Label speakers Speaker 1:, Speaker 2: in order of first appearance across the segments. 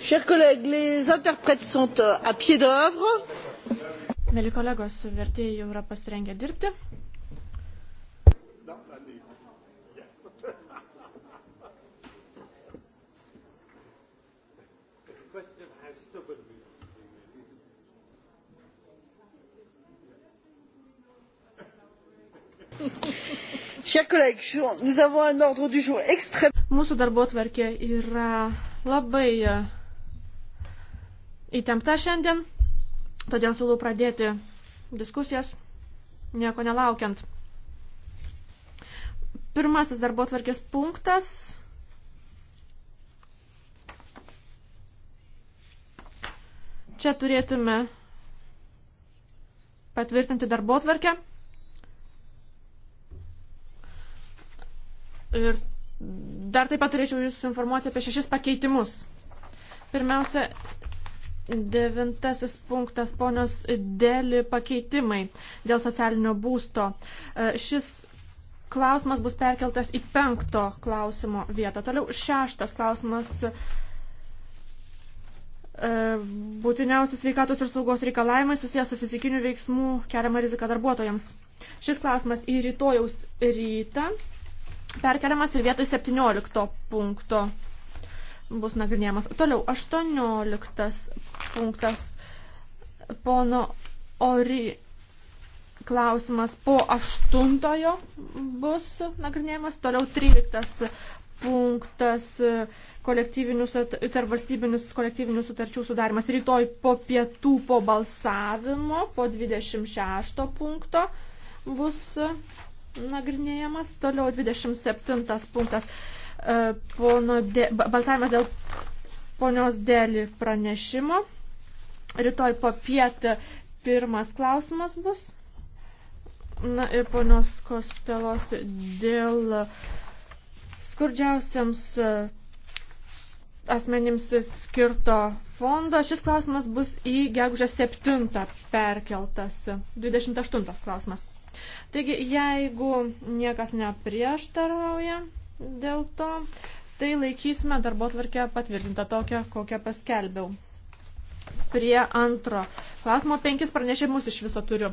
Speaker 1: Chers collègues,
Speaker 2: les interprètes sont euh, à pied d'œuvre. Mėly kolegos, vertėjai jau yra pasirengę dirbti.
Speaker 1: question of how stubborn we
Speaker 2: Mūsų darbo tvarkė yra labai e, įtempta šiandien, todėl siūlau pradėti diskusijas, nieko nelaukiant. Pirmasis darbo tvarkės punktas. Čia turėtume patvirtinti darbo tvarkę. Ir dar taip pat turėčiau Jūs informuoti apie šešis pakeitimus. Pirmiausia, devintasis punktas, ponios dėlį pakeitimai dėl socialinio būsto. E, šis klausimas bus perkeltas į penkto klausimo vietą. Toliau šeštas klausimas e, būtiniausi sveikatos ir saugos reikalavimai susijęs su fizikiniu veiksmu keliama rizika darbuotojams. Šis klausimas į rytojaus rytą perkeliamas ir vietoj 17 punkto bus nagrinėjamas. Toliau, 18 punktas pono Ori klausimas po 8 bus nagrinėjamas. Toliau 13 punktas kolektyvinius, tarvalstybinius kolektyvinius sutarčių sudarimas rytoj po pietų po balsavimo, po 26 punkto bus nagrinėjamas. Toliau 27 punktas. E, pono de, balsavimas dėl ponios dėlį pranešimo. Rytoj po pietą pirmas klausimas bus. Na ir ponios Kostelos dėl skurdžiausiams e, asmenims skirto fondo. Šis klausimas bus į gegužę 7 perkeltas. 28 klausimas. Taigi, jeigu niekas neprieštarauja dėl to, tai laikysime darbo tvarkę patvirtintą tokią, kokią paskelbiau. Prie antro klausimo penkis pranešimus iš viso turiu.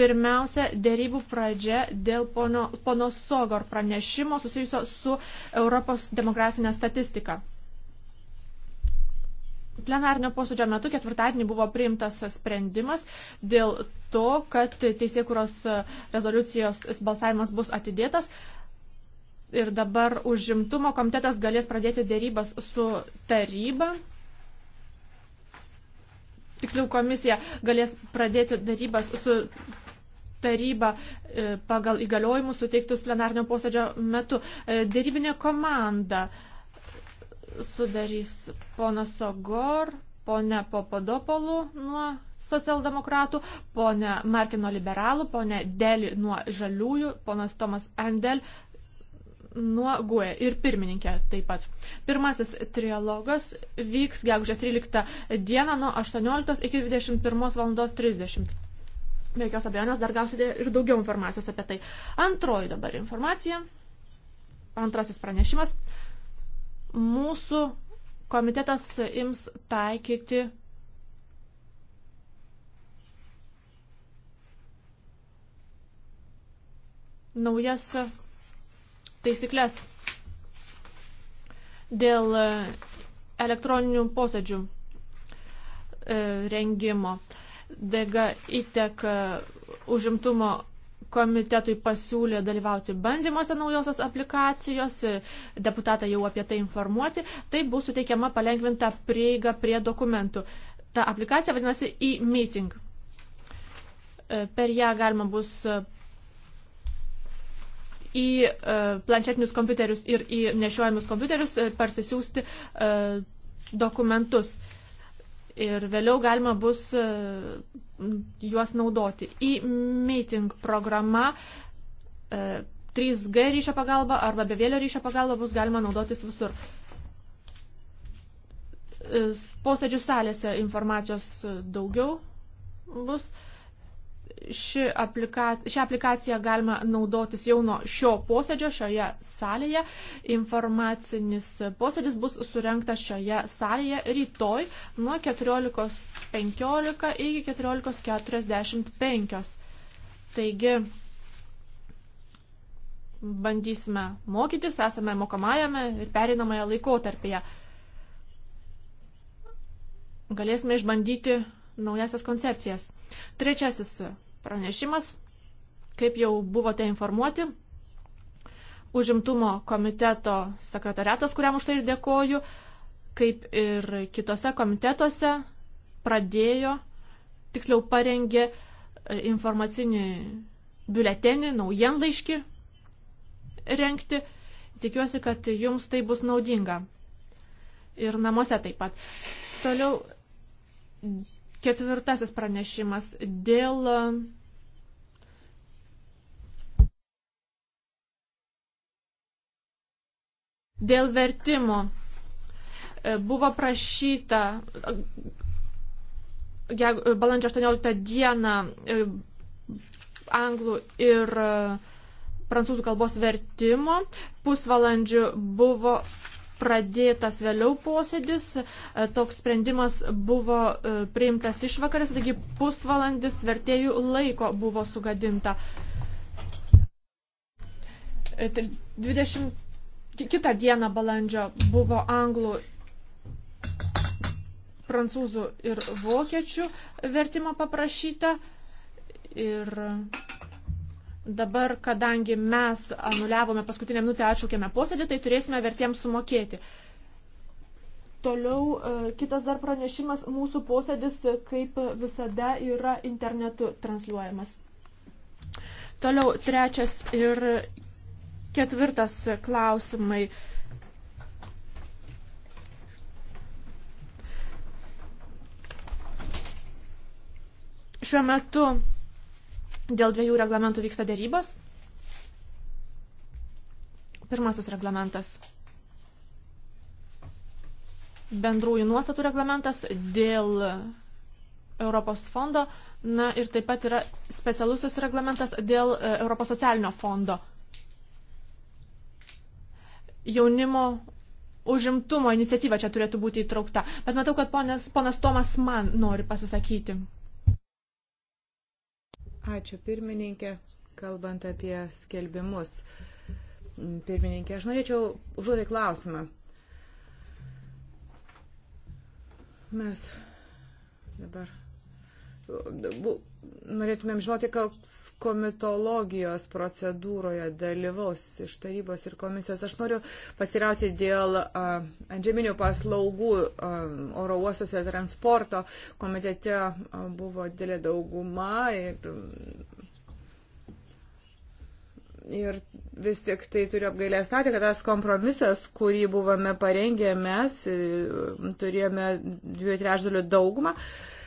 Speaker 2: Pirmiausia, dėrybų pradžia dėl pono, pono Sogor pranešimo susijusio su Europos demografinė statistika plenarnio posėdžio metu ketvirtadienį buvo priimtas sprendimas dėl to, kad teisėkuros rezoliucijos balsavimas bus atidėtas. Ir dabar užimtumo komitetas galės pradėti dėrybas su taryba. Tiksliau, komisija galės pradėti dėrybas su taryba e, pagal įgaliojimus suteiktus plenarnio posėdžio metu. E, dėrybinė komanda sudarys ponas Sogor, ponė Papadopolų nuo socialdemokratų, ponė Markino liberalų, ponė Deli nuo žaliųjų, ponas Tomas Endel nuo GUE ir pirmininkė taip pat. Pirmasis trialogas vyks gegužės 13 dieną nuo 18 iki 21.30. Be jokios abejonės dar gausite ir daugiau informacijos apie tai. Antroji dabar informacija. Antrasis pranešimas. Mūsų komitetas ims taikyti naujas taisyklės dėl elektroninių posėdžių e, rengimo. DG įtek e, užimtumo komitetui pasiūlė dalyvauti bandymuose naujosios aplikacijos, deputatą jau apie tai informuoti, tai bus suteikiama palengvinta prieiga prie dokumentų. Ta aplikacija vadinasi e-meeting. E, per ją galima bus e, į e, planšetinius kompiuterius ir į nešiojamus kompiuterius parsisiųsti dokumentus ir vėliau galima bus e, juos naudoti. E-meeting programa 3G e, ryšio pagalba arba bevėlio ryšio pagalba bus galima naudotis visur. E, posėdžių salėse informacijos daugiau bus ši aplikacija, šią aplikaciją galima naudotis jau nuo šio posėdžio šioje salėje. Informacinis posėdis bus surinktas šioje salėje rytoj nuo 14.15 iki 14.45. Taigi bandysime mokytis, esame mokamajame ir perinamąją laikotarpyje. Galėsime išbandyti naujasias koncepcijas. Trečiasis pranešimas. Kaip jau buvote informuoti, užimtumo komiteto sekretariatas, kuriam už tai ir dėkoju, kaip ir kitose komitetuose pradėjo, tiksliau parengė e, informacinį biuletenį, naujienlaiškį renkti. Tikiuosi, kad jums tai bus naudinga. Ir namuose taip pat. Toliau ketvirtasis pranešimas dėl Dėl vertimo e, buvo prašyta e, e, balandžio 18 dieną anglų ir prancūzų kalbos vertimo. Pusvalandžiu buvo pradėtas vėliau posėdis, toks sprendimas buvo priimtas išvakarės, taigi pusvalandis vertėjų laiko buvo sugadinta. 20 kitą dieną balandžio buvo anglų, prancūzų ir vokiečių vertimo paprašyta. Ir dabar, kadangi mes anuliavome paskutinę minutę, atšaukėme posėdį, tai turėsime vertiems sumokėti. Toliau e, kitas dar pranešimas, mūsų posėdis e, kaip visada yra internetu transliuojamas. Toliau trečias ir Ketvirtas klausimai. Šiuo metu dėl dviejų reglamentų vyksta dėrybos. Pirmasis reglamentas - bendrųjų nuostatų reglamentas dėl Europos fondo. Na ir taip pat yra specialusis reglamentas dėl e, Europos socialinio fondo jaunimo užimtumo iniciatyva čia turėtų būti įtraukta. Bet matau, kad ponas, ponas
Speaker 1: Tomas man nori pasisakyti. Ačiū pirmininkė, kalbant apie skelbimus. Pirmininkė, aš norėčiau užduoti klausimą. Mes dabar norėtumėm žinoti, koks komitologijos procedūroje dalyvaus iš tarybos ir komisijos. Aš noriu pasirauti dėl uh, antžeminių paslaugų um, oro uostose transporto. Komitete uh, buvo didelė dauguma ir. Ir vis tik tai turiu apgailėstauti, kad tas kompromisas, kurį buvome parengę mes, turėjome dviejų trešdalių daugumą. Uh,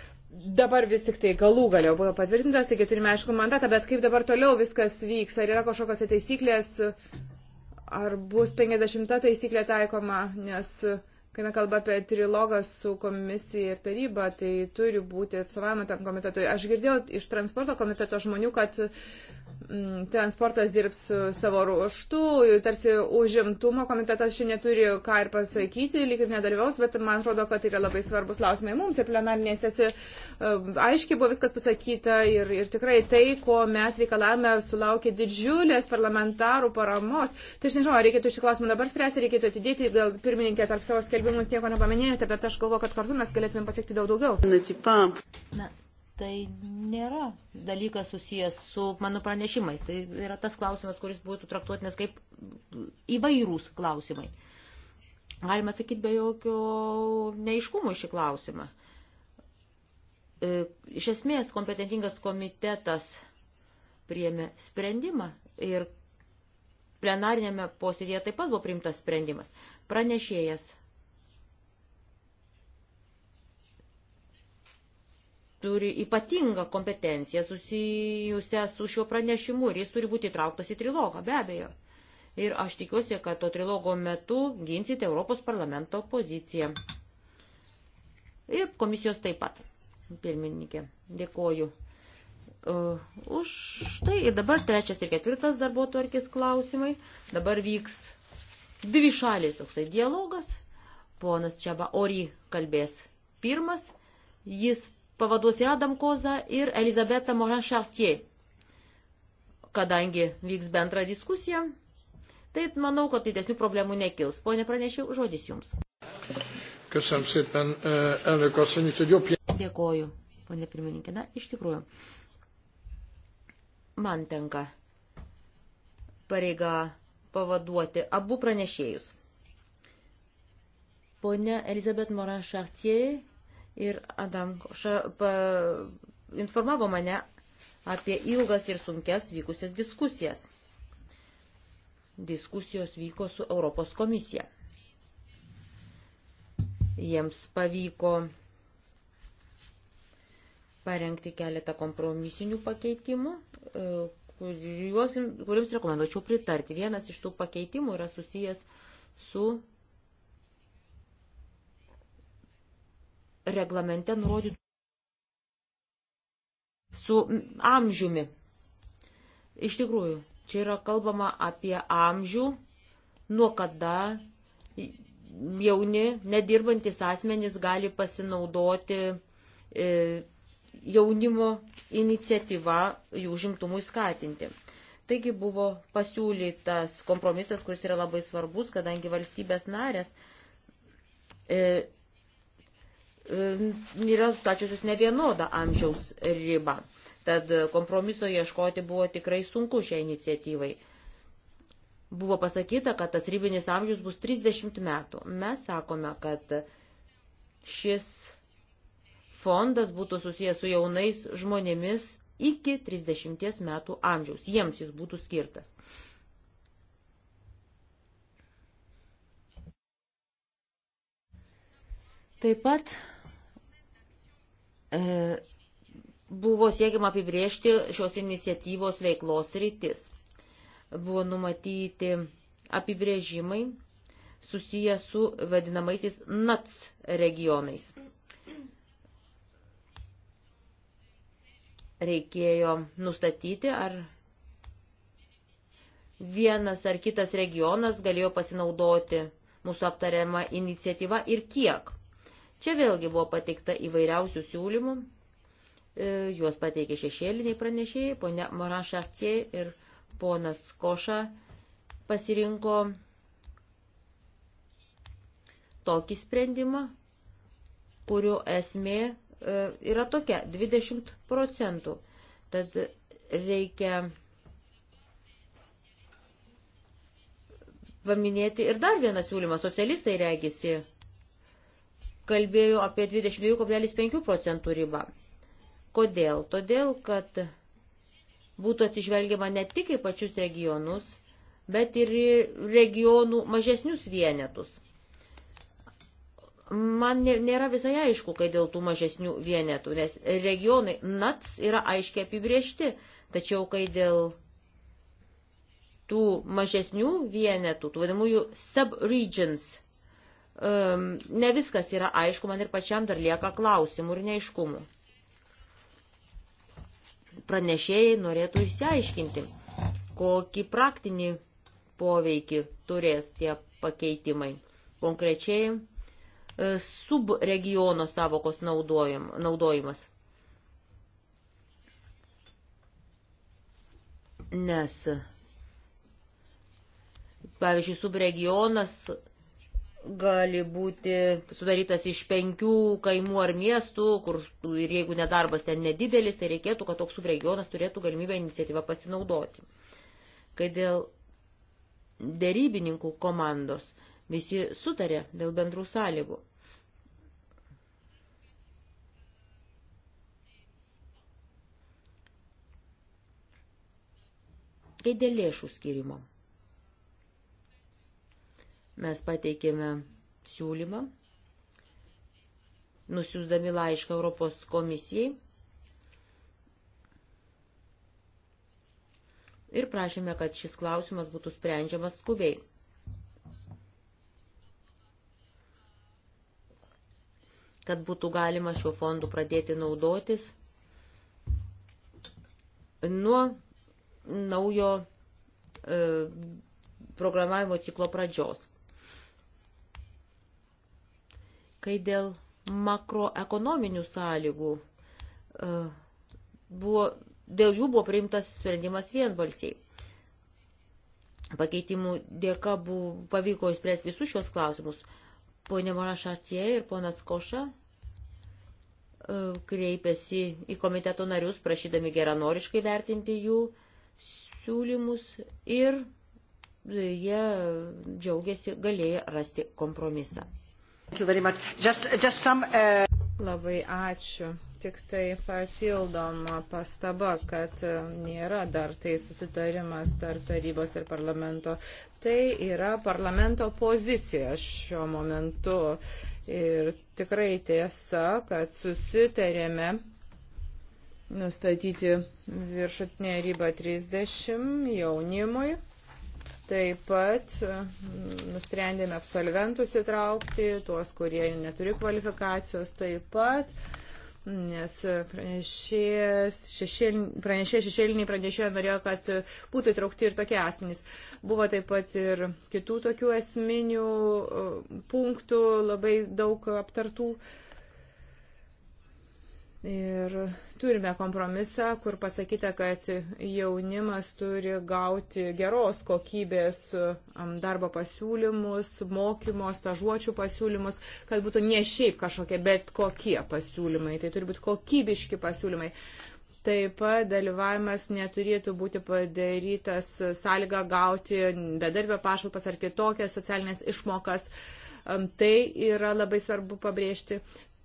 Speaker 1: dabar vis tik tai galų galio buvo patvirtintas, taigi turime aišku mandatą, bet kaip dabar toliau viskas vyks, ar yra kažkokios taisyklės, ar bus 50 taisyklė taikoma, nes kai nekalba apie trilogą su komisija ir taryba, tai turi būti atstovavimą tam komitetui. Aš girdėjau iš transporto komiteto žmonių, kad Mm, transportas dirbs savo ruoštų, tarsi užimtumo komitetas šiandien neturi ką ir pasakyti, lyg ir nedalyvaus, bet man atrodo, kad tai yra labai svarbus klausimai mums ir plenarinėje sesijoje um, aiškiai buvo viskas pasakyta ir, ir tikrai tai, ko mes reikalavome, sulaukė didžiulės parlamentarų paramos. Tai aš nežinau, ar reikėtų šį klausimą dabar spręsti, reikėtų atidėti, gal pirmininkė tarp savo skelbimus nieko nepaminėjote, bet aš galvoju, kad kartu mes galėtume pasiekti
Speaker 3: daug daugiau. Na, tai nėra dalykas susijęs su mano pranešimais. Tai yra tas klausimas, kuris būtų traktuotinas kaip įvairūs klausimai. Galima sakyti be jokio neiškumo šį klausimą. E, iš esmės, kompetentingas komitetas priėmė sprendimą ir plenarinėme posėdėje taip pat buvo priimtas sprendimas. Pranešėjas turi ypatingą kompetenciją susijusią su šiuo pranešimu ir jis turi būti įtrauktas į trilogą, be abejo. Ir aš tikiuosi, kad to trilogo metu ginsite Europos parlamento poziciją. Ir komisijos taip pat, pirmininkė. Dėkoju. Uh, už tai ir dabar trečias ir ketvirtas darbo tvarkės klausimai. Dabar vyks dvi šalis toksai dialogas. Ponas Čiaba Ori kalbės pirmas. Jis pavaduos ir Adam Koza, ir Elizabeta Morin Chartier. Kadangi vyks bendra diskusija, tai manau, kad didesnių problemų nekils. Pone pranešiau, žodis jums. Köszönöm szépen, eh, elnök asszony, hogy jobb... Dėkoju, ponė pirmininkė. Na, iš tikrųjų, man tenka pareiga pavaduoti abu pranešėjus. Pone Elizabet Moran Chartier ir Adamkoša informavo mane apie ilgas ir sunkias vykusias diskusijas. Diskusijos vyko su Europos komisija. Jiems pavyko parengti keletą kompromisinių pakeitimų, e, kuriuos, kuriems rekomenduočiau pritarti. Vienas iš tų pakeitimų yra susijęs su reglamente nurodytų su amžiumi. Iš tikrųjų, čia yra kalbama apie amžių, nuo kada jauni, nedirbantis asmenys gali pasinaudoti e, jaunimo iniciatyva jų žimtumui skatinti. Taigi buvo pasiūlytas kompromisas, kuris yra labai svarbus, kadangi valstybės narės e, E, yra nustačiusios ne vienodą amžiaus ribą. Tad kompromiso ieškoti buvo tikrai sunku šiai iniciatyvai. Buvo pasakyta, kad tas ribinis amžius bus 30 metų. Mes sakome, kad šis fondas būtų susijęs su jaunais žmonėmis iki 30 metų amžiaus. Jiems jis būtų skirtas. Taip pat E, buvo siekiama apibriežti šios iniciatyvos veiklos rytis. Buvo numatyti apibrėžimai susiję su vadinamaisiais NATS regionais. Reikėjo nustatyti, ar vienas ar kitas regionas galėjo pasinaudoti mūsų aptariamą iniciatyvą ir kiek. Čia vėlgi buvo pateikta įvairiausių siūlymų, e, juos pateikė šešėliniai pranešėjai, ponia Moran Šartie ir ponas Koša pasirinko tokį sprendimą, kurio esmė e, yra tokia - 20 procentų. Tad reikia paminėti ir dar vieną siūlymą. Socialistai regisi kalbėjo apie 22,5 procentų ribą. Kodėl? Todėl, kad būtų atsižvelgiama ne tik į pačius regionus, bet ir į regionų mažesnius vienetus. Man nėra visai aišku, kai dėl tų mažesnių vienetų, nes regionai NATS yra aiškiai apibriežti, tačiau kai dėl tų mažesnių vienetų, tų vadinamųjų subregions, um, ne viskas yra aišku, man ir pačiam dar lieka klausimų ir neaiškumų. Pranešėjai norėtų išsiaiškinti, kokį praktinį poveikį turės tie pakeitimai. Konkrečiai e, subregiono savokos naudojim, naudojimas. Nes, pavyzdžiui, subregionas gali būti sudarytas iš penkių kaimų ar miestų, kur ir jeigu nedarbas ten nedidelis, tai reikėtų, kad toks subregionas turėtų galimybę iniciatyvą pasinaudoti. Kai dėl dėrybininkų komandos visi sutarė dėl bendrų sąlygų. Kai dėl lėšų skirimo. Mes pateikėme siūlymą, nusiųsdami laišką Europos komisijai ir prašėme, kad šis klausimas būtų sprendžiamas skubiai. kad būtų galima šiuo fondu pradėti naudotis nuo naujo e, programavimo ciklo pradžios. kai dėl makroekonominių sąlygų e, buvo, dėl jų buvo priimtas sprendimas vienbalsiai. Pakeitimų dėka buvo, pavyko išspręsti visus šios klausimus. Pone Morašatie ir ponas Koša e, kreipėsi į komiteto narius, prašydami geranoriškai vertinti jų siūlymus ir jie džiaugiasi galėję rasti kompromisą. Just, just some, uh... Labai
Speaker 1: ačiū. Tik tai papildoma pastaba, kad e, nėra dar tai susitarimas tarp tarybos ir parlamento. Tai yra parlamento pozicija šiuo momentu. Ir tikrai tiesa, kad susitarėme nustatyti viršutinę ribą 30 jaunimui Taip pat mm, nusprendėme absolventus įtraukti, tuos, kurie neturi kvalifikacijos taip pat, nes pranešėjas šešėliniai pranešė, pranešėjai norėjo, kad būtų įtraukti ir tokie asmenys. Buvo taip pat ir kitų tokių esminių uh, punktų labai daug aptartų. Uh, Ir turime kompromisą, kur pasakyta, kad jaunimas turi gauti geros kokybės darbo pasiūlymus, mokymo, stažuočių pasiūlymus, kad būtų ne šiaip kažkokie, bet kokie pasiūlymai. Tai turi būti kokybiški pasiūlymai. Taip pat dalyvavimas neturėtų būti padarytas sąlyga gauti bedarbio pašalpas ar kitokias socialinės išmokas. Tai yra labai svarbu pabrėžti.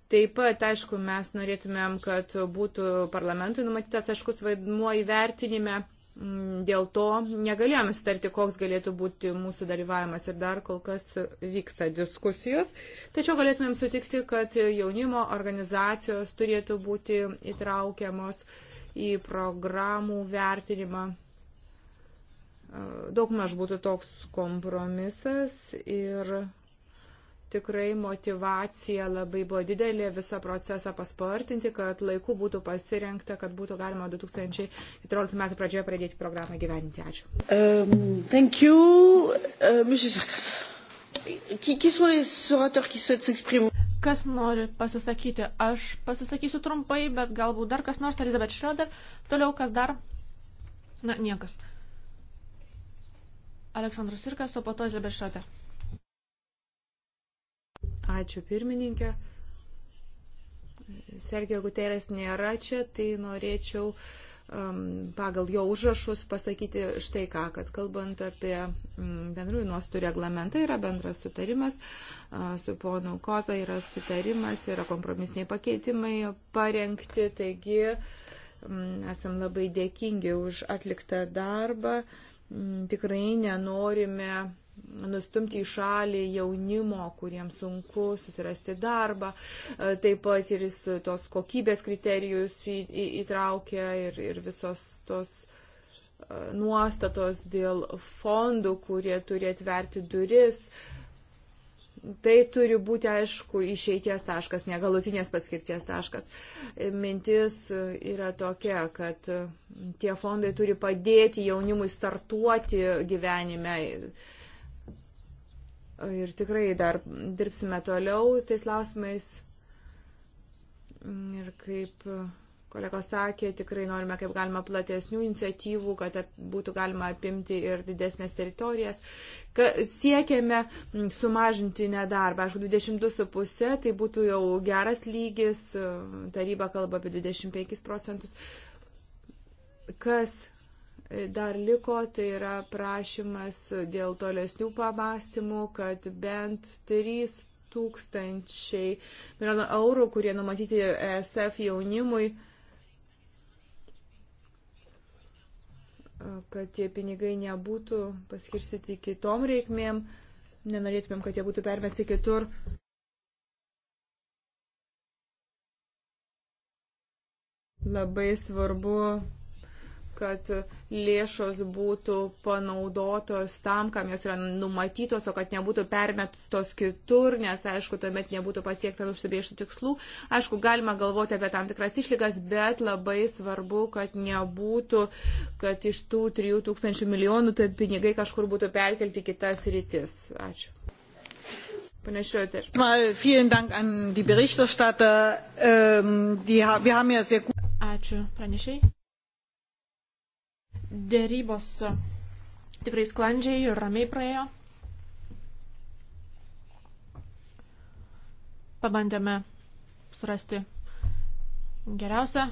Speaker 1: Taip pat, aišku, mes norėtumėm, kad būtų parlamentui numatytas aiškus vaidmuo įvertinime. Mm, dėl to negalėjome starti, koks galėtų būti mūsų dalyvavimas ir dar kol kas vyksta diskusijos. Tačiau galėtumėm sutikti, kad jaunimo organizacijos turėtų būti įtraukiamos į programų vertinimą. Daug maž būtų toks kompromisas ir Tikrai motivacija labai buvo didelė visą procesą paspartinti, kad laiku būtų pasirengta, kad būtų galima 2014 metų pradžioje pradėti programą gyventi. Ačiū.
Speaker 2: Um, thank you, uh, Mrs. Sakas. Qui, qui sont les orateurs qui souhaitent s'exprimer? kas nori pasisakyti. Aš pasisakysiu trumpai, bet galbūt dar kas nors, Elizabeth Schroeder. Toliau kas dar? Na, niekas. Aleksandras Sirkas, o po to Elizabeth Schroeder.
Speaker 1: Ačiū pirmininkė. Sergio Guterres nėra čia, tai norėčiau um, pagal jo užrašus pasakyti štai ką, kad kalbant apie um, bendrųjų nuostų reglamentą yra bendras sutarimas, uh, su ponu Koza yra sutarimas, yra kompromisiniai pakeitimai parengti, taigi um, esam labai dėkingi už atliktą darbą, um, tikrai nenorime nustumti į šalį jaunimo, kuriems sunku susirasti darbą. E, taip pat ir jis tos kokybės kriterijus į, į, įtraukia ir, ir visos tos e, nuostatos dėl fondų, kurie turi atverti duris. Tai turi būti, aišku, išeities taškas, negalutinės paskirties taškas. Mintis yra tokia, kad tie fondai turi padėti jaunimui startuoti gyvenime ir tikrai dar dirbsime toliau tais klausimais. Ir kaip kolegos sakė, tikrai norime kaip galima platesnių iniciatyvų, kad būtų galima apimti ir didesnės teritorijas. Ka, siekėme sumažinti nedarbą. Aišku, 22,5 tai būtų jau geras lygis, taryba kalba apie 25 procentus. Kas dar liko, tai yra prašymas dėl tolesnių pamastymų, kad bent 3 tūkstančiai milijonų eurų, kurie numatyti ESF jaunimui, kad tie pinigai nebūtų paskirstyti kitom reikmėm, nenorėtumėm, kad jie būtų permesti kitur. Labai svarbu kad lėšos būtų panaudotos tam, kam jos yra numatytos, o kad nebūtų permetos kitur, nes, aišku, tuomet nebūtų pasiekta užsibrieštų tikslų. Aišku, galima galvoti apie tam tikras išlygas, bet labai svarbu, kad nebūtų, kad iš tų 3000 milijonų tai pinigai kažkur būtų perkelti kitas rytis. Ačiū. Pane Schröter. Mal vielen Dank an die Berichterstatter. Ähm, die, wir haben ja sehr gut.
Speaker 2: Ačiū, pranešėjai. Dėrybos tikrai sklandžiai ir ramiai praėjo. Pabandėme surasti geriausią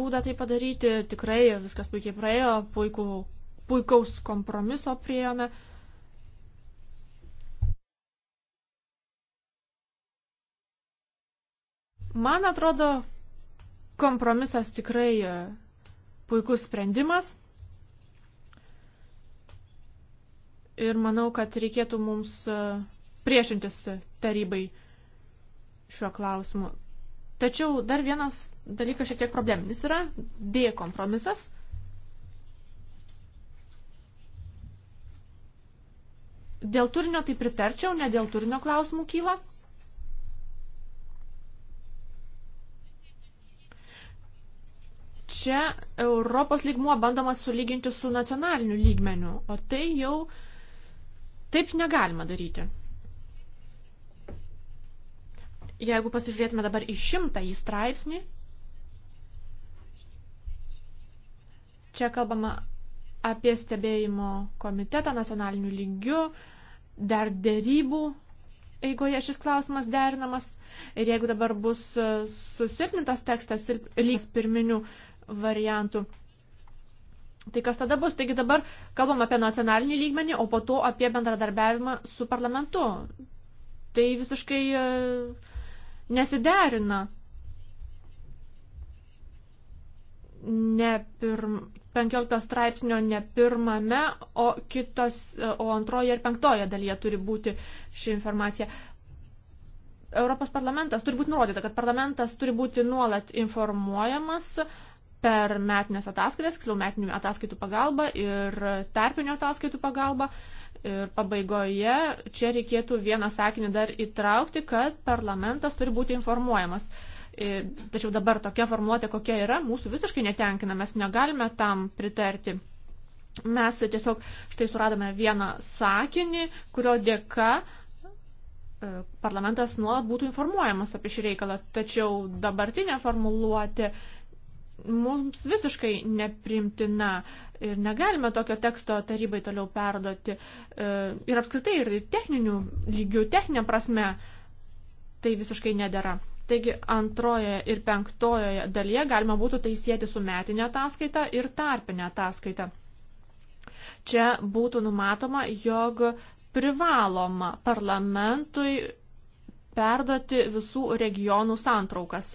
Speaker 2: būdą tai padaryti. Tikrai viskas puikiai praėjo, puikų, puikaus kompromiso priejome. Man atrodo, kompromisas tikrai puikus sprendimas. Ir manau, kad reikėtų mums e, priešintis tarybai šiuo klausimu. Tačiau dar vienas dalykas šiek tiek probleminis yra D kompromisas. Dėl turinio tai pritarčiau, ne dėl turinio klausimų kyla. čia Europos lygmuo bandomas sulyginti su nacionaliniu lygmeniu, o tai jau taip negalima daryti. Jeigu pasižiūrėtume dabar į šimtą į straipsnį, čia kalbama apie stebėjimo komitetą nacionaliniu lygiu, dar dėrybų eigoje šis klausimas derinamas ir jeigu dabar bus susilpnintas tekstas ir lygs pirminių variantų. Tai kas tada bus? Taigi dabar kalbam apie nacionalinį lygmenį, o po to apie bendradarbiavimą su parlamentu. Tai visiškai e, nesiderina. Ne pirm, 15 straipsnio ne pirmame, o, kitas, e, o antroje ir penktoje dalyje turi būti ši informacija. Europos parlamentas turi būti nurodyta, kad parlamentas turi būti nuolat informuojamas uh, per metinės ataskaitas, tiksliau metinių ataskaitų pagalba ir tarpinio ataskaitų pagalba. Ir pabaigoje čia reikėtų vieną sakinį dar įtraukti, kad parlamentas turi būti informuojamas. E, tačiau dabar tokia formuotė, kokia yra, mūsų visiškai netenkina, mes negalime tam pritarti. Mes tiesiog štai suradome vieną sakinį, kurio dėka e, parlamentas nuolat būtų informuojamas apie šį reikalą. Tačiau dabartinė formuluotė mums visiškai neprimtina ir negalime tokio teksto tarybai toliau perduoti e, ir apskritai ir techninių lygių, techninė prasme tai visiškai nedėra. Taigi antrojoje ir penktojoje dalyje galima būtų tai sėti su metinė ataskaita ir tarpinė ataskaita. Čia būtų numatoma, jog privaloma parlamentui perduoti visų regionų santraukas.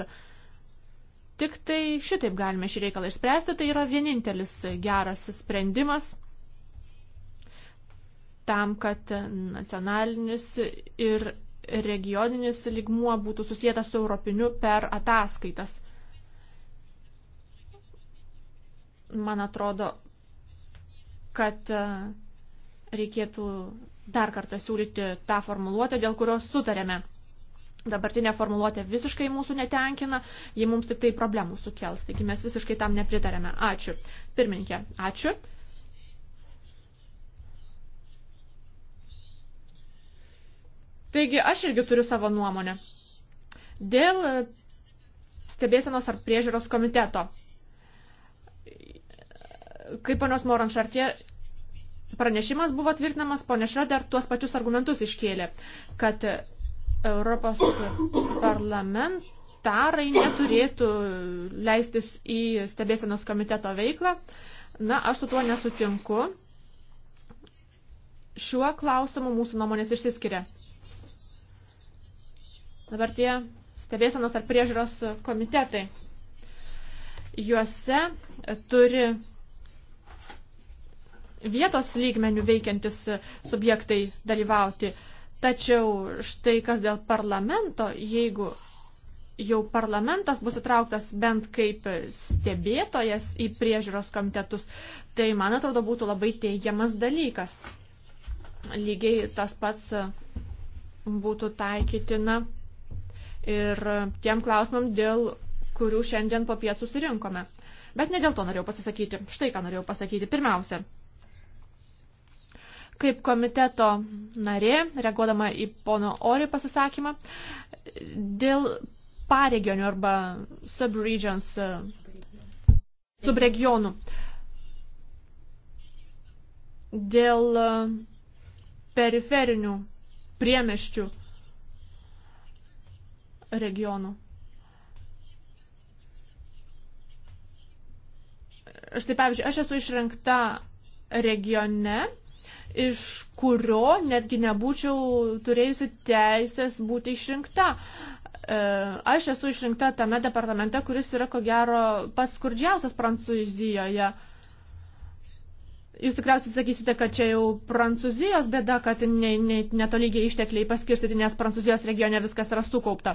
Speaker 2: Tik tai šitaip galime šį reikalą išspręsti, tai yra vienintelis geras sprendimas tam, kad nacionalinis ir regioninis ligmuo būtų susijęs su europiniu per ataskaitas. Man atrodo, kad reikėtų dar kartą siūlyti tą formuluotę, dėl kurios sutarėme. Dabartinė formuluotė visiškai mūsų netenkina, ji mums tik tai problemų sukels, taigi mes visiškai tam nepritarėme. Ačiū. Pirmininkė, ačiū. Taigi aš irgi turiu savo nuomonę. Dėl e, stebėsenos ar priežiūros komiteto. Kaip ponios Moranšartė pranešimas buvo tvirtinamas, ponė Šreder tuos pačius argumentus iškėlė, kad Europos parlamentarai neturėtų leistis į stebėsenos komiteto veiklą. Na, aš su tuo nesutinku. Šiuo klausimu mūsų nuomonės išsiskiria. Dabar tie stebėsenos ar priežiūros komitetai. Juose turi vietos lygmenių veikiantis subjektai dalyvauti. Tačiau štai kas dėl parlamento, jeigu jau parlamentas bus įtrauktas bent kaip stebėtojas į priežiūros komitetus, tai man atrodo būtų labai teigiamas dalykas. Lygiai tas pats būtų taikytina ir tiem klausimam, dėl kurių šiandien po pietų susirinkome. Bet ne dėl to norėjau pasisakyti. Štai ką norėjau pasakyti. Pirmiausia, Kaip komiteto narė, reaguodama į pono Ori pasisakymą, dėl paregionių arba subregions, subregionų. Dėl periferinių priemeščių regionų. Štai pavyzdžiui, aš esu išrinkta regione, iš kurio netgi nebūčiau turėjusi teisės būti išrinkta. E, aš esu išrinkta tame departamente, kuris yra ko gero pats skurdžiausias Prancūzijoje. Jūs tikriausiai sakysite, kad čia jau Prancūzijos bėda, kad ne, ne, netolygiai ištekliai paskirstyti, nes Prancūzijos regione viskas yra sukaupta.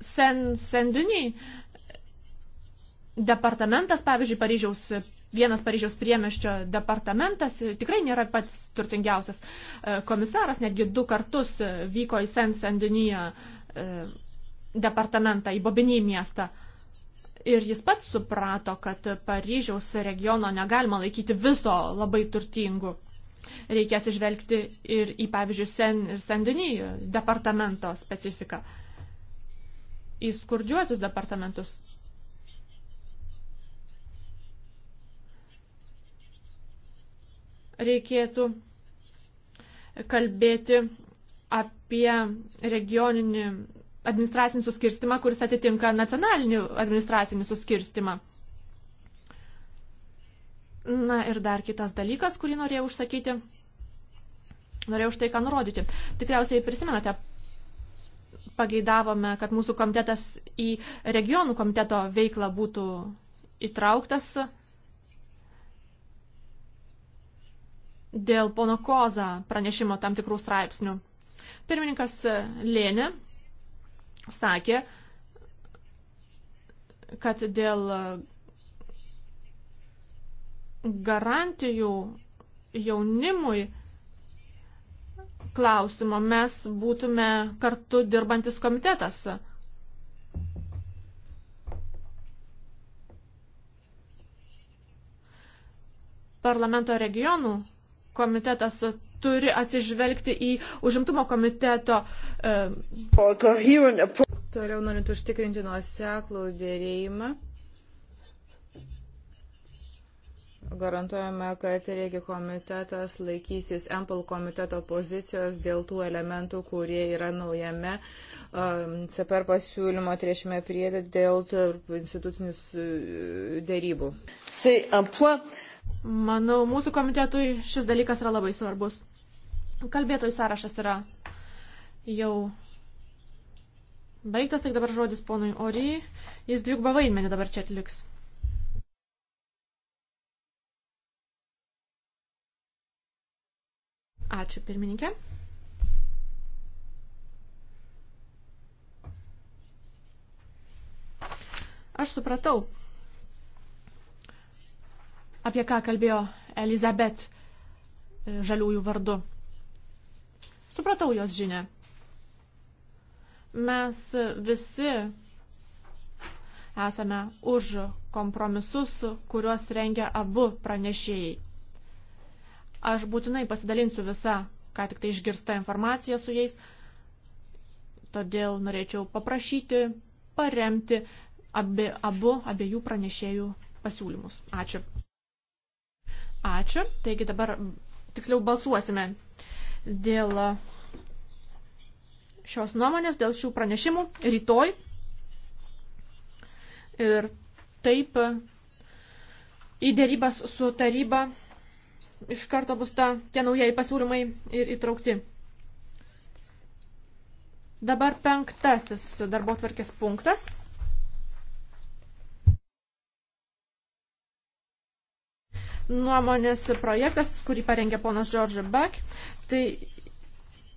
Speaker 2: Sen, sendiniai departamentas, pavyzdžiui, Paryžiaus, vienas Paryžiaus priemeščio departamentas e, tikrai nėra pats turtingiausias e, komisaras, netgi du kartus e, vyko į Sensendiniją departamentą, į Bobinį miestą. Ir jis pats suprato, kad Paryžiaus regiono negalima laikyti viso labai turtingu. Reikia atsižvelgti ir į, pavyzdžiui, Sen ir Sendinį departamento specifiką. Į skurdžiuosius departamentus reikėtų kalbėti apie regioninį administracinį suskirstimą, kuris atitinka nacionalinį administracinį suskirstimą. Na ir dar kitas dalykas, kurį norėjau užsakyti. Norėjau štai ką nurodyti. Tikriausiai prisimenate, pageidavome, kad mūsų komitetas į regionų komiteto veiklą būtų įtrauktas dėl pono Koza pranešimo tam tikrų straipsnių. Pirmininkas Lėnė sakė, kad dėl garantijų jaunimui klausimo mes būtume kartu dirbantis komitetas. Parlamento regionų komitetas turi atsižvelgti į užimtumo komiteto. E...
Speaker 1: Toliau norint užtikrinti nuoseklų dėrėjimą. Garantuojame, kad Regi komitetas laikysis Ample komiteto pozicijos dėl tų elementų, kurie yra naujame um, e, CPR pasiūlymo trešime priedė dėl institucinius e, dėrybų. C'est un point Manau, mūsų komitetui šis
Speaker 2: dalykas yra labai svarbus. Kalbėtojų sąrašas yra jau baigtas, tik dabar žodis ponui Ory. Jis dvigubą vaidmenį dabar čia atliks. Ačiū pirmininkė. Aš supratau, apie ką kalbėjo Elizabet e, žaliųjų vardu. Supratau jos žinę. Mes visi esame už kompromisus, kuriuos rengia abu pranešėjai. Aš būtinai pasidalinsiu visą, ką tik tai išgirsta informacija su jais, todėl norėčiau paprašyti, paremti abi, abu abiejų pranešėjų pasiūlymus. Ačiū. Ačiū. Taigi dabar tiksliau balsuosime dėl šios nuomonės, dėl šių pranešimų rytoj. Ir taip į dėrybas su taryba iš karto bus ta, tie naujai pasiūlymai ir įtraukti. Dabar penktasis darbo tvarkės punktas. nuomonės projektas, kurį parengė ponas George Buck. Tai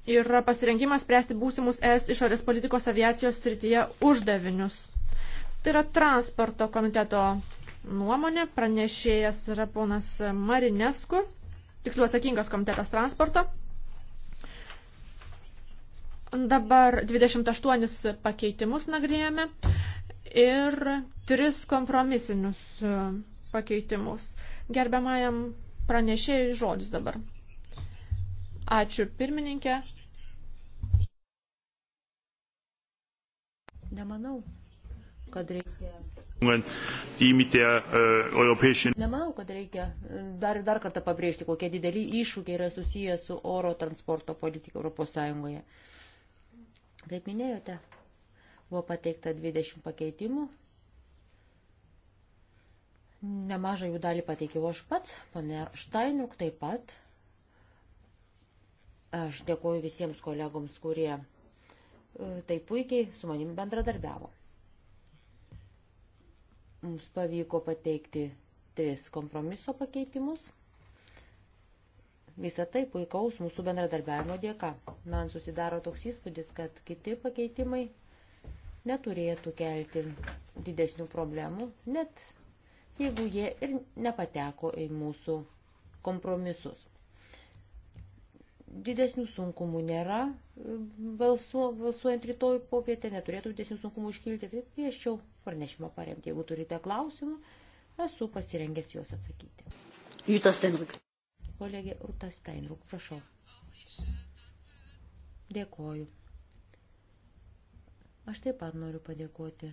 Speaker 2: yra pasirengimas spręsti būsimus ES išorės politikos aviacijos srityje uždavinius. Tai yra transporto komiteto nuomonė, pranešėjas yra ponas Marinesku, tiksliau atsakingas komitetas transporto. Dabar 28 pakeitimus nagrėjame ir 3 kompromisinius pakeitimus. Gerbiamajam pranešėjai žodis dabar. Ačiū pirmininkė.
Speaker 3: Nemanau, kad reikia. Uh, Nemanau, kad reikia uh, dar, dar kartą pabrėžti, kokie dideli iššūkiai yra susiję su oro transporto politika Europos Sąjungoje. Kaip minėjote, buvo pateikta 20 pakeitimų, Nemažą jų dalį pateikiau aš pats, pane Štainuk taip pat. Aš dėkuoju visiems kolegoms, kurie e, taip puikiai su manim bendradarbiavo. Mums pavyko pateikti tris kompromiso pakeitimus. Visą tai puikaus mūsų bendradarbiavimo dėka. Man susidaro toks įspūdis, kad kiti pakeitimai neturėtų kelti didesnių problemų, net jeigu jie ir nepateko į mūsų kompromisus. Didesnių sunkumų nėra, Balsu, balsuojant rytoj popietę neturėtų didesnių sunkumų iškilti, tai kvieščiau pranešimą paremti. Jeigu turite klausimų, esu pasirengęs juos atsakyti. Jūta Steinruk. Kolegė Rūta Steinruk, prašau. Dėkoju. Aš taip pat noriu padėkoti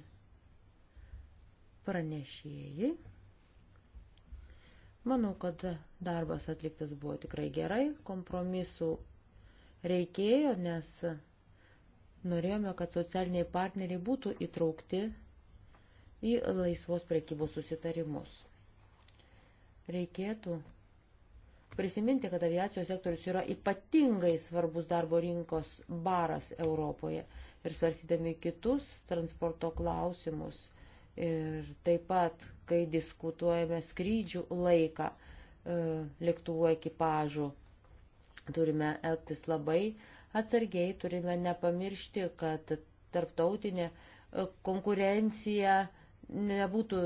Speaker 3: pranešėjai. Manau, kad darbas atliktas buvo tikrai gerai, kompromisų reikėjo, nes norėjome, kad socialiniai partneriai būtų įtraukti į laisvos prekybos susitarimus. Reikėtų prisiminti, kad aviacijos sektorius yra ypatingai svarbus darbo rinkos baras Europoje ir svarstydami kitus transporto klausimus Ir taip pat, kai diskutuojame skrydžių laiką e, lėktuvų ekipažų, turime elgtis labai atsargiai, turime nepamiršti, kad tarptautinė e, konkurencija nebūtų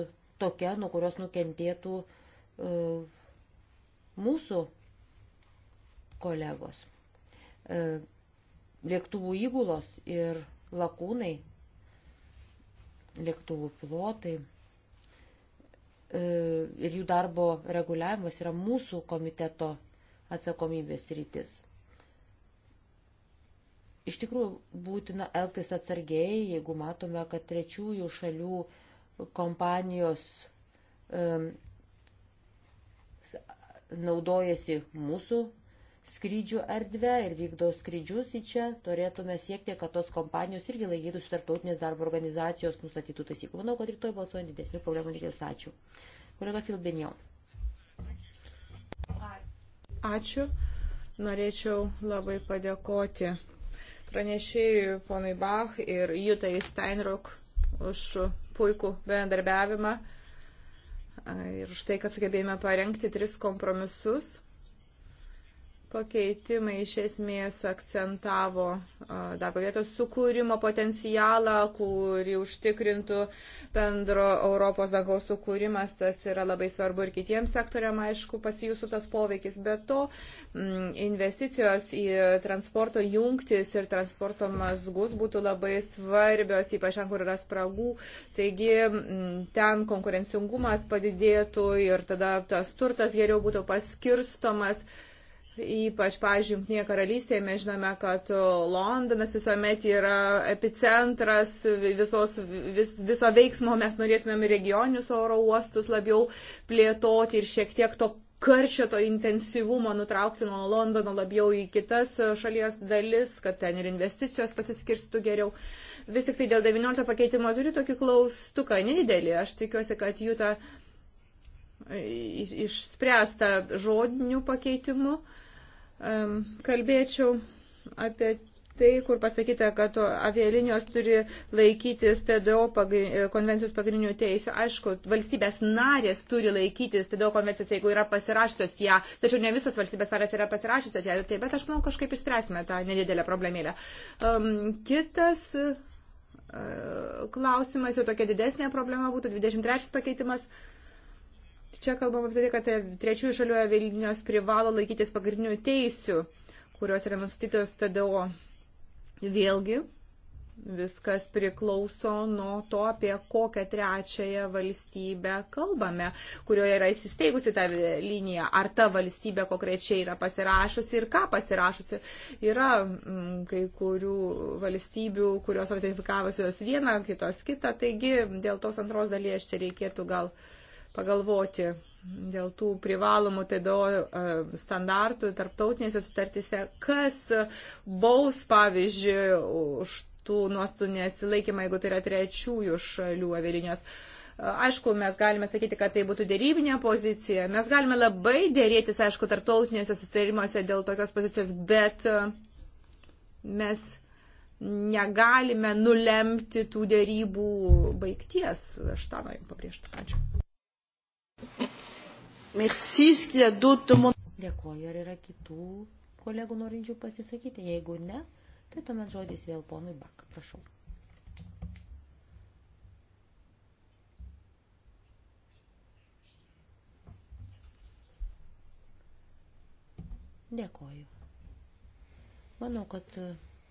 Speaker 3: tokia, nuo kurios nukentėtų e, mūsų kolegos. Lėktuvų įgulos ir lakūnai lėktuvų pilotai e, ir jų darbo reguliavimas yra mūsų komiteto atsakomybės rytis. Iš tikrųjų būtina elgtis atsargiai, jeigu matome, kad trečiųjų šalių kompanijos um, naudojasi mūsų skrydžių erdvę ir vykdo skrydžius į čia, turėtume siekti, kad tos kompanijos irgi laikytųsi tarptautinės darbo organizacijos nustatytų taisyklių. Manau, kad rytoj balsuojant didesnių problemų reikės. Ačiū. Kolega Filbinio. Ačiū.
Speaker 1: Norėčiau labai padėkoti pranešėjui ponui Bach ir Jutai Steinrock už puikų bendarbiavimą e, ir už tai, kad sugebėjome parengti tris kompromisus pakeitimai iš esmės akcentavo darbo vietos sukūrimo potencialą, kurį užtikrintų bendro Europos dangaus sukūrimas. Tas yra labai svarbu ir kitiems sektoriam, aišku, pasijūsų tas poveikis. Be to, investicijos į transporto jungtis ir transporto mazgus būtų labai svarbios, ypač ten, kur yra spragų. Taigi, ten konkurencingumas padidėtų ir tada tas turtas geriau būtų paskirstomas. Thank you Ypač, pavyzdžiui, Junktinėje karalystėje mes žinome, kad Londonas visuomet yra epicentras visos, vis, viso veiksmo, mes norėtumėm regioninius oro uostus labiau plėtoti ir šiek tiek to karščio, to intensyvumo nutraukti nuo Londono labiau į kitas šalies dalis, kad ten ir investicijos pasiskirstų geriau. Vis tik tai dėl 19 pakeitimo turiu tokį klaustuką, nedidelį, aš tikiuosi, kad jų ta išspręsta žodinių pakeitimų. Uh, kalbėčiau apie tai, kur pasakyta, kad avialinijos turi laikytis TDO pagri... konvencijos pagrindinių teisų. Aišku, valstybės narės turi laikytis TDO konvencijos, jeigu yra pasirašytos ją, tačiau ne visos valstybės narės yra pasirašytos ją. Taip, bet aš manau, kažkaip išspręsime tą nedidelę problemėlę. Um, kitas uh, klausimas, jau tokia didesnė problema būtų 23 pakeitimas. Uh, Čia kalbam apie tai, kad trečiųjų šalių avialinijos privalo laikytis pagrindinių teisių, kurios yra nustatytos TDO. Vėlgi, Viskas priklauso nuo to, apie kokią trečiąją valstybę kalbame, kurioje yra įsisteigusi ta linija, ar ta valstybė konkrečiai yra pasirašusi ir ką pasirašusi. Yra m, mm, kai kurių valstybių, kurios ratifikavusios vieną, kitos kitą, taigi dėl tos antros dalies čia reikėtų gal uh, pagalvoti dėl tų privalomų TDO e, standartų tarptautinėse sutartyse, kas baus, pavyzdžiui, už tų nuostų nesilaikymą, jeigu tai yra trečiųjų šalių avialinijos. E, aišku, mes galime sakyti, kad tai būtų dėrybinė pozicija. Mes galime labai dėrėtis, aišku, tarptautinėse sustarimuose dėl tokios pozicijos, bet e, mes negalime nulemti tų dėrybų baigties. Aš tą noriu pabrėžti. Ačiū.
Speaker 3: Merci, qu'il y a d'autres demandes. Dėkoju, ar yra kitų kolegų norinčių pasisakyti? Jeigu ne, tai tuomet žodis vėl ponui Bak, prašau. Dėkoju. Manau, kad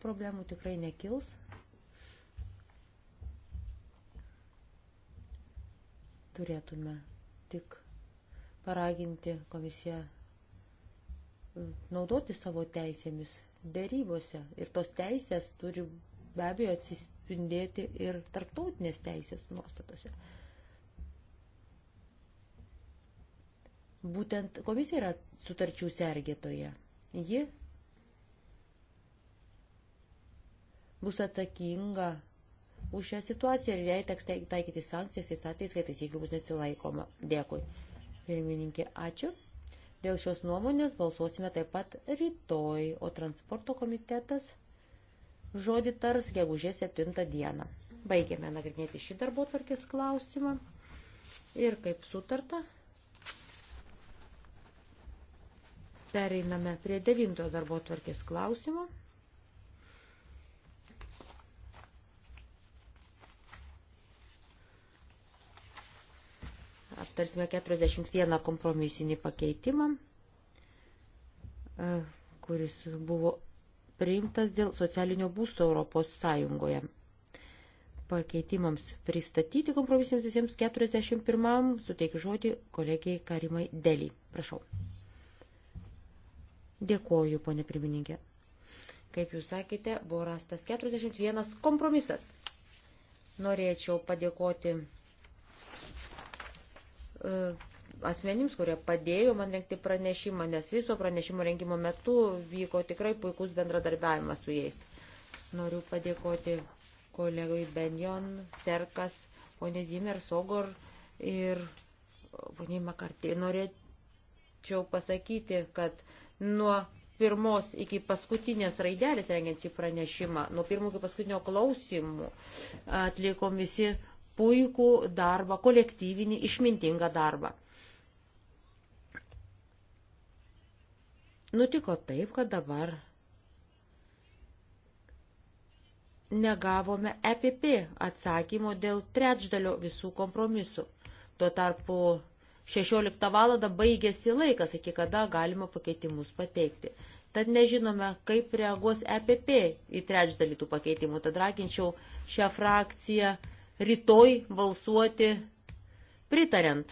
Speaker 3: problemų tikrai nekils. Turėtume tik paraginti komisiją e, naudoti savo teisėmis dėrybose. Ir tos teisės turi be abejo atsispindėti ir tarptautinės teisės nuostatose. Būtent komisija yra sutarčių sergėtoje. Ji bus atsakinga už šią situaciją ir jai teks tai- taikyti sankcijas tais atvejais, kai taisyklių bus nesilaikoma. Dėkui. Pirmininkė, ačiū. Dėl šios nuomonės balsuosime taip pat rytoj, o transporto komitetas žodį tars gegužės 7 dieną. Baigėme nagrinėti šį darbo tvarkės klausimą ir kaip sutarta. Pereiname prie devintojo darbo tvarkės klausimo. aptarsime 41 kompromisinį pakeitimą, e, kuris buvo priimtas dėl socialinio būsto Europos Sąjungoje. Pakeitimams pristatyti kompromisiniams visiems 41 suteikiu žodį kolegijai Karimai Deli. Prašau. Dėkoju, ponė pirmininkė. Kaip jūs sakėte, buvo rastas 41 kompromisas. Norėčiau padėkoti E, asmenims, kurie padėjo man rengti pranešimą, nes viso pranešimo rengimo metu vyko tikrai puikus bendradarbiavimas su jais. Noriu padėkoti kolegai Benjon, Serkas, ponė Zimmer, Sogor ir ponė Makartė. Norėčiau pasakyti, kad nuo pirmos iki paskutinės raidelės rengiant šį pranešimą, nuo pirmų iki paskutinio klausimų atlikom visi puikų darbą, kolektyvinį, išmintingą darbą. Nutiko taip, kad dabar negavome EPP atsakymo dėl trečdalio visų kompromisų. Tuo tarpu 16 val. baigėsi laikas, iki kada galima pakeitimus pateikti. Tad nežinome, kaip reaguos EPP į trečdalį tų pakeitimų. Tad raginčiau šią frakciją rytoj balsuoti pritarent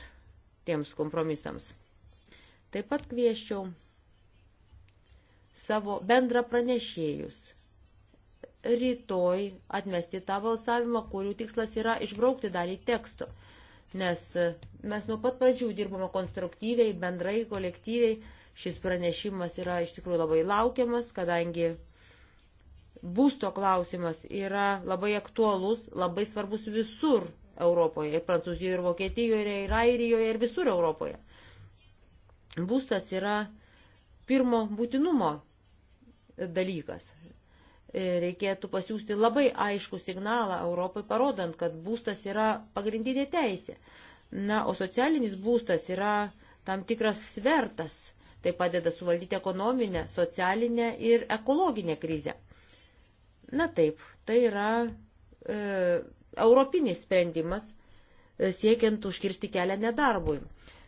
Speaker 3: tiems kompromisams. Taip pat kvieščiau savo bendra pranešėjus rytoj atmesti tą balsavimą, kurių tikslas yra išbraukti dalį teksto. Nes mes nuo pat pradžių dirbame konstruktyviai, bendrai, kolektyviai. Šis pranešimas yra iš tikrųjų labai laukiamas, kadangi būsto klausimas yra labai aktuolus, labai svarbus visur Europoje, ir Prancūzijoje, ir Vokietijoje, ir Airijoje, ir visur Europoje. Būstas yra pirmo būtinumo dalykas. Reikėtų pasiūsti labai aišku signalą Europai, parodant, kad būstas yra pagrindinė teisė. Na, o socialinis būstas yra tam tikras svertas, tai padeda suvaldyti ekonominę, socialinę ir ekologinę krizę. Na taip, tai yra e, europinis sprendimas e, siekiant užkirsti kelią nedarbui.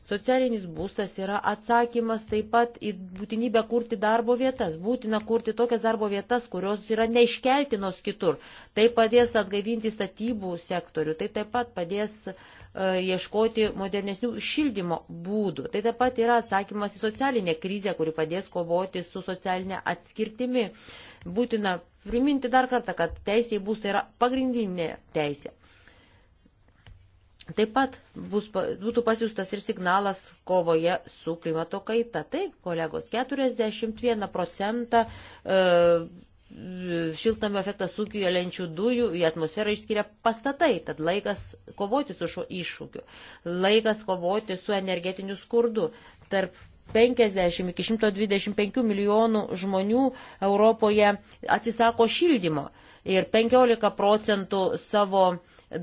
Speaker 3: Socialinis būstas yra atsakymas taip pat į būtinybę kurti darbo vietas. Būtina kurti tokias darbo vietas, kurios yra neiškeltinos kitur. Tai padės atgaivinti statybų sektorių, tai taip pat padės e, ieškoti modernesnių šildymo būdų. Tai taip pat yra atsakymas į socialinę krizę, kuri padės kovoti su socialinė atskirtimi. Būtina priminti dar kartą, kad teisė į būstą yra pagrindinė teisė. Taip pat bus, būtų pasiūstas ir signalas kovoje su klimato kaita. Taip, kolegos, 41 procentą e, šiltame efektą sukeliančių dujų į atmosferą išskiria pastatai, tad laikas kovoti su šiuo iššūkiu, laikas kovoti su energetiniu skurdu. Tarp 50 iki 125 milijonų žmonių Europoje atsisako šildymo ir 15 procentų savo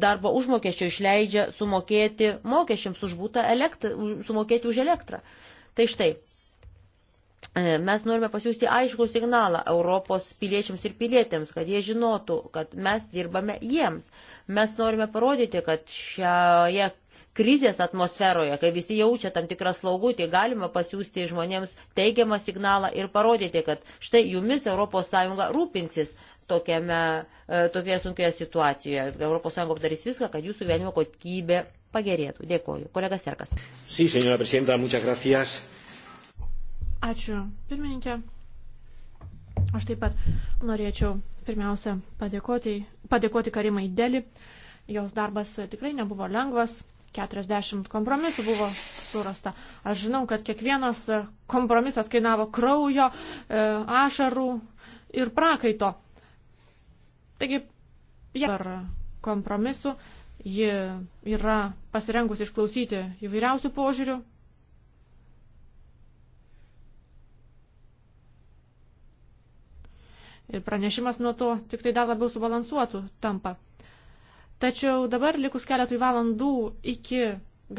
Speaker 3: darbo užmokesčio išleidžia sumokėti mokesčiams už būtą elektrą, sumokėti už elektrą. Tai štai, e, mes norime pasiūsti aiškų signalą Europos piliečiams ir pilietėms, kad jie žinotų, kad mes dirbame jiems. Mes norime parodyti, kad šioje krizės atmosferoje, kai visi jaučia tam tikrą slaugutį, tai galima pasiūsti žmonėms teigiamą signalą ir parodyti, kad štai jumis ES rūpinsis tokiame, e, tokioje sunkioje situacijoje. ES darys viską, kad jūsų gyvenimo kokybė pagerėtų. Dėkoju. Kolega Serkas.
Speaker 1: Sí, señora presidenta, muchas gracias.
Speaker 3: Ačiū,
Speaker 2: pirmininkė. Aš taip pat norėčiau pirmiausia padėkoti, padėkoti Karimai Deli. Jos darbas tikrai nebuvo lengvas. 40 kompromisų buvo surasta. Aš žinau, kad kiekvienas kompromisas kainavo kraujo, e, ašarų ir prakaito. Taigi, per kompromisų ji yra pasirengusi išklausyti įvairiausių požiūrių. Ir pranešimas nuo to tik tai dar labiau subalansuotų tampa. Tačiau dabar likus keletui valandų iki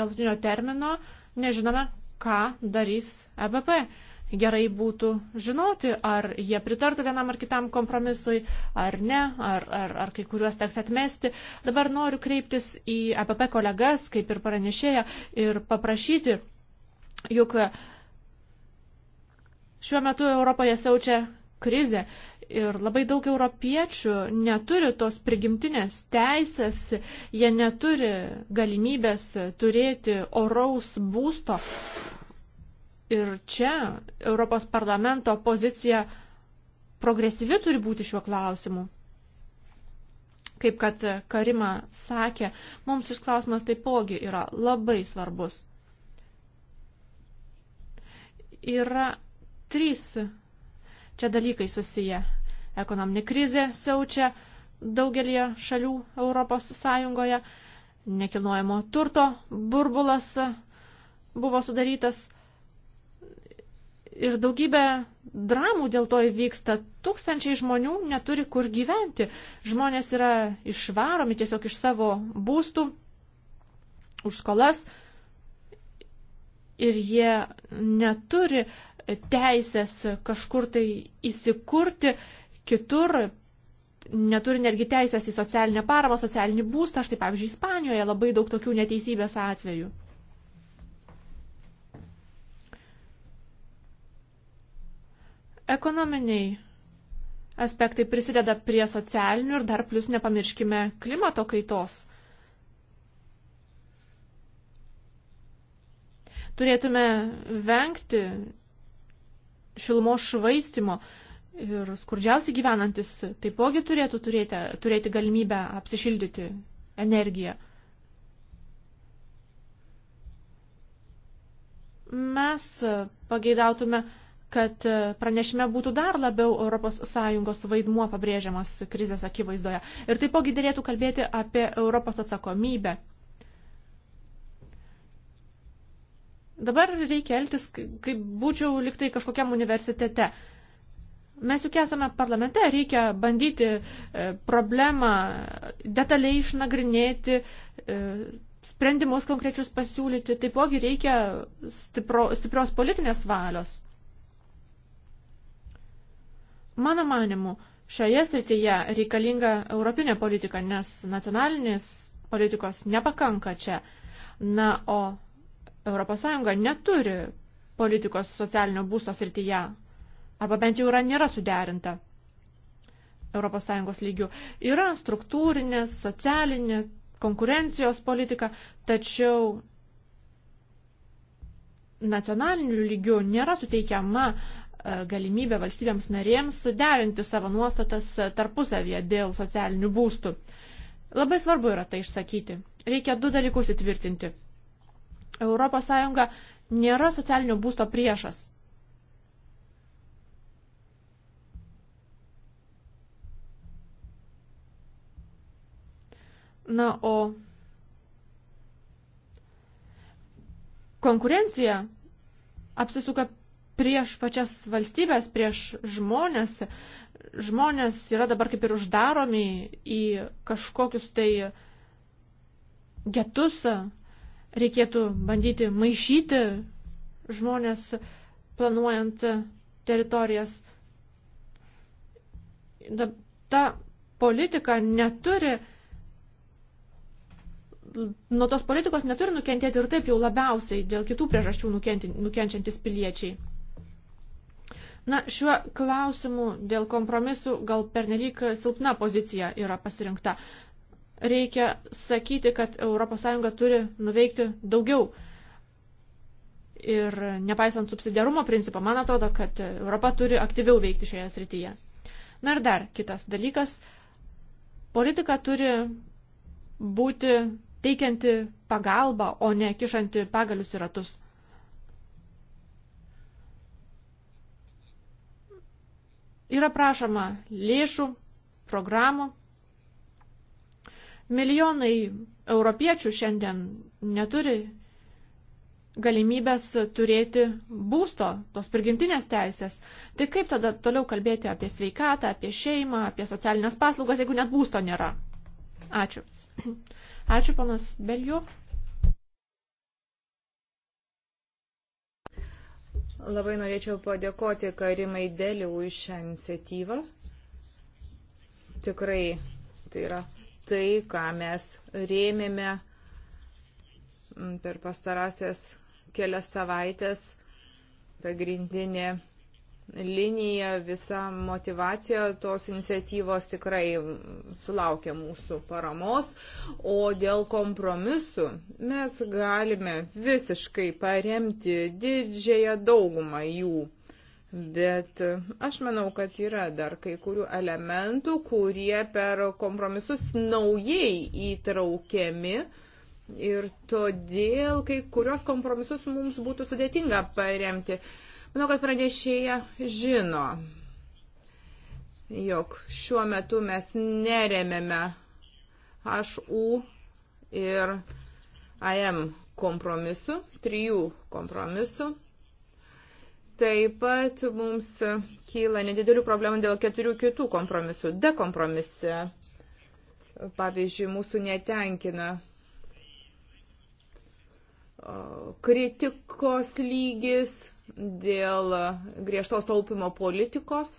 Speaker 2: galutinio termino nežinome, ką darys EBP. Gerai būtų žinoti, ar jie pritartų vienam ar kitam kompromisui, ar ne, ar, ar, ar kai kuriuos teks atmesti. Dabar noriu kreiptis į EPP kolegas, kaip ir pranešėją, ir paprašyti, juk šiuo metu Europoje siaučia krizė ir labai daug europiečių neturi tos prigimtinės teisės, jie neturi galimybės turėti oraus būsto. Ir čia Europos parlamento pozicija progresyvi turi būti šiuo klausimu. Kaip kad Karima sakė, mums šis klausimas taipogi yra labai svarbus. Yra trys čia dalykai susiję. Ekonominė krizė siaučia daugelį šalių Europos Sąjungoje. Nekilnojamo turto burbulas buvo sudarytas ir daugybė dramų dėl to įvyksta. Tūkstančiai žmonių neturi kur gyventi. Žmonės yra išvaromi tiesiog iš savo būstų, už skolas ir jie neturi teisės kažkur tai įsikurti, kitur neturi netgi teisės į socialinę paramą, socialinį būstą. Štai pavyzdžiui, Ispanijoje labai daug tokių neteisybės atvejų. Ekonominiai aspektai prisideda prie socialinių ir dar plus nepamirškime klimato kaitos. Turėtume vengti šilumos švaistimo, ir skurdžiausiai gyvenantis taipogi turėtų turėti, turėti galimybę apsišildyti energiją. Mes pageidautume, kad pranešime būtų dar labiau ES vaidmuo pabrėžiamas krizės akivaizdoje. Ir taipogi dėlėtų kalbėti apie Europos atsakomybę. Dabar reikia elgtis, kaip būčiau liktai kažkokiam universitete. Uh, Mes juk esame parlamente, reikia bandyti e, problemą detaliai išnagrinėti, e, sprendimus konkrečius pasiūlyti, taipogi reikia stipro, stiprios politinės valios. Mano manimu, šioje srityje reikalinga europinė politika, nes nacionalinės politikos nepakanka čia. Na, o ES neturi politikos socialinio būsto srityje arba bent jau yra nėra suderinta ES lygių. Yra struktūrinė, socialinė, konkurencijos politika, tačiau nacionaliniu lygiu nėra suteikiama e, galimybė valstybėms narėms derinti savo nuostatas e, tarpusavyje dėl socialinių būstų. Labai svarbu yra tai išsakyti. Reikia du dalykus įtvirtinti. ES nėra socialinio būsto priešas. Na, o konkurencija apsisuka prieš pačias valstybės, prieš žmonės. Žmonės yra dabar kaip ir uždaromi į kažkokius tai getus. Reikėtų bandyti maišyti žmonės, planuojant teritorijas. Ta politika neturi nuo tos politikos neturi nukentėti ir taip jau labiausiai dėl kitų priežasčių nukenti, nukenčiantis piliečiai. Na, šiuo klausimu dėl kompromisų gal pernelyg silpna pozicija yra pasirinkta. Reikia sakyti, kad ES turi nuveikti daugiau. Ir nepaisant subsidiarumo principo, man atrodo, kad Europa turi aktyviau veikti šioje srityje. Na ir dar kitas dalykas. Politika turi būti teikianti pagalbą, o ne kišanti pagalius į ratus. Yra prašoma lėšų, programų. Milijonai europiečių šiandien neturi galimybės turėti būsto, tos prigimtinės teisės. Tai kaip tada toliau kalbėti apie sveikatą, apie šeimą, apie socialinės paslaugas, jeigu net būsto nėra?
Speaker 1: Ačiū. Ačiū, panas Belgiu. Labai norėčiau padėkoti Karimai Dėlį už šią iniciatyvą. Tikrai tai yra tai, ką mes rėmėme per pastarąsias kelias savaitės. Pagrindinė linija, visa motivacija tos iniciatyvos tikrai sulaukia mūsų paramos. O dėl kompromisu mes galime visiškai paremti didžiąją daugumą jų. Bet aš manau, kad yra dar kai kurių elementų, kurie per kompromisus naujai įtraukiami ir todėl kai kurios kompromisus mums būtų sudėtinga paremti. Uh, Manau, kad pranešėja žino, jog šiuo metu mes neremėme HU ir AM kompromisų, trijų kompromisų. Taip pat mums kyla nedidelių problemų dėl keturių kitų kompromisų. D kompromise, pavyzdžiui, mūsų netenkina kritikos lygis, dėl griežtos taupimo politikos.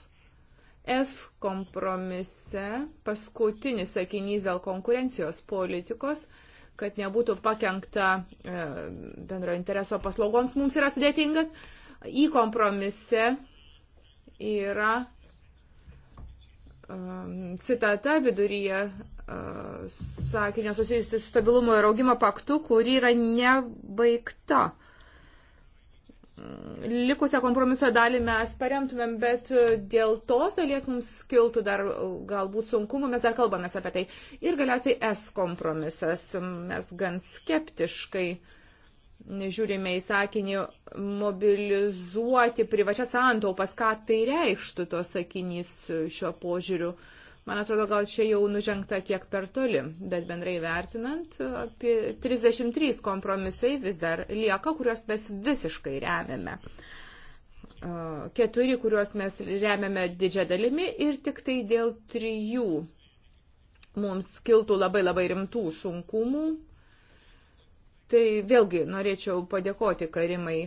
Speaker 1: F kompromise paskutinis sakinys dėl konkurencijos politikos, kad nebūtų pakengta e, bendro intereso paslaugoms, mums yra sudėtingas. Į kompromise yra um, citata viduryje uh, sakinio susijusi su stabilumo ir augimo paktu, kuri yra nebaigta likusią kompromiso dalį mes paremtumėm, bet e, dėl tos dalies mums kiltų dar e, galbūt sunkumų, mes dar kalbamės apie tai. Ir galiausiai S kompromisas, mes gan skeptiškai žiūrime į sakinį mobilizuoti privačias santaupas, ką tai reikštų tos sakinys šiuo požiūriu. Uh, man atrodo, gal čia jau nužengta kiek per toli, bet bendrai vertinant, apie 33 kompromisai vis dar lieka, kuriuos mes visiškai remiame. Keturi, kuriuos mes remiame didžią dalimi ir tik tai dėl trijų mums kiltų labai labai rimtų sunkumų. Tai vėlgi norėčiau padėkoti Karimai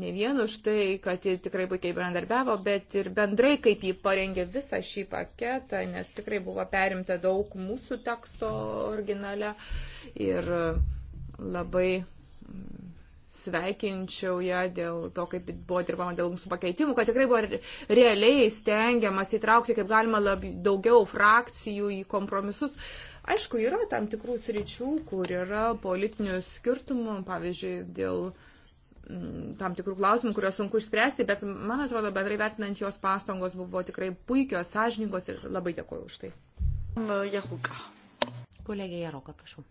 Speaker 1: ne vienu už tai, kad ji tikrai puikiai bendarbiavo, bet ir bendrai, kaip ji parengė visą šį paketą, nes tikrai buvo perimta daug mūsų teksto originale ir e, labai mm, sveikinčiau ją dėl to, kaip buvo dirbama dėl mūsų pakeitimų, kad tikrai buvo realiai stengiamas įtraukti kaip galima labi, daugiau frakcijų į kompromisus. Aišku, yra tam tikrų sričių, kur yra politinių skirtumų, pavyzdžiui, dėl uh, Mm, tam tikrų klausimų, kuriuos sunku išspręsti, bet man atrodo, bendrai vertinant jos pastangos buvo tikrai puikios, sąžiningos ir labai dėkuoju už tai. Jahuka. Kolegė Jaroka, prašau.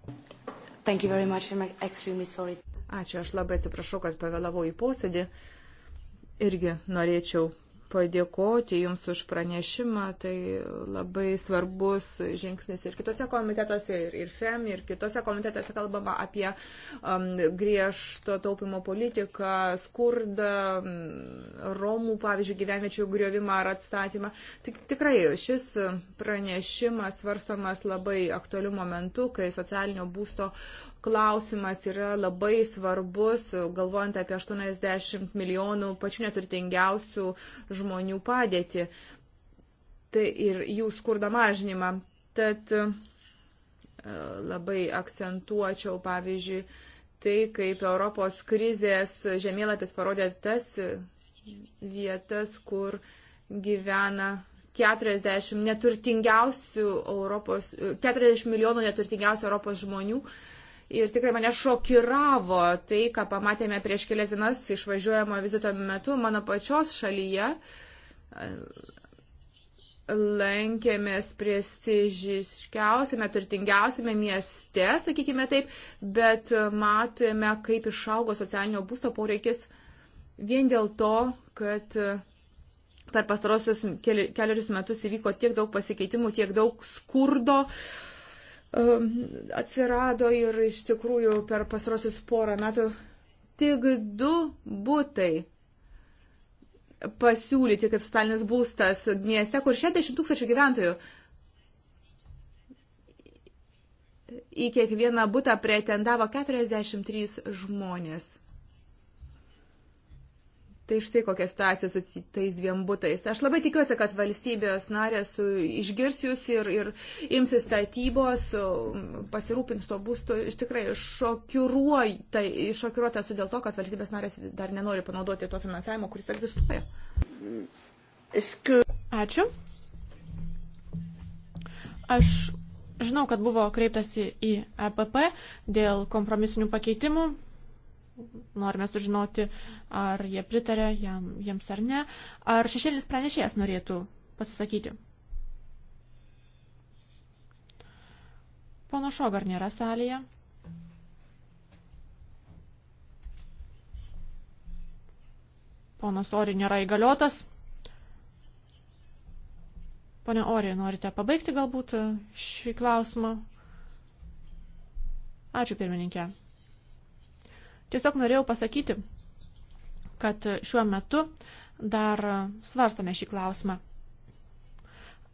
Speaker 1: Thank you very much. I'm extremely sorry. Ačiū, aš labai atsiprašau, kad pavėlavau į posėdį. Irgi norėčiau padėkoti Jums už pranešimą. Tai labai svarbus žingsnis ir kitose komitetuose, ir, ir FEM, ir kitose komitetuose kalbama apie um, griežto taupimo politiką, skurdą, mm, Romų, pavyzdžiui, gyvenviečių griovimą ar atstatymą. Tik, tikrai šis pranešimas svarstomas labai aktualiu momentu, kai socialinio būsto klausimas yra labai svarbus, galvojant apie 80 milijonų pačių neturtingiausių žmonių padėtį tai ir jų skurdo mažinimą. Tad e, labai akcentuočiau, pavyzdžiui, tai, kaip Europos krizės žemėlapis parodė tas vietas, kur gyvena 40, neturtingiausių Europos, 40 milijonų neturtingiausių Europos žmonių. Uh, Ir tikrai mane šokiravo tai, ką pamatėme prieš kelias dienas išvažiuojamo vizito metu mano pačios šalyje. Lankėmės prestižiškiausiame, turtingiausiame mieste, sakykime taip, bet matome, kaip išaugo socialinio būsto poreikis vien dėl to, kad per pastarosius keli, keliarius metus įvyko tiek daug pasikeitimų, tiek daug skurdo, uh, atsirado ir iš tikrųjų per pasrosius porą metų tik du būtai pasiūlyti kaip stalinis būstas mieste, kur 60 tūkstančių gyventojų. Į kiekvieną būtą pretendavo 43 žmonės. Tai štai kokia situacija su tais dviem būtais. Aš labai tikiuosi, kad valstybės narės išgirs jūs ir, ir imsis statybos, pasirūpins to būstu. Iš tikrai šokiruota, šokiruota esu dėl to, kad valstybės narės dar nenori panaudoti to finansavimo, kuris egzistuoja. Ačiū. Aš
Speaker 2: žinau, kad buvo kreiptasi į APP e dėl kompromisinių pakeitimų norime sužinoti, ar jie pritarė jam, jiems ar ne. Ar šešėlis pranešėjas norėtų pasisakyti? Pono Šogar nėra salėje. Ponas Ori nėra įgaliotas. Pone Ori, norite pabaigti galbūt šį klausimą? Ačiū pirmininkė. Tiesiog norėjau pasakyti, kad šiuo metu dar svarstame šį klausimą.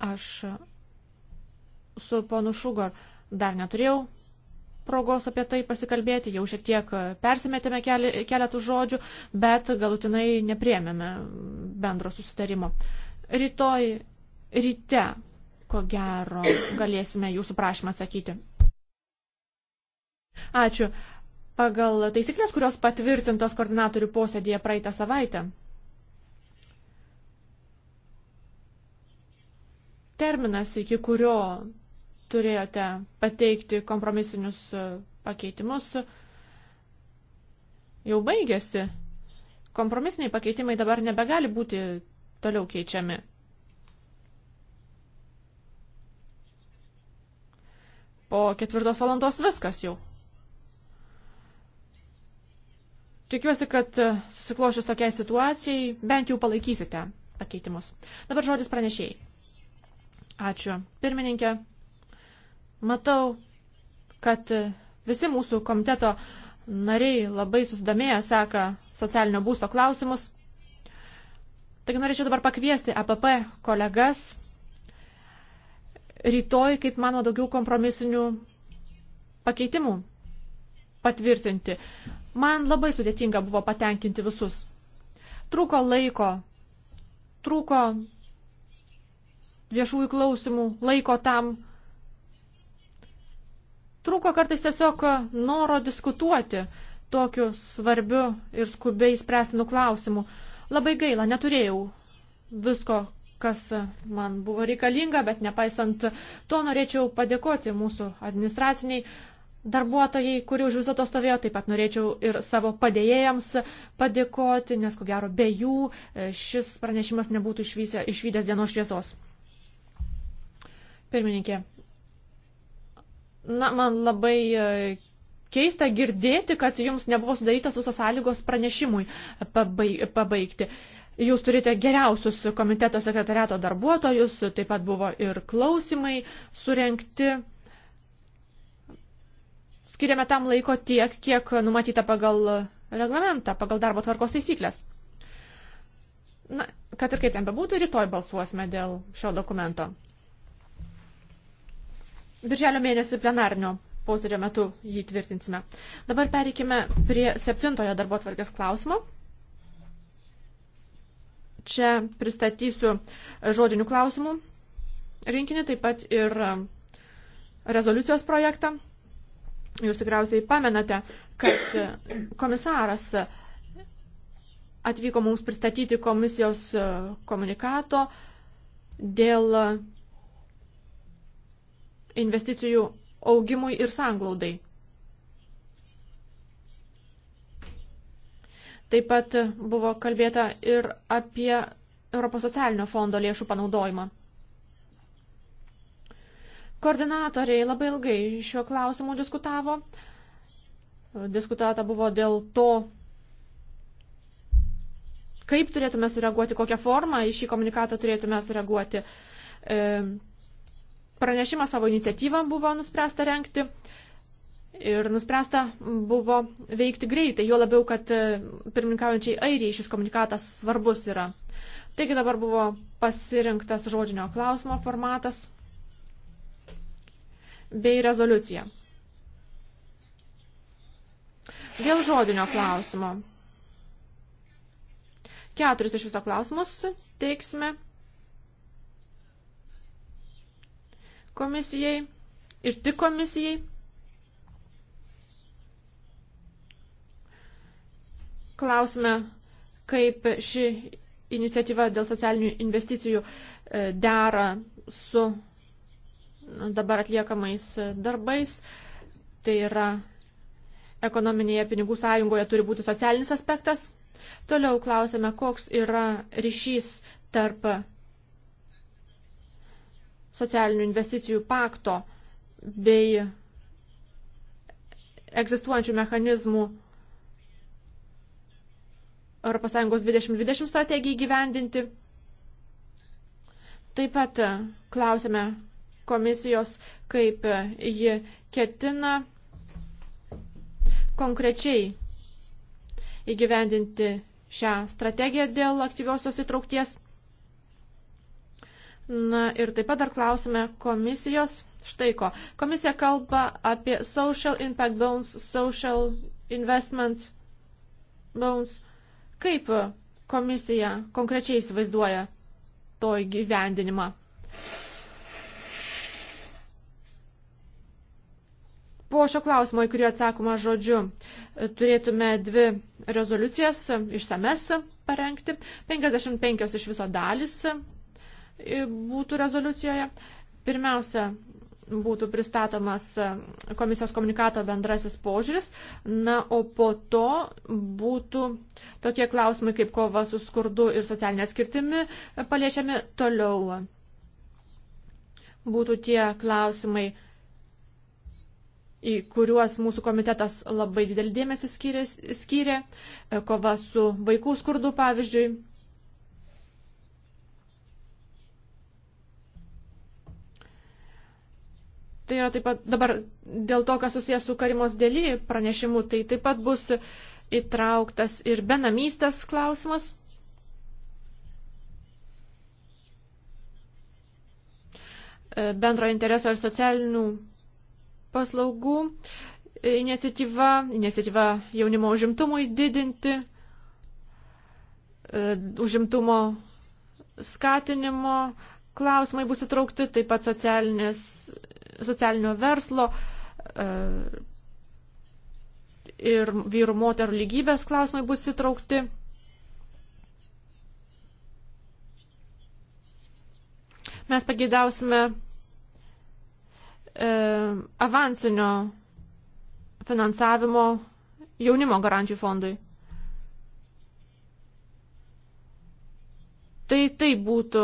Speaker 2: Aš su ponu Šugor dar neturėjau progos apie tai pasikalbėti, jau šiek tiek persimetėme keletų žodžių, bet galutinai nepriemėme bendro susitarimo. Rytoj ryte, ko gero, galėsime jūsų prašymą atsakyti. Ačiū pagal taisyklės, kurios patvirtintos koordinatorių posėdėje praeitą savaitę. Terminas, iki kurio turėjote pateikti kompromisinius e, pakeitimus, jau baigėsi. Kompromisiniai pakeitimai dabar nebegali būti toliau keičiami. Po ketvirtos valandos viskas jau. Tikiuosi, kad e, susiklošius tokiai situacijai bent jau palaikysite pakeitimus. Dabar žodis pranešėjai. Ačiū. Pirmininkė, matau, kad e, visi mūsų komiteto nariai labai susidomėję seka socialinio būsto klausimus. Taigi norėčiau dabar pakviesti APP kolegas rytoj, kaip mano, daugiau kompromisinių pakeitimų patvirtinti. Man labai sudėtinga buvo patenkinti visus. Trūko laiko, trūko viešųjų klausimų, laiko tam. Trūko kartais tiesiog noro diskutuoti tokiu svarbiu ir skubiai spręstinu klausimu. Labai gaila, neturėjau visko, kas man buvo reikalinga, bet nepaisant to norėčiau padėkoti mūsų administraciniai darbuotojai, kurie už viso to stovėjo. Taip pat norėčiau ir savo padėjėjams padėkoti, nes ko gero be jų e, šis pranešimas nebūtų išvysė, išvydęs dienos šviesos. Pirmininkė. Na, man labai e, keista girdėti, kad jums nebuvo sudarytas visos sąlygos pranešimui pabaigti. Jūs turite geriausius komiteto sekretariato darbuotojus, taip pat buvo ir klausimai surenkti skiriame tam laiko tiek, kiek numatyta pagal reglamentą, pagal darbo tvarkos taisyklės. Na, kad ir kaip ten bebūtų, rytoj balsuosime dėl šio dokumento. Birželio mėnesį plenarnio posėdžio metu jį tvirtinsime. Dabar pereikime prie septintojo darbo tvarkės klausimo. Čia pristatysiu žodinių klausimų rinkinį, taip pat ir rezoliucijos projektą. Jūs tikriausiai pamenate, kad komisaras atvyko mums pristatyti komisijos komunikato dėl investicijų augimui ir sanglaudai. Taip pat buvo kalbėta ir apie Europos socialinio fondo lėšų panaudojimą. Koordinatoriai labai ilgai šiuo klausimu diskutavo. Diskutuota buvo dėl to, kaip turėtume sureaguoti, kokią formą į šį komunikatą turėtume sureaguoti. E, Pranešimą savo iniciatyvą buvo nuspręsta renkti ir nuspręsta buvo veikti greitai, jo labiau, kad e, pirmininkaujančiai airiai šis komunikatas svarbus yra. Taigi dabar buvo pasirinktas žodinio klausimo formatas bei rezoliuciją. Dėl žodinio klausimo. Keturis iš viso klausimus teiksime komisijai ir tik komisijai. Klausime, kaip ši iniciatyva dėl socialinių investicijų e, dera su dabar atliekamais darbais. Tai yra ekonominėje pinigų sąjungoje turi būti socialinis aspektas. Toliau klausėme, koks yra ryšys tarp socialinių investicijų pakto bei egzistuojančių mechanizmų ES 2020 strategijai gyvendinti. Taip pat klausėme, komisijos, kaip ji ketina konkrečiai įgyvendinti šią strategiją dėl aktyviosios įtraukties. Na ir taip pat dar klausime komisijos. Štai ko. Komisija kalba apie social impact bones, social investment bones. Kaip komisija konkrečiai įsivaizduoja to įgyvendinimą? Po šio klausimo, į kurį atsakoma žodžiu, e, turėtume dvi rezoliucijas e, išsames parengti. 55 iš viso dalis e, būtų rezoliucijoje. Pirmiausia, būtų pristatomas komisijos komunikato bendrasis požiūris, na, o po to būtų tokie klausimai kaip kova su skurdu ir socialinė skirtimi paliečiami toliau. Būtų tie klausimai į kuriuos mūsų komitetas labai didelį dėmesį skyrė, skyrė e, kova su vaikų skurdu pavyzdžiui. Tai yra taip pat dabar dėl to, kas susijęs su Karimos dėly pranešimu, tai taip pat bus įtrauktas ir benamystės klausimas. E, bendro intereso ir socialinių paslaugų iniciatyva, iniciatyva jaunimo užimtumui didinti, e, užimtumo skatinimo klausimai bus įtraukti, taip pat socialinio verslo e, ir vyrų moterų lygybės klausimai bus įtraukti. Mes pageidausime E, avansinio finansavimo jaunimo garantijų fondui. Tai, tai, būtų,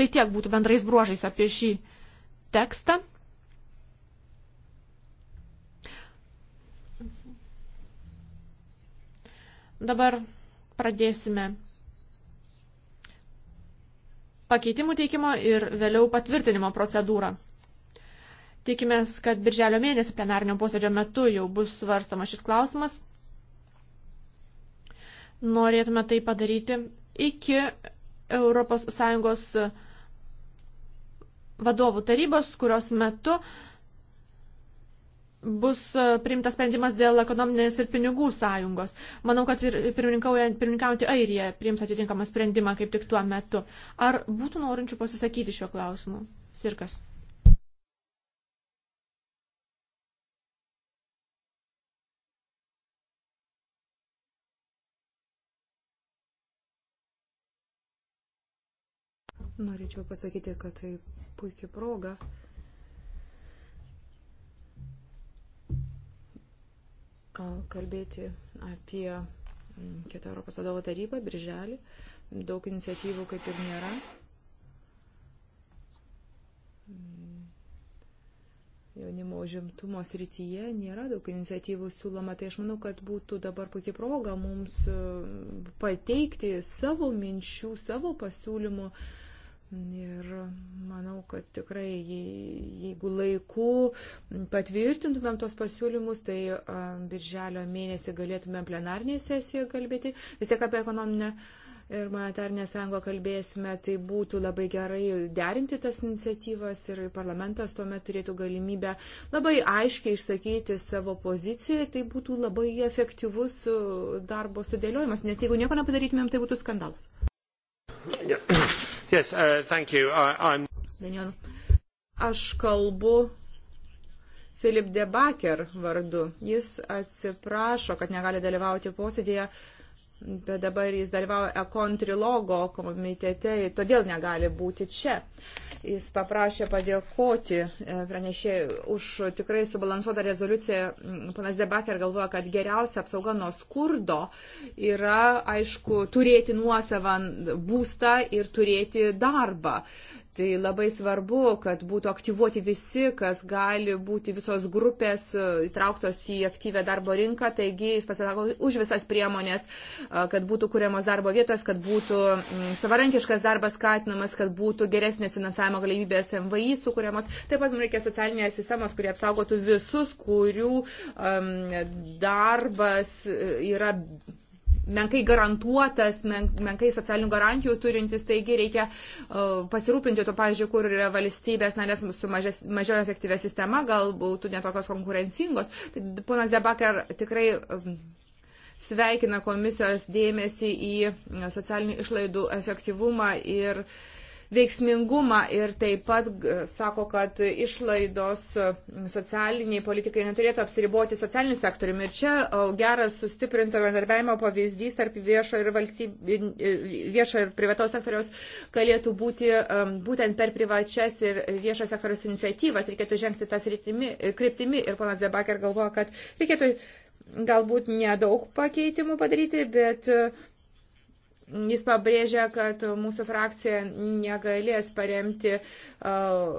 Speaker 2: tai tiek būtų bendrais bruožais apie šį tekstą. Dabar pradėsime pakeitimų teikimo ir vėliau patvirtinimo procedūrą. Tikimės, kad birželio mėnesį plenarnio posėdžio metu jau bus svarstama šis klausimas. Norėtume tai padaryti iki ES vadovų tarybos, kurios metu bus priimtas sprendimas dėl ekonominės ir pinigų sąjungos. Manau, kad ir pirmininkaujantį Airiją priims atitinkamą sprendimą kaip tik tuo metu. Ar būtų norinčių pasisakyti šiuo klausimu? Sirkas.
Speaker 1: Norėčiau pasakyti, kad tai puikia proga. Kalbėti apie mm, kitą Europos vadovo tarybą, birželį. Daug iniciatyvų kaip ir nėra. Mm. jaunimo užimtumo srityje nėra daug iniciatyvų siūloma, tai aš manau, kad būtų dabar puikiai proga mums mm, pateikti savo minčių, savo pasiūlymų uh, Ir manau, kad tikrai, jeigu laiku patvirtintumėm tos pasiūlymus, tai birželio mėnesį galėtumėm plenarnėje sesijoje kalbėti vis tiek apie ekonominę ir monetarinę sąjungą kalbėsime, tai būtų labai gerai derinti tas iniciatyvas ir parlamentas tuomet turėtų galimybę labai aiškiai išsakyti savo poziciją, tai būtų labai efektyvus darbo sudėliojimas, nes jeigu nieko nepadarytumėm, tai būtų skandalas. Yes, uh, thank you. I, I'm... Aš kalbu Filip Debaker vardu. Jis atsiprašo, kad negali dalyvauti posėdėje. Uh, bet dabar jis dalyvauja Ekon trilogo komitete ir todėl negali būti čia. Jis paprašė padėkoti e, pranešėjai už tikrai subalansuotą rezoliuciją. Panas Debaker galvoja, kad geriausia apsauga nuo skurdo yra, aišku, turėti nuosavą būstą ir turėti darbą. Tai labai svarbu, kad būtų aktyvuoti visi, kas gali būti visos grupės e, įtrauktos į aktyvę darbo rinką. Taigi jis pasisako už visas priemonės, e, kad būtų kuriamos darbo vietos, kad būtų mm, savarankiškas darbas skatinamas, kad būtų geresnės finansavimo galimybės MVI sukūriamos. Taip pat mums reikia socialinės sistemos, kurie apsaugotų visus, kurių um, darbas e, yra menkai garantuotas, men, menkai socialinių garantijų turintis, taigi reikia uh, pasirūpinti to, pavyzdžiui, kur yra valstybės narės su mažes, mažiau efektyvė sistema, gal būtų netokios konkurencingos. Tai, ponas Debakar tikrai um, sveikina komisijos dėmesį į socialinių išlaidų efektyvumą ir uh, veiksmingumą ir taip pat sako, kad išlaidos e, socialiniai politikai neturėtų apsiriboti socialiniu sektoriumi. Ir čia geras sustiprinto bendarbiavimo pavyzdys tarp viešo ir, valstybė, e, viešo ir privataus sektoriaus galėtų būti e, būtent per privačias ir viešo sektoriaus iniciatyvas. Reikėtų žengti tas rytimi, kryptimi ir ponas Debaker galvoja, kad reikėtų galbūt nedaug pakeitimų padaryti, bet uh, Jis pabrėžia, kad mūsų frakcija negalės paremti uh,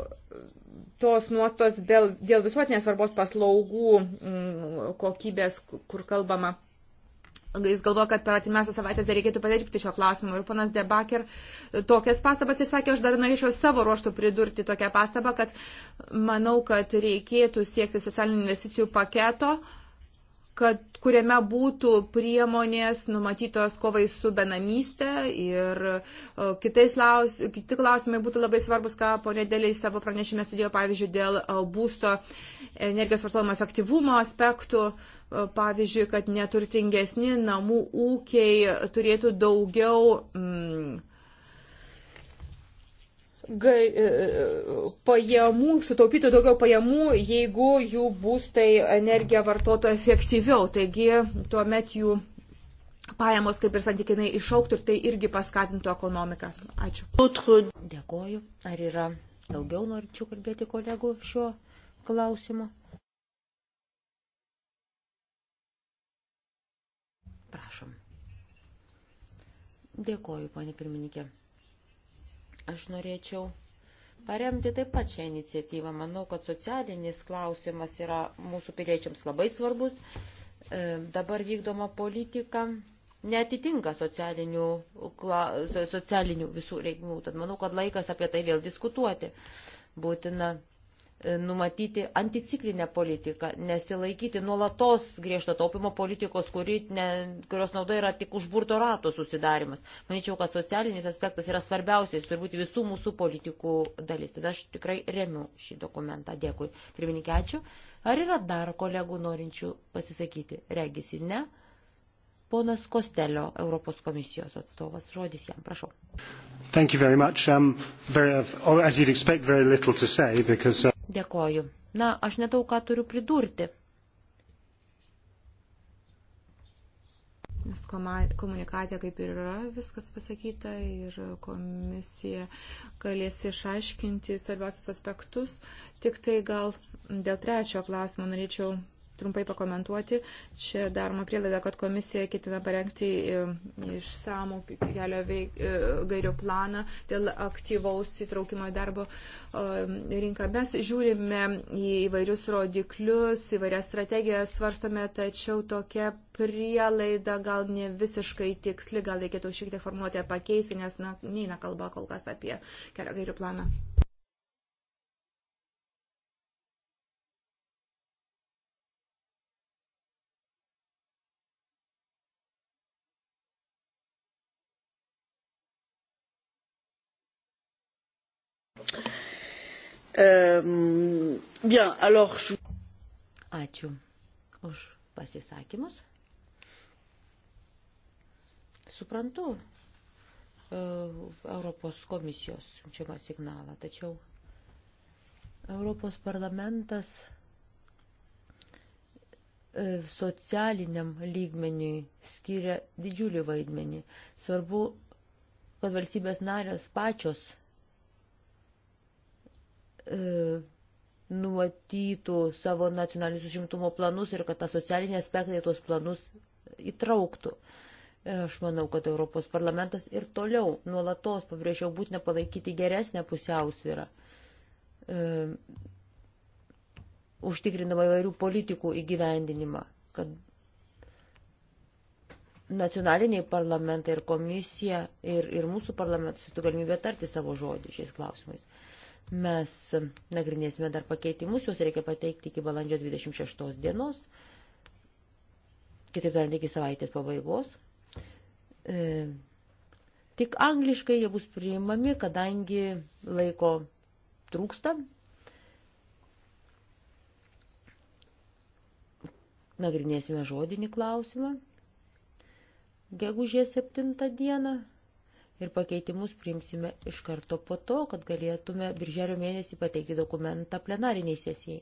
Speaker 1: tos nuostos dėl, dėl visuotinės svarbos paslaugų mm, kokybės, kur kalbama. Jis galvoja, kad per atimiausią savaitę dar reikėtų padirbti šio klausimu. Ir panas Debaker tokias pastabas išsakė, aš dar norėčiau savo ruoštų pridurti tokią pastabą, kad manau, kad reikėtų siekti socialinių investicijų paketo uh, kad, kuriame būtų priemonės numatytos kovai su benamyste ir e, kitais laus, kiti klausimai būtų labai svarbus, ką ponė Dėliai savo pranešime studėjo, pavyzdžiui, dėl e, būsto energijos vartojimo efektyvumo aspektų, e, pavyzdžiui, kad neturtingesni namų ūkiai turėtų daugiau. Mm, gai, e, pajamų, sutaupytų daugiau pajamų, jeigu jų būstai energiją vartotų efektyviau. Taigi tuomet jų pajamos kaip ir santykinai išauktų ir tai irgi paskatintų ekonomiką. Ačiū.
Speaker 3: Dėkoju. Ar yra daugiau norčių kalbėti kolegų šiuo klausimu? Prašom. Dėkoju, ponė pirmininkė. Aš norėčiau paremti taip pat šią iniciatyvą. Manau, kad socialinis klausimas yra mūsų piliečiams labai svarbus. E, dabar vykdoma politika netitinka socialinių, kla, socialinių visų reikmių. Tad manau, kad laikas apie tai vėl diskutuoti. Būtina E, numatyti anticiklinę politiką, nesilaikyti nuolatos griežto taupimo politikos, kuri ne, kurios nauda yra tik užburto rato susidarimas. Manyčiau, kad socialinis aspektas yra svarbiausias, turbūt visų mūsų politikų dalis. Tad aš tikrai remiu šį dokumentą. Dėkui. Pirmininkė, ačiū. Ar yra dar kolegų norinčių pasisakyti? Regisi ne. Ponas Kostelio, Europos komisijos atstovas, žodis jam, prašau.
Speaker 1: Thank you very
Speaker 2: much. Um, very, or as you'd expect, very little to say because. Uh...
Speaker 3: Dėkoju. Na, aš netau, ką turiu pridurti.
Speaker 1: Nes komunikacija kaip ir yra viskas pasakyta ir komisija galės išaiškinti svarbiausius aspektus. Tik tai gal dėl trečio klausimo norėčiau trumpai pakomentuoti. Čia daroma prielaida, kad komisija ketina parengti išsamų kelio veik, e, gairio planą dėl aktyvaus įtraukimo į darbo rinką. Mes žiūrime į įvairius rodiklius, įvairias strategijas svarstome, tačiau tokia prielaida gal ne visiškai tiksli, gal reikėtų šiek tiek formuoti pakeisti, nes na, neina kalba kol kas apie kelio gairių planą.
Speaker 3: Euh, bien, alors. Ačiū už pasisakymus. Suprantu uh, Europos komisijos siunčiamą signalą, tačiau Europos parlamentas uh, socialiniam lygmeniui skiria didžiulį vaidmenį. Svarbu, kad valstybės narės pačios e, numatytų savo nacionalinius užimtumo planus ir kad tą socialinį aspektą į tuos planus įtrauktų. E, aš manau, kad Europos parlamentas ir toliau nuolatos pabrėžiau būtina palaikyti geresnę pusiausvyrą, e, užtikrindama įvairių politikų įgyvendinimą, kad nacionaliniai parlamentai ir komisija ir, ir mūsų parlamentas turėtų galimybę tarti savo žodį šiais klausimais. E, Mes nagrinėsime dar pakeitimus, juos reikia pateikti iki balandžio 26 dienos, kitaip tariant, iki savaitės pabaigos. E, tik angliškai jie bus priimami, kadangi laiko trūksta. Nagrinėsime žodinį klausimą. Gegužės 7 dieną ir pakeitimus priimsime iš karto po to, kad galėtume birželio mėnesį pateikti dokumentą plenariniai sesijai.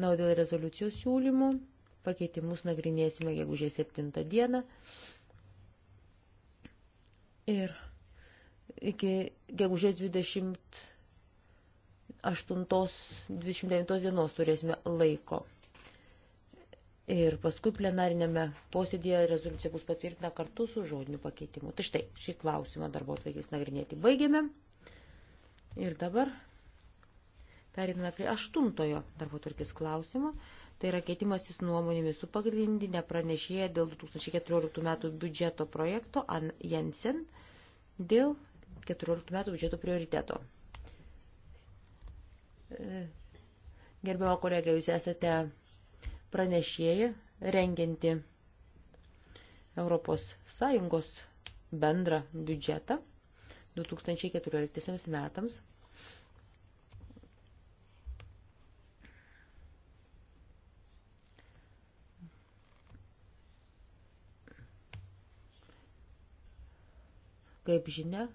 Speaker 3: Na, o dėl rezoliucijos siūlymų pakeitimus nagrinėsime gegužės 7 dieną. Ir iki gegužės 28-29 dienos turėsime laiko Ir paskui plenarinėme posėdėje rezoliucija bus patvirtina kartu su žodiniu pakeitimu. Tai štai, šį klausimą darbo atveikės nagrinėti baigėme. Ir dabar periname prie aštuntojo darbo tvarkės klausimo. Tai yra keitimasis nuomonėmis su pagrindinė pranešėja dėl 2014 metų biudžeto projekto An Jensen dėl 2014 metų biudžeto prioriteto. E, Gerbiamo kolegė, jūs esate pranešėja renginti ES bendrą biudžetą 2014 metams. Kaip žinia,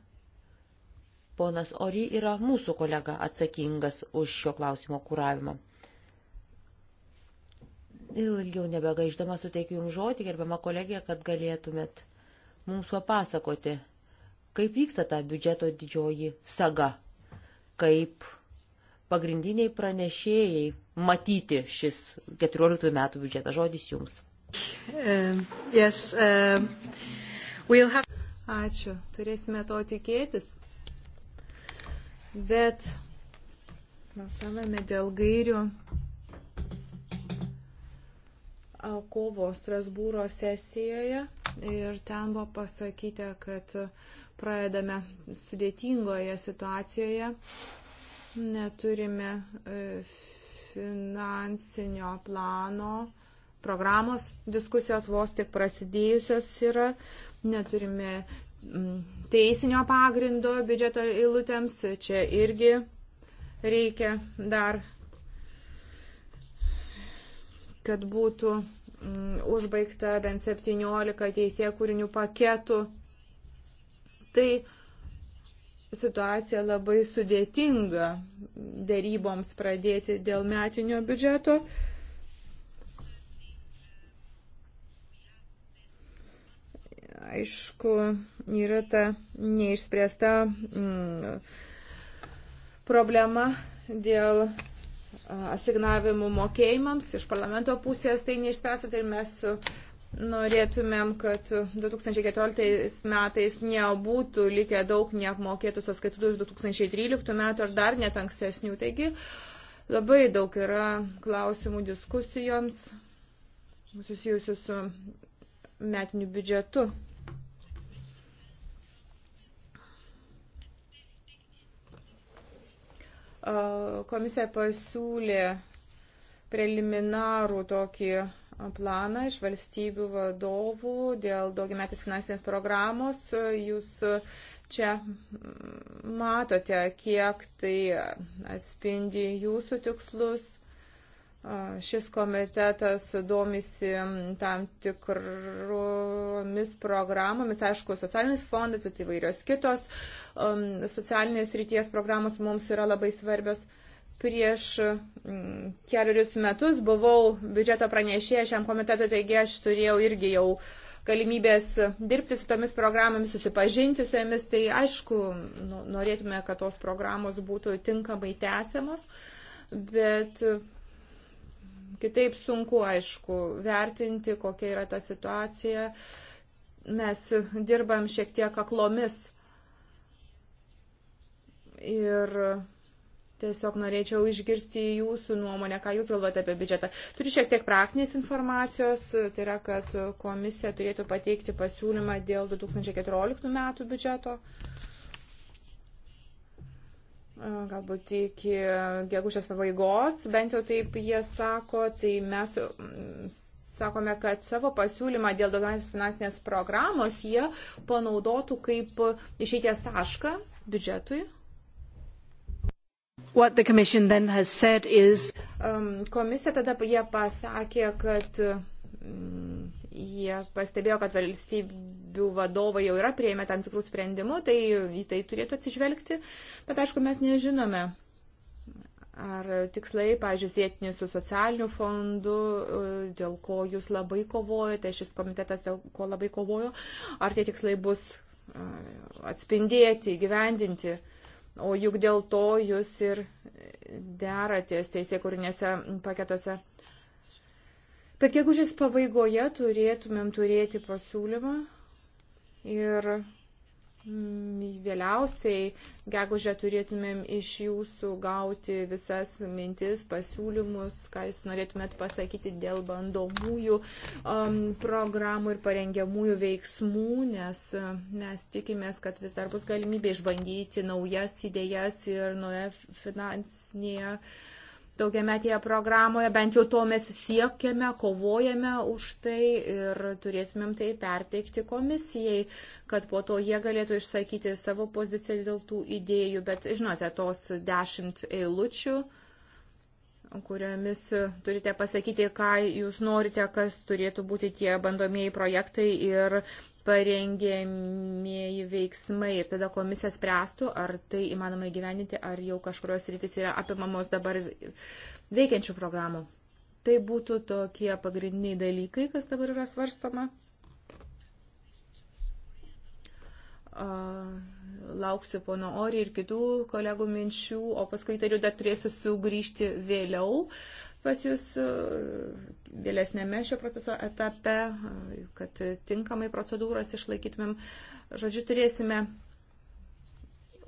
Speaker 3: ponas Ori yra mūsų kolega atsakingas už šio klausimo kūravimą. Ilgiau nebegaiždama suteikiu Jums žodį, gerbiama kolegija, kad galėtumėt mums papasakoti, kaip vyksta ta biudžeto didžioji saga, kaip pagrindiniai pranešėjai matyti šis 14 metų biudžetas. Žodis Jums.
Speaker 1: Uh, yes, uh, we'll have... Ačiū, turėsime to tikėtis. Bet mes savame dėl gairių kovo Strasbūro sesijoje ir ten buvo pasakyta, kad pradedame sudėtingoje situacijoje, neturime e, finansinio plano, programos diskusijos vos tik prasidėjusios yra, neturime teisinio pagrindo biudžeto eilutėms, čia irgi reikia dar kad būtų mm, užbaigta bent 17 teisė kūrinių paketų. Tai situacija labai sudėtinga dėryboms pradėti dėl metinio biudžeto. Aišku, yra ta neišspręsta mm, problema dėl asignavimų mokėjimams. Iš parlamento pusės tai neišspręsta ir tai mes norėtumėm, kad 2014 metais nebūtų likę daug neapmokėtų sąskaitų iš 2013 metų ar dar net ankstesnių. Taigi labai daug yra klausimų diskusijoms susijusių su metiniu biudžetu. Komisija pasiūlė preliminarų tokį planą iš valstybių vadovų dėl daugiametės finansinės programos. Jūs čia matote, kiek tai atspindi jūsų tikslus, Šis komitetas domisi tam tikromis programomis, aišku, socialinis fondas, įvairios kitos socialinės ryties programos mums yra labai svarbios. Prieš keliarius metus buvau biudžeto pranešėję šiam komitetui, taigi aš turėjau irgi jau galimybės dirbti su tomis programomis, susipažinti su jomis, tai aišku, nu, norėtume, kad tos programos būtų tinkamai tęsiamos, bet Kitaip sunku, aišku, vertinti, kokia yra ta situacija. Mes dirbam šiek tiek aklomis. Ir tiesiog norėčiau išgirsti jūsų nuomonę, ką jūs galvojate apie biudžetą. Turiu šiek tiek praktinės informacijos, tai yra, kad komisija turėtų pateikti pasiūlymą dėl 2014 metų biudžeto galbūt iki gegužės pabaigos, bent jau taip jie sako, tai mes mm, sakome, kad savo pasiūlymą dėl daugiametės finansinės programos jie panaudotų kaip išeities tašką biudžetui. Is... Komisija tada jie pasakė, kad mm, jie pastebėjo, kad valstybių vadovai jau yra prieėmę tam tikrų sprendimų, tai į tai turėtų atsižvelgti, bet aišku, mes nežinome. Ar tikslai, pažiūrėjau, sėtini su socialiniu fondu, dėl ko jūs labai kovojate, šis komitetas dėl ko labai kovojo, ar tie tikslai bus atspindėti, gyvendinti. O juk dėl to jūs ir deratės teisė kūrinėse paketuose Per gegužės pabaigoje turėtumėm turėti pasiūlymą ir mm, vėliausiai gegužę turėtumėm iš jūsų gauti visas mintis, pasiūlymus, ką jūs norėtumėt pasakyti dėl bandomųjų um, programų ir parengiamųjų veiksmų, nes mm, mes tikimės, kad vis dar bus galimybė išbandyti naujas idėjas ir nauja finansinėje uh, daugiametėje programoje, bent jau to mes siekiame, kovojame už tai ir turėtumėm tai perteikti komisijai, kad po to jie galėtų išsakyti savo poziciją dėl tų idėjų, bet žinote, tos dešimt eilučių kuriomis turite pasakyti, ką jūs norite, kas turėtų būti tie bandomieji projektai ir parengėmieji veiksmai ir tada komisija spręstų, ar tai įmanoma įgyveninti, ar jau kažkurios rytis yra apimamos dabar veikiančių programų. Tai būtų tokie pagrindiniai dalykai, kas dabar yra svarstoma. Lauksiu pono Ori ir kitų kolegų minčių, o paskui tariu, dar turėsiu sugrįžti vėliau. Uh, pas jūs e, vėlesnėme šio proceso etape, e, kad tinkamai procedūras išlaikytumėm. Žodžiu, turėsime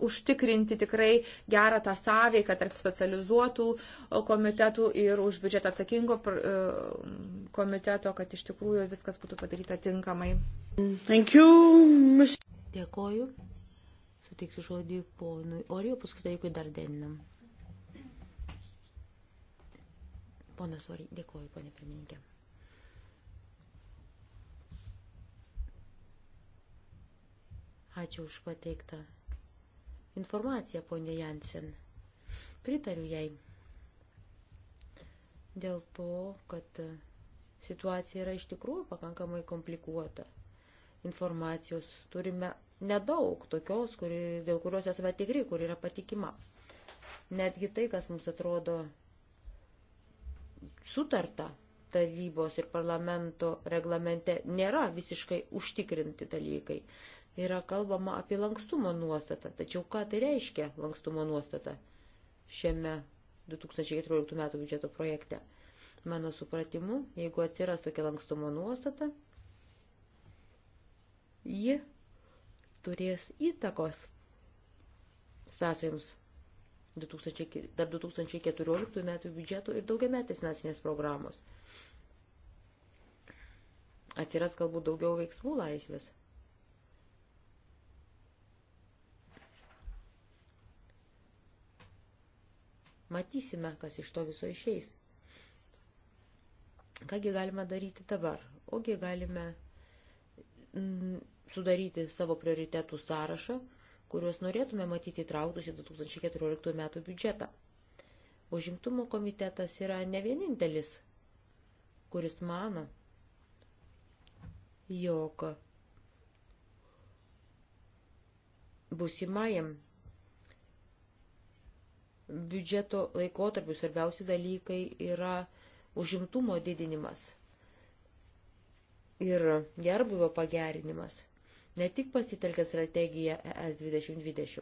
Speaker 1: užtikrinti tikrai gerą tą sąveiką tarp specializuotų komitetų ir už biudžetą atsakingo e, komiteto, kad iš tikrųjų viskas būtų
Speaker 3: padaryta tinkamai. Thank you. Dėkoju. Sutiksiu žodį ponui Orijo, paskui tai, jeigu dar deninam. Ponas Sorį, dėkoju, ponė pirmininkė. Ačiū už pateiktą informaciją, ponė Jansen. Pritariu jai dėl to, kad situacija yra iš tikrųjų pakankamai komplikuota. Informacijos turime nedaug tokios, kuri, dėl kurios esame tikri, kur yra patikima. Netgi tai, kas mums atrodo sutarta tarybos ir parlamento reglamente nėra visiškai užtikrinti dalykai. Yra kalbama apie lankstumo nuostatą. Tačiau ką tai reiškia lankstumo nuostata šiame 2014 metų biudžeto projekte? Mano supratimu, jeigu atsiras tokia lankstumo nuostata, ji turės įtakos sąsajoms 2000, tarp 2014 metų biudžeto ir daugiametės finansinės programos. Atsiras galbūt daugiau veiksmų laisvės. Matysime, kas iš to viso išeis. Kągi galime daryti dabar? Ogi galime mm, sudaryti savo prioritetų sąrašą kuriuos norėtume matyti įtrauktus į 2014 metų biudžetą. Užimtumo komitetas yra ne vienintelis, kuris mano, jog busimajam biudžeto laikotarpiu svarbiausi dalykai yra užimtumo didinimas ir gerbuvio pagerinimas – ne tik pasitelkia strategiją ES 2020.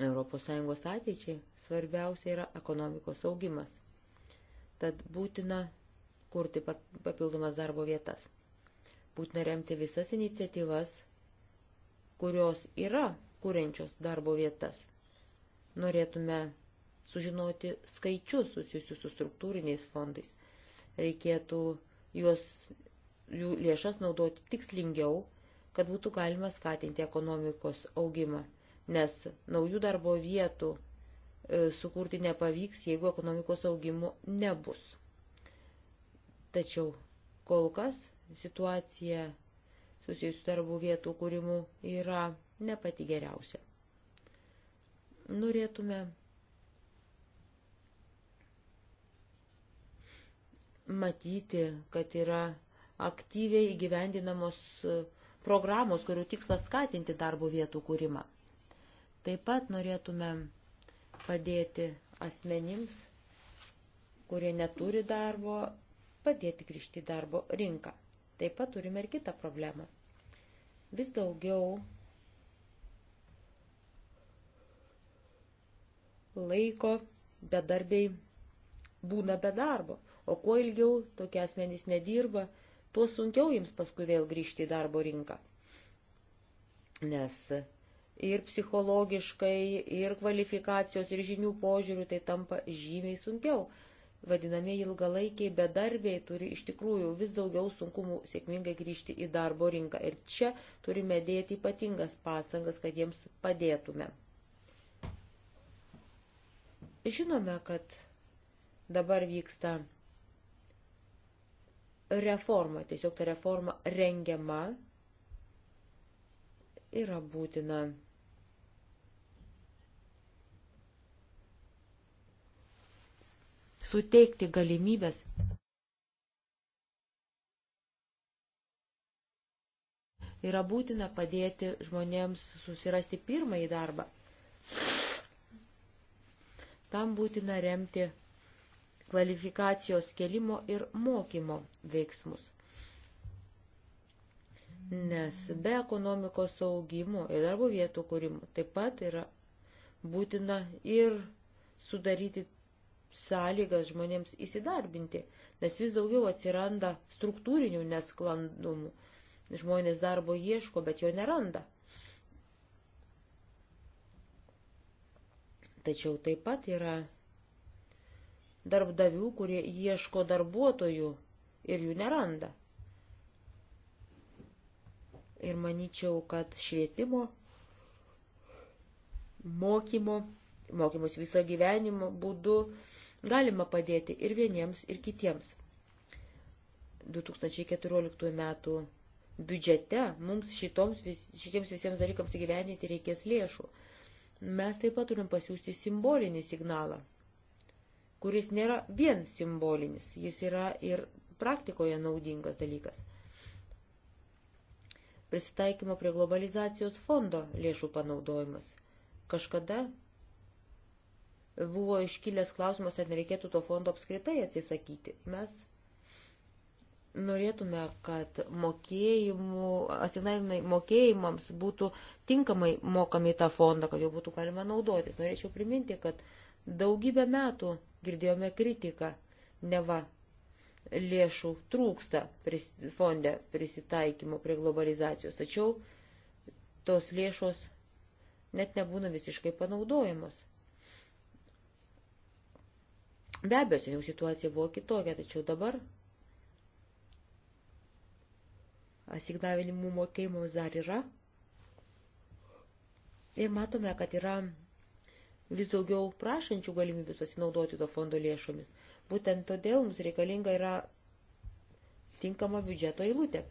Speaker 3: ES ateičiai svarbiausia yra ekonomikos augimas. Tad būtina kurti papildomas darbo vietas. Būtina remti visas iniciatyvas, kurios yra kūrenčios darbo vietas. Norėtume sužinoti skaičius susijusius su struktūriniais fondais. Reikėtų juos, jų lėšas naudoti tikslingiau kad būtų galima skatinti ekonomikos augimą, nes naujų darbo vietų e, sukurti nepavyks, jeigu ekonomikos augimo nebus. Tačiau kol kas situacija susijusių darbų vietų kūrimų yra ne pati geriausia. Norėtume matyti, kad yra aktyviai įgyvendinamos uh, programos, kurių tikslas skatinti darbo vietų kūrimą. Taip pat norėtume padėti asmenims, kurie neturi darbo, padėti grįžti į darbo rinką. Taip pat turime ir kitą problemą. Vis daugiau laiko bedarbiai būna be darbo, o kuo ilgiau tokie asmenys nedirba, tuo sunkiau jums paskui vėl grįžti į darbo rinką. Nes ir psichologiškai, ir kvalifikacijos, ir žinių požiūrių tai tampa žymiai sunkiau. Vadinamieji ilgalaikiai bedarbiai turi iš tikrųjų vis daugiau sunkumų sėkmingai grįžti į darbo rinką. Ir čia turime dėti ypatingas pastangas, kad jiems padėtume. Žinome, kad dabar vyksta reforma. Tiesiog ta reforma rengiama yra būtina. Suteikti galimybės yra būtina padėti žmonėms susirasti pirmąjį darbą. Tam būtina remti kvalifikacijos kelimo ir mokymo veiksmus. Nes be ekonomikos augimo ir darbo vietų kūrimo taip pat yra būtina ir sudaryti sąlygas žmonėms įsidarbinti, nes vis daugiau atsiranda struktūrinių nesklandumų. Žmonės darbo ieško, bet jo neranda. Tačiau taip pat yra darbdavių, kurie ieško darbuotojų ir jų neranda. Ir manyčiau, kad švietimo, mokymo, mokymus visą gyvenimo būdu galima padėti ir vieniems, ir kitiems. 2014 metų biudžete mums šitoms, vis, šitiems visiems dalykams įgyveninti reikės lėšų. Mes taip pat turim pasiūsti simbolinį signalą – kuris nėra vien simbolinis, jis yra ir praktikoje naudingas dalykas. Prisitaikymo prie globalizacijos fondo lėšų panaudojimas. Kažkada buvo iškilęs klausimas, ar nereikėtų to fondo apskritai atsisakyti. Mes norėtume, kad mokėjimų, asignavimai mokėjimams būtų tinkamai mokami tą fondą, kad jo būtų galima naudotis. Norėčiau priminti, kad daugybę metų girdėjome kritiką, neva lėšų trūksta pris, fonde prisitaikymo prie globalizacijos, tačiau tos lėšos net nebūna visiškai panaudojamos. Be abejo, seniau situacija buvo kitokia, tačiau dabar asignavinimų mokėjimams dar yra. Ir matome, kad yra vis daugiau prašančių galimybių pasinaudoti to fondo lėšomis. Būtent todėl mums reikalinga yra tinkama biudžeto eilutė.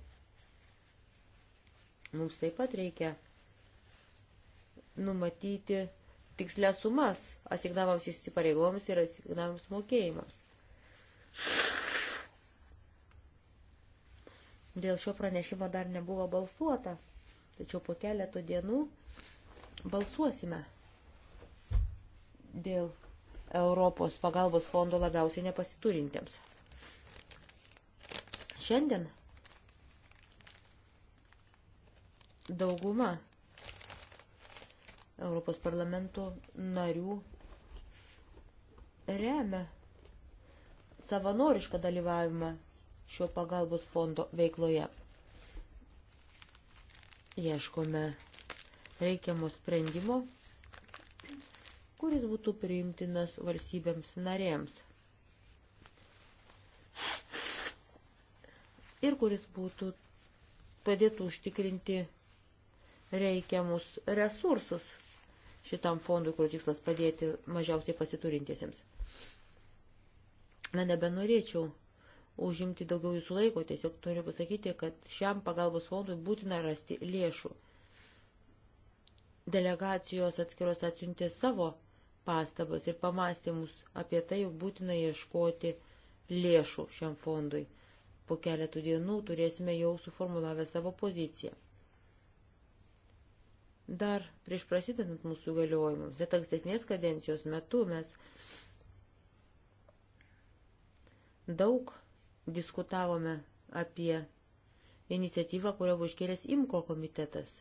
Speaker 3: Mums taip pat reikia numatyti tikslę sumas asignavams įsipareigoms ir asignavams mokėjimams. Dėl šio pranešimo dar nebuvo balsuota, tačiau po keleto dienų balsuosime dėl Europos pagalbos fondo labiausiai nepasiturintiems. Šiandien dauguma Europos parlamento narių remia savanorišką dalyvavimą šio pagalbos fondo veikloje. Ieškome reikiamo sprendimo kuris būtų priimtinas valstybėms narėms ir kuris būtų padėtų užtikrinti reikiamus resursus šitam fondui, kur tikslas padėti mažiausiai pasiturintiesiems. Na, nebenorėčiau užimti daugiau jūsų laiko, tiesiog noriu pasakyti, kad šiam pagalbos fondui būtina rasti lėšų. Delegacijos atskiros atsiuntė savo pastabas ir pamastymus apie tai, jog būtina ieškoti lėšų šiam fondui. Po keletų dienų turėsime jau suformulavę savo poziciją. Dar prieš prasidedant mūsų galiojimams, net ankstesnės kadencijos metu mes daug diskutavome apie iniciatyvą, kurią buvo iškėlęs IMKO komitetas.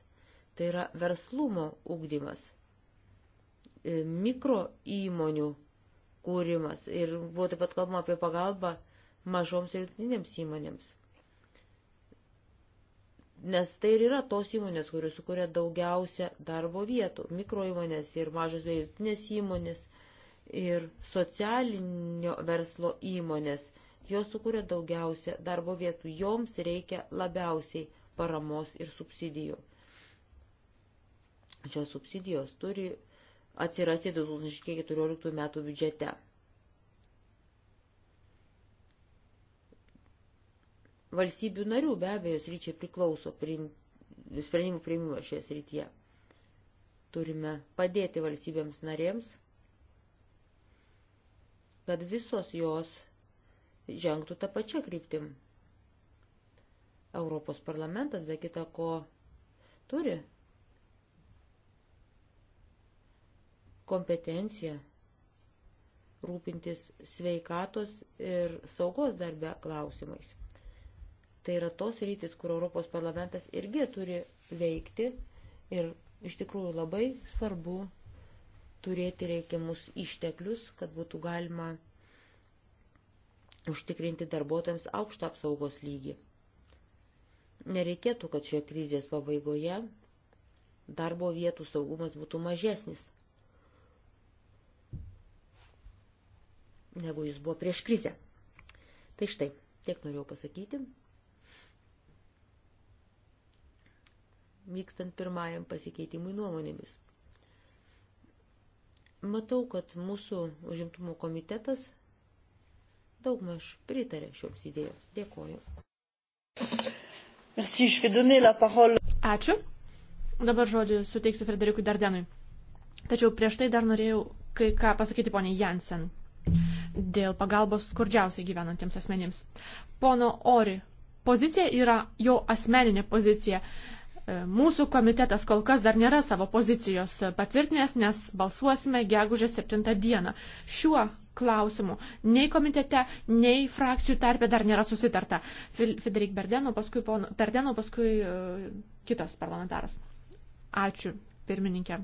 Speaker 3: Tai yra verslumo ūkdymas – E, mikro įmonių kūrimas ir buvo taip pat kalbama apie pagalbą mažoms ir vidutinėms įmonėms. Nes tai ir yra tos įmonės, kurios sukuria daugiausia darbo vietų - mikro įmonės ir mažos bei vidutinės įmonės ir socialinio verslo įmonės. Jos sukuria daugiausia darbo vietų, joms reikia labiausiai paramos ir subsidijų. Šios subsidijos turi atsirasti 2014 metų biudžete. Valstybių narių be abejo sryčiai priklauso priim, sprendimų priimimas šioje srityje. Turime padėti valstybėms narėms, kad visos jos žengtų tą pačią kryptim. Europos parlamentas be kita ko turi kompetenciją rūpintis sveikatos ir saugos darbe klausimais. Tai yra tos rytis, kur Europos parlamentas irgi turi veikti ir iš tikrųjų labai svarbu turėti reikiamus išteklius, kad būtų galima užtikrinti darbuotojams aukštą apsaugos lygį. Nereikėtų, kad šioje krizės pabaigoje darbo vietų saugumas būtų mažesnis. negu jis buvo prieš krizę. Tai štai, tiek norėjau pasakyti. Vykstant pirmajam pasikeitimui nuomonėmis. Matau, kad mūsų užimtumo komitetas daugmaž pritarė šioms idėjoms. Dėkoju.
Speaker 2: Merci, je vais donner la parole. Ačiū. Dabar žodį suteiksiu Frederikui Dardenui. Tačiau prieš tai dar norėjau kai ką pasakyti poniai Jansen dėl pagalbos skurdžiausiai gyvenantiems asmenims. Pono Ori, pozicija yra jo asmeninė pozicija. E, mūsų komitetas kol kas dar nėra savo pozicijos patvirtinęs, nes balsuosime gegužės 7 dieną. Šiuo klausimu nei komitete, nei frakcijų tarpė dar nėra susitarta. Federik Berdeno, paskui, pono, Berdeno, paskui uh, kitas parlamentaras. Ačiū, pirmininkė.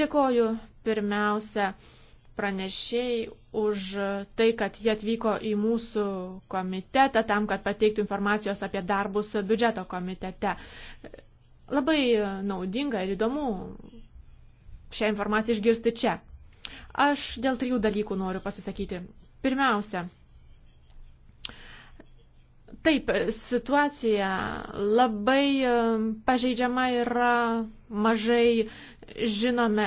Speaker 2: Dėkoju pirmiausia pranešėjai už tai, kad jie atvyko į mūsų komitetą tam, kad pateiktų informacijos apie darbus biudžeto komitete. Labai naudinga ir įdomu šią informaciją išgirsti čia. Aš dėl trijų dalykų noriu pasisakyti. Pirmiausia, Taip, situacija labai pažeidžiama yra mažai žinome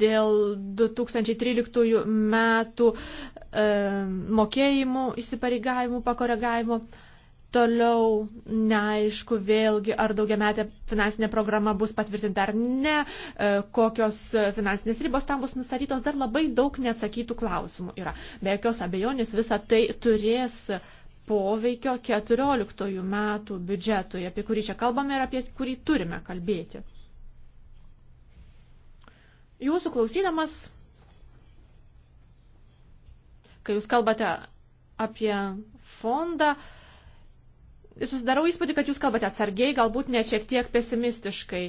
Speaker 2: dėl 2013 metų e, mokėjimų įsipareigavimų pakoregavimo. Toliau neaišku vėlgi, ar daugiametė finansinė programa bus patvirtinta ar ne, e, kokios finansinės ribos tam bus nustatytos, dar labai daug neatsakytų klausimų yra. Be jokios abejonės visa tai turės poveikio 14 metų biudžetui, apie kurį čia kalbame ir apie kurį turime kalbėti. Jūsų klausydamas, kai jūs kalbate apie fondą, susidarau įspūdį, kad jūs kalbate atsargiai, galbūt net šiek tiek pesimistiškai.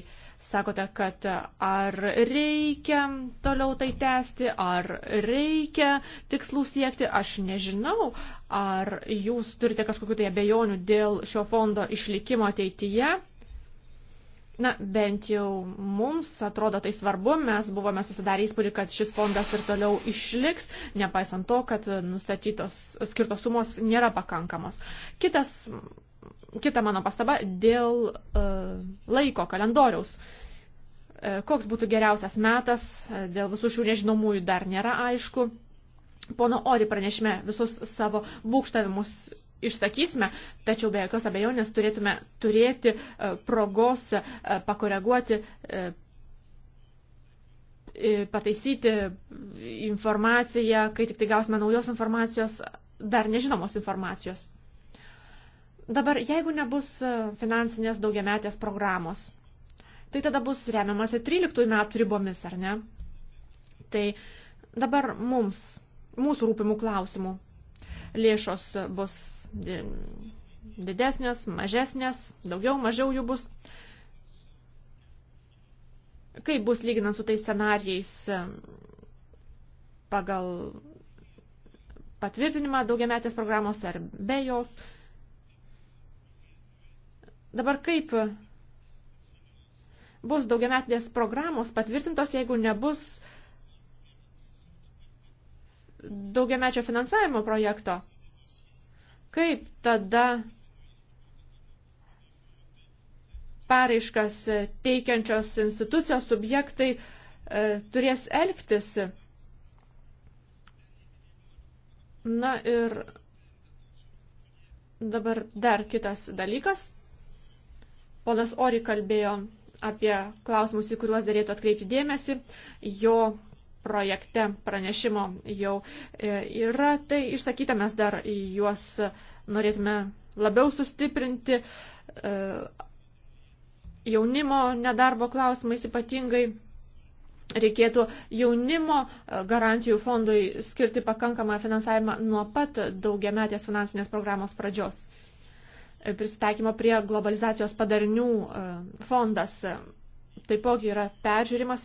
Speaker 2: Sakote, kad ar reikia toliau tai tęsti, ar reikia tikslų siekti, aš nežinau. Ar jūs turite kažkokiu tai abejonių dėl šio fondo išlikimo ateityje? Na, bent jau mums atrodo tai svarbu, mes buvome susidarę įspūdį, kad šis fondas ir toliau išliks, nepaisant to, kad nustatytos skirtos sumos nėra pakankamos. Kitas, kita mano pastaba dėl uh, laiko kalendoriaus. Uh, koks būtų geriausias metas, uh, dėl visų šių nežinomųjų dar nėra aišku. Pono Ori pranešime visus savo būkštavimus išsakysime, tačiau be jokios abejonės turėtume turėti e, progos e, pakoreguoti e, pataisyti informaciją, kai tik tai gausime naujos informacijos, dar nežinomos informacijos. Dabar, jeigu nebus finansinės daugiametės programos, tai tada bus remiamasi 13 metų ribomis, ar ne? Tai dabar mums, mūsų rūpimų klausimų lėšos bus didesnės, mažesnės, daugiau, mažiau jų bus. Kaip bus lyginant su tais scenarijais pagal patvirtinimą daugiametės programos ar be jos. Dabar kaip bus daugiametės programos patvirtintos, jeigu nebus daugiamečio finansavimo projekto. Kaip tada paraiškas teikiančios institucijos subjektai e, turės elgtis? Na ir dabar dar kitas dalykas. Ponas Ori kalbėjo apie klausimus, į kuriuos dėlėtų atkreipti dėmesį. Jo projekte pranešimo jau e, yra. Tai išsakyta mes dar juos norėtume labiau sustiprinti e, jaunimo nedarbo klausimais ypatingai. Reikėtų jaunimo e, garantijų fondui skirti pakankamą finansavimą nuo pat daugiametės finansinės programos pradžios. Pristatymo prie globalizacijos padarinių fondas taipogi yra peržiūrimas,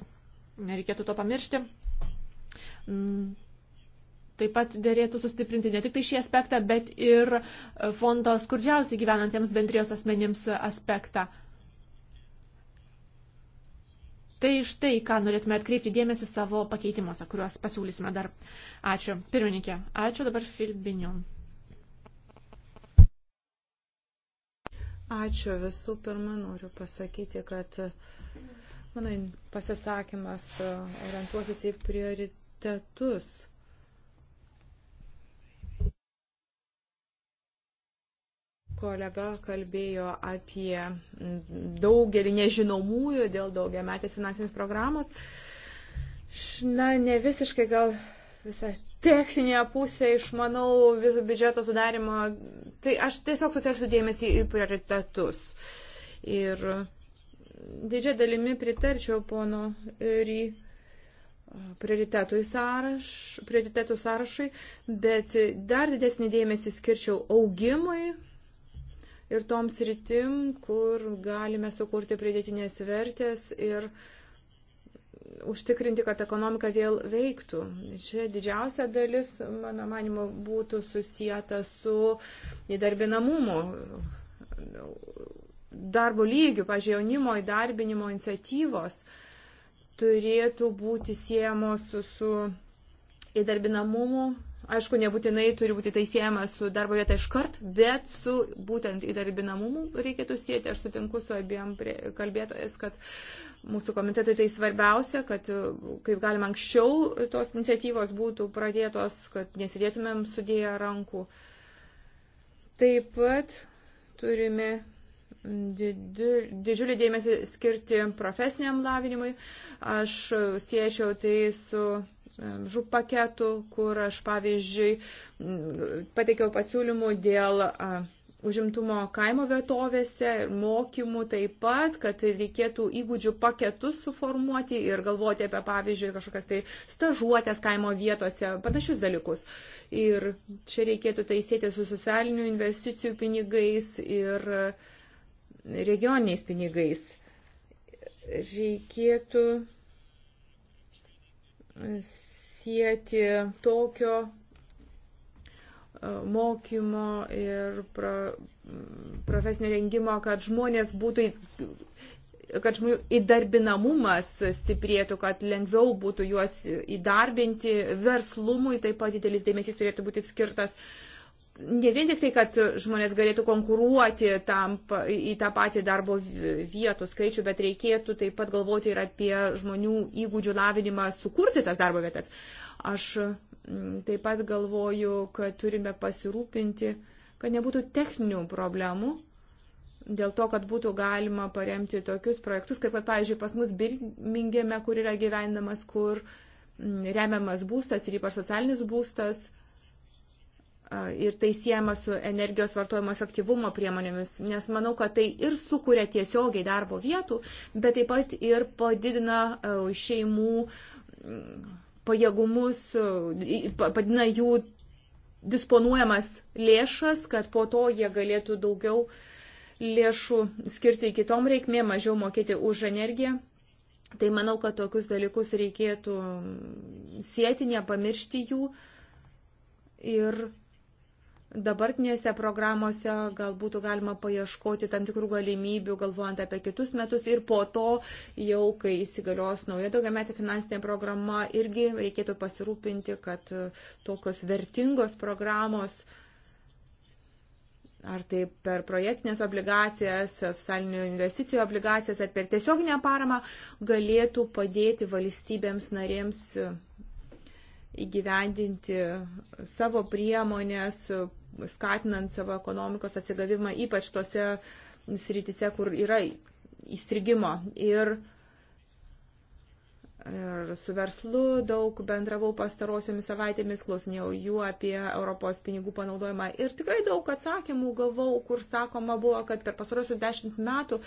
Speaker 2: nereikėtų to pamiršti. Mm, taip pat dėrėtų sustiprinti ne tik tai šį aspektą, bet ir e, fondo skurdžiausiai gyvenantiems bendrijos asmenims aspektą. Tai štai, ką norėtume atkreipti dėmesį savo pakeitimuose, kuriuos pasiūlysime dar. Ačiū. Pirmininkė. Ačiū dabar Filbiniu.
Speaker 1: Ačiū. Visų pirma, noriu pasakyti, kad mano pasisakymas e, orientuosis į prioritetą prioritetus. Kolega kalbėjo apie daugelį nežinomųjų dėl daugiametės finansinės programos. Na, ne visiškai gal visą techninę pusę išmanau viso biudžeto sudarimo. Tai aš tiesiog sutelksiu dėmesį į prioritetus. Ir didžia dalimi pritarčiau pono Ry prioritetų sąraš, prioritetų sąrašui, bet dar didesnį dėmesį skirčiau augimui ir toms rytim, kur galime sukurti pridėtinės vertės ir užtikrinti, kad ekonomika vėl veiktų. Čia didžiausia dalis, mano manimo, būtų susijęta su įdarbinamumu darbo lygiu, pažiūrėjau, jaunimo įdarbinimo iniciatyvos. Uh, turėtų būti siejamos su, su įdarbinamumu. Aišku, nebūtinai turi būti tai siejama su darbo vieta iškart, bet su būtent įdarbinamumu reikėtų sieti. Aš sutinku su abiem kalbėtojas, kad mūsų komitetui tai svarbiausia, kad e, kaip galima anksčiau tos iniciatyvos būtų pradėtos, kad nesidėtumėm sudėję rankų. Taip pat turime didžiulį dėmesį skirti profesiniam lavinimui. Aš siečiau tai su žūp paketu, kur aš pavyzdžiui pateikiau pasiūlymų dėl užimtumo kaimo vietovėse ir mokymų taip pat, kad reikėtų įgūdžių paketus suformuoti ir galvoti apie, pavyzdžiui, kažkokias tai stažuotės kaimo vietose, panašius dalykus. Ir čia reikėtų tai sėti su socialinių investicijų pinigais ir uh, regioniniais pinigais. Reikėtų sieti tokio e, mokymo ir pra, profesinio rengimo, kad žmonės būtų kad žmonių įdarbinamumas stiprėtų, kad lengviau būtų juos įdarbinti, verslumui taip pat didelis dėmesys turėtų būti skirtas. Uh, ne vien tik tai, kad žmonės galėtų konkuruoti tam, į tą patį darbo vietų skaičių, bet reikėtų taip pat galvoti ir apie žmonių įgūdžių lavinimą sukurti tas darbo vietas. Aš mm, taip pat galvoju, kad turime pasirūpinti, kad nebūtų techninių problemų. Dėl to, kad būtų galima paremti tokius projektus, kaip, kad, pavyzdžiui, pas mus Birmingėme, kur yra gyvenamas, kur mm, remiamas būstas ir ypač socialinis būstas, ir tai siejama su energijos vartojimo efektyvumo priemonėmis, nes manau, kad tai ir sukuria tiesiogiai darbo vietų, bet taip pat ir padidina šeimų mm, pajėgumus, padidina jų disponuojamas lėšas, kad po to jie galėtų daugiau lėšų skirti kitom reikmėm, mažiau mokėti už energiją. Tai manau, kad tokius dalykus reikėtų sėti, nepamiršti jų ir dabartinėse programuose gal būtų galima paieškoti tam tikrų galimybių, galvojant apie kitus metus ir po to jau, kai įsigalios nauja daugiametė finansinė programa, irgi reikėtų pasirūpinti, kad tokios vertingos programos, ar tai per projektinės obligacijas, socialinių investicijų obligacijas, ar per tiesioginę paramą, galėtų padėti valstybėms narėms įgyvendinti savo priemonės, skatinant savo ekonomikos atsigavimą, ypač tose sritise, kur yra įstrigimo. Ir, ir su verslu daug bendravau pastarosiomis savaitėmis, klausinėjau jų apie Europos pinigų panaudojimą ir tikrai daug atsakymų gavau, kur sakoma buvo, kad per pastarosius dešimt metų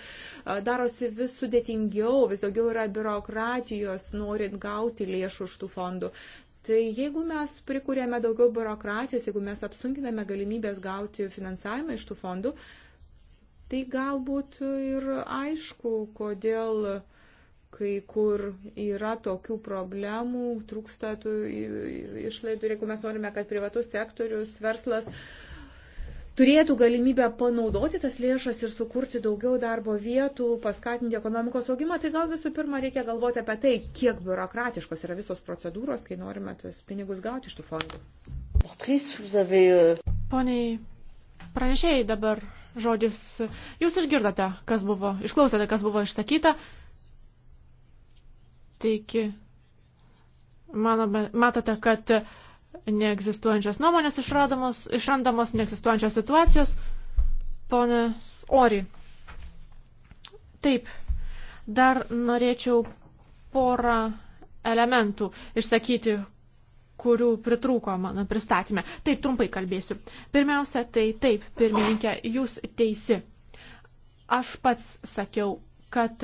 Speaker 1: darosi vis sudėtingiau, vis daugiau yra biurokratijos, norint gauti lėšų iš tų fondų. Tai jeigu mes prikūrėme daugiau biurokratijos, jeigu mes apsunkiname galimybės gauti finansavimą iš tų fondų, tai galbūt ir aišku, kodėl kai kur yra tokių problemų, trūksta tų išlaidų ir jeigu mes norime, kad privatus sektorius, verslas uh, turėtų galimybę panaudoti tas lėšas ir sukurti daugiau darbo vietų, paskatinti ekonomikos augimą, tai gal visų pirma reikia galvoti apie tai, kiek biurokratiškos yra visos procedūros, kai norime tas pinigus gauti iš tų fondų.
Speaker 2: Euh, Poniai, pranešėjai dabar žodis. Jūs išgirdote, kas buvo, išklausėte, kas buvo išsakyta. Taigi, manome, matote, kad uh, neegzistuojančios nuomonės išrandamos, išrandamos neegzistuojančios situacijos. Ponas Ori. Taip, dar norėčiau porą elementų išsakyti, kurių pritrūko mano pristatymė. Taip, trumpai kalbėsiu. Pirmiausia, tai taip, pirmininkė, jūs teisi. Aš pats sakiau, kad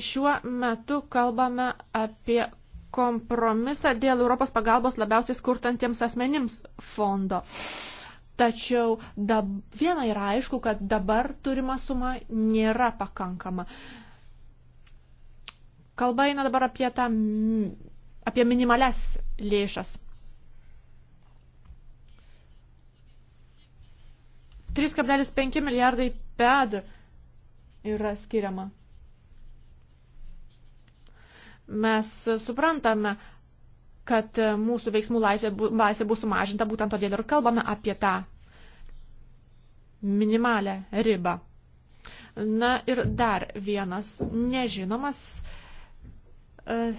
Speaker 2: šiuo metu kalbame apie kompromisą dėl Europos pagalbos labiausiai skurtantiems asmenims fondo. Tačiau dab, viena yra aišku, kad dabar turima suma nėra pakankama. Kalba eina dabar apie, tą, apie minimales lėšas. 3,5 milijardai ped yra skiriama. Mes suprantame, kad mūsų veiksmų laisvė, laisvė bus sumažinta, būtent todėl ir kalbame apie tą minimalę ribą. Na ir dar vienas nežinomas e,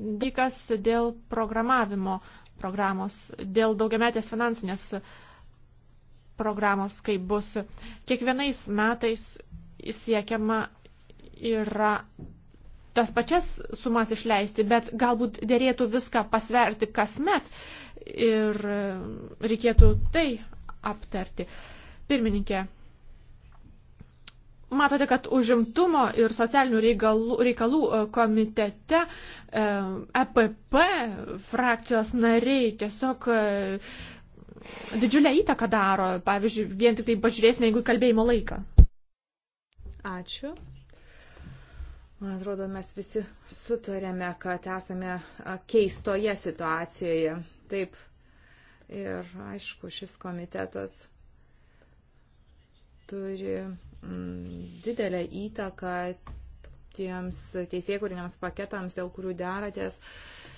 Speaker 2: dalykas dėl programavimo programos, dėl daugiametės finansinės programos, kaip bus. Kiekvienais metais siekiama yra tas pačias sumas išleisti, bet galbūt dėrėtų viską pasverti kasmet ir reikėtų tai aptarti. Pirmininkė, matote, kad užimtumo ir socialinių reikalų, reikalų komitete EPP e frakcijos nariai tiesiog e, didžiulę įtaką daro. Pavyzdžiui, vien tik tai pažiūrėsime, jeigu kalbėjimo laiką.
Speaker 1: Ačiū. Man atrodo, mes visi sutarėme, kad esame keistoje situacijoje. Taip. Ir aišku, šis komitetas turi mm, didelę įtaką tiems teisėkuriniams paketams, dėl kurių deratės. Uh,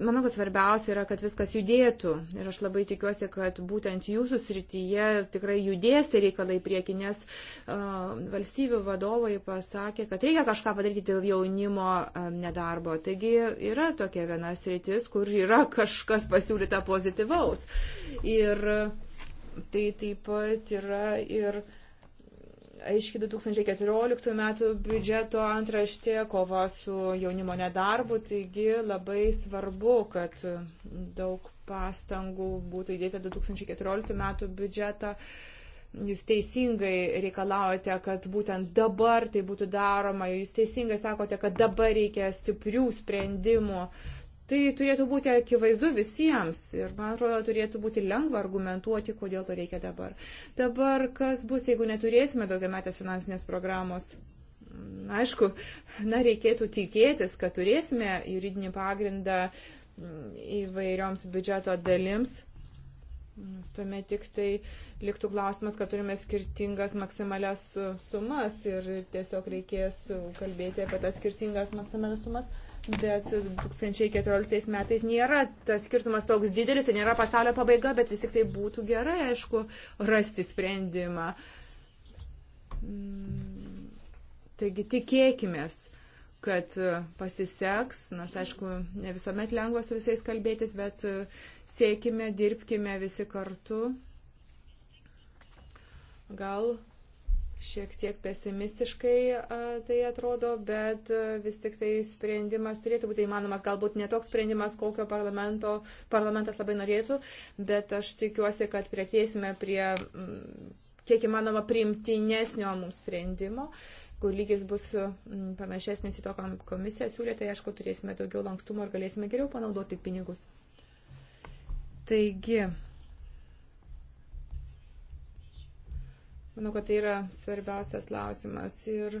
Speaker 1: Manau, kad svarbiausia yra, kad viskas judėtų. Ir aš labai tikiuosi, kad būtent jūsų srityje tikrai judės tie reikalai prieki, nes uh, valstybių vadovai pasakė, kad reikia kažką padaryti dėl jaunimo um, nedarbo. Taigi yra tokia viena sritis, kur yra kažkas pasiūlyta pozityvaus. Ir tai taip pat yra ir. Uh, aiški 2014 metų biudžeto antraštė, kova su jaunimo nedarbu, taigi labai svarbu, kad daug pastangų būtų įdėta 2014 metų biudžetą. Jūs teisingai reikalaujate, kad būtent dabar tai būtų daroma, jūs teisingai sakote, kad dabar reikia stiprių sprendimų, Tai turėtų būti akivaizdu visiems ir, man atrodo, turėtų būti lengva argumentuoti, kodėl to reikia dabar. Dabar kas bus, jeigu neturėsime daugiametės finansinės programos? Aišku, na, reikėtų tikėtis, kad turėsime juridinį pagrindą mm, įvairioms biudžeto dalims. Nes tuomet tik tai liktų klausimas, kad turime skirtingas maksimalias sumas ir tiesiog reikės kalbėti apie tas skirtingas maksimalias sumas. Bet 2014 metais nėra tas skirtumas toks didelis, tai nėra pasaulio pabaiga, bet vis tik tai būtų gerai, aišku, rasti sprendimą. Mm, taigi tikėkime, kad e, pasiseks, nors aišku, ne visuomet lengva su visais kalbėtis, bet e, siekime, dirbkime visi kartu. Gal šiek tiek pesimistiškai tai atrodo, bet vis tik tai sprendimas turėtų būti įmanomas. Galbūt netoks sprendimas, kokio parlamentas labai norėtų, bet aš tikiuosi, kad priekėsime prie kiek įmanoma priimtinesnio mums sprendimo, kur lygis bus panašesnis į to, kam komisija siūlė, tai aišku, turėsime daugiau lankstumo ir galėsime geriau panaudoti pinigus. Taigi, Manau, kad tai yra svarbiausias klausimas ir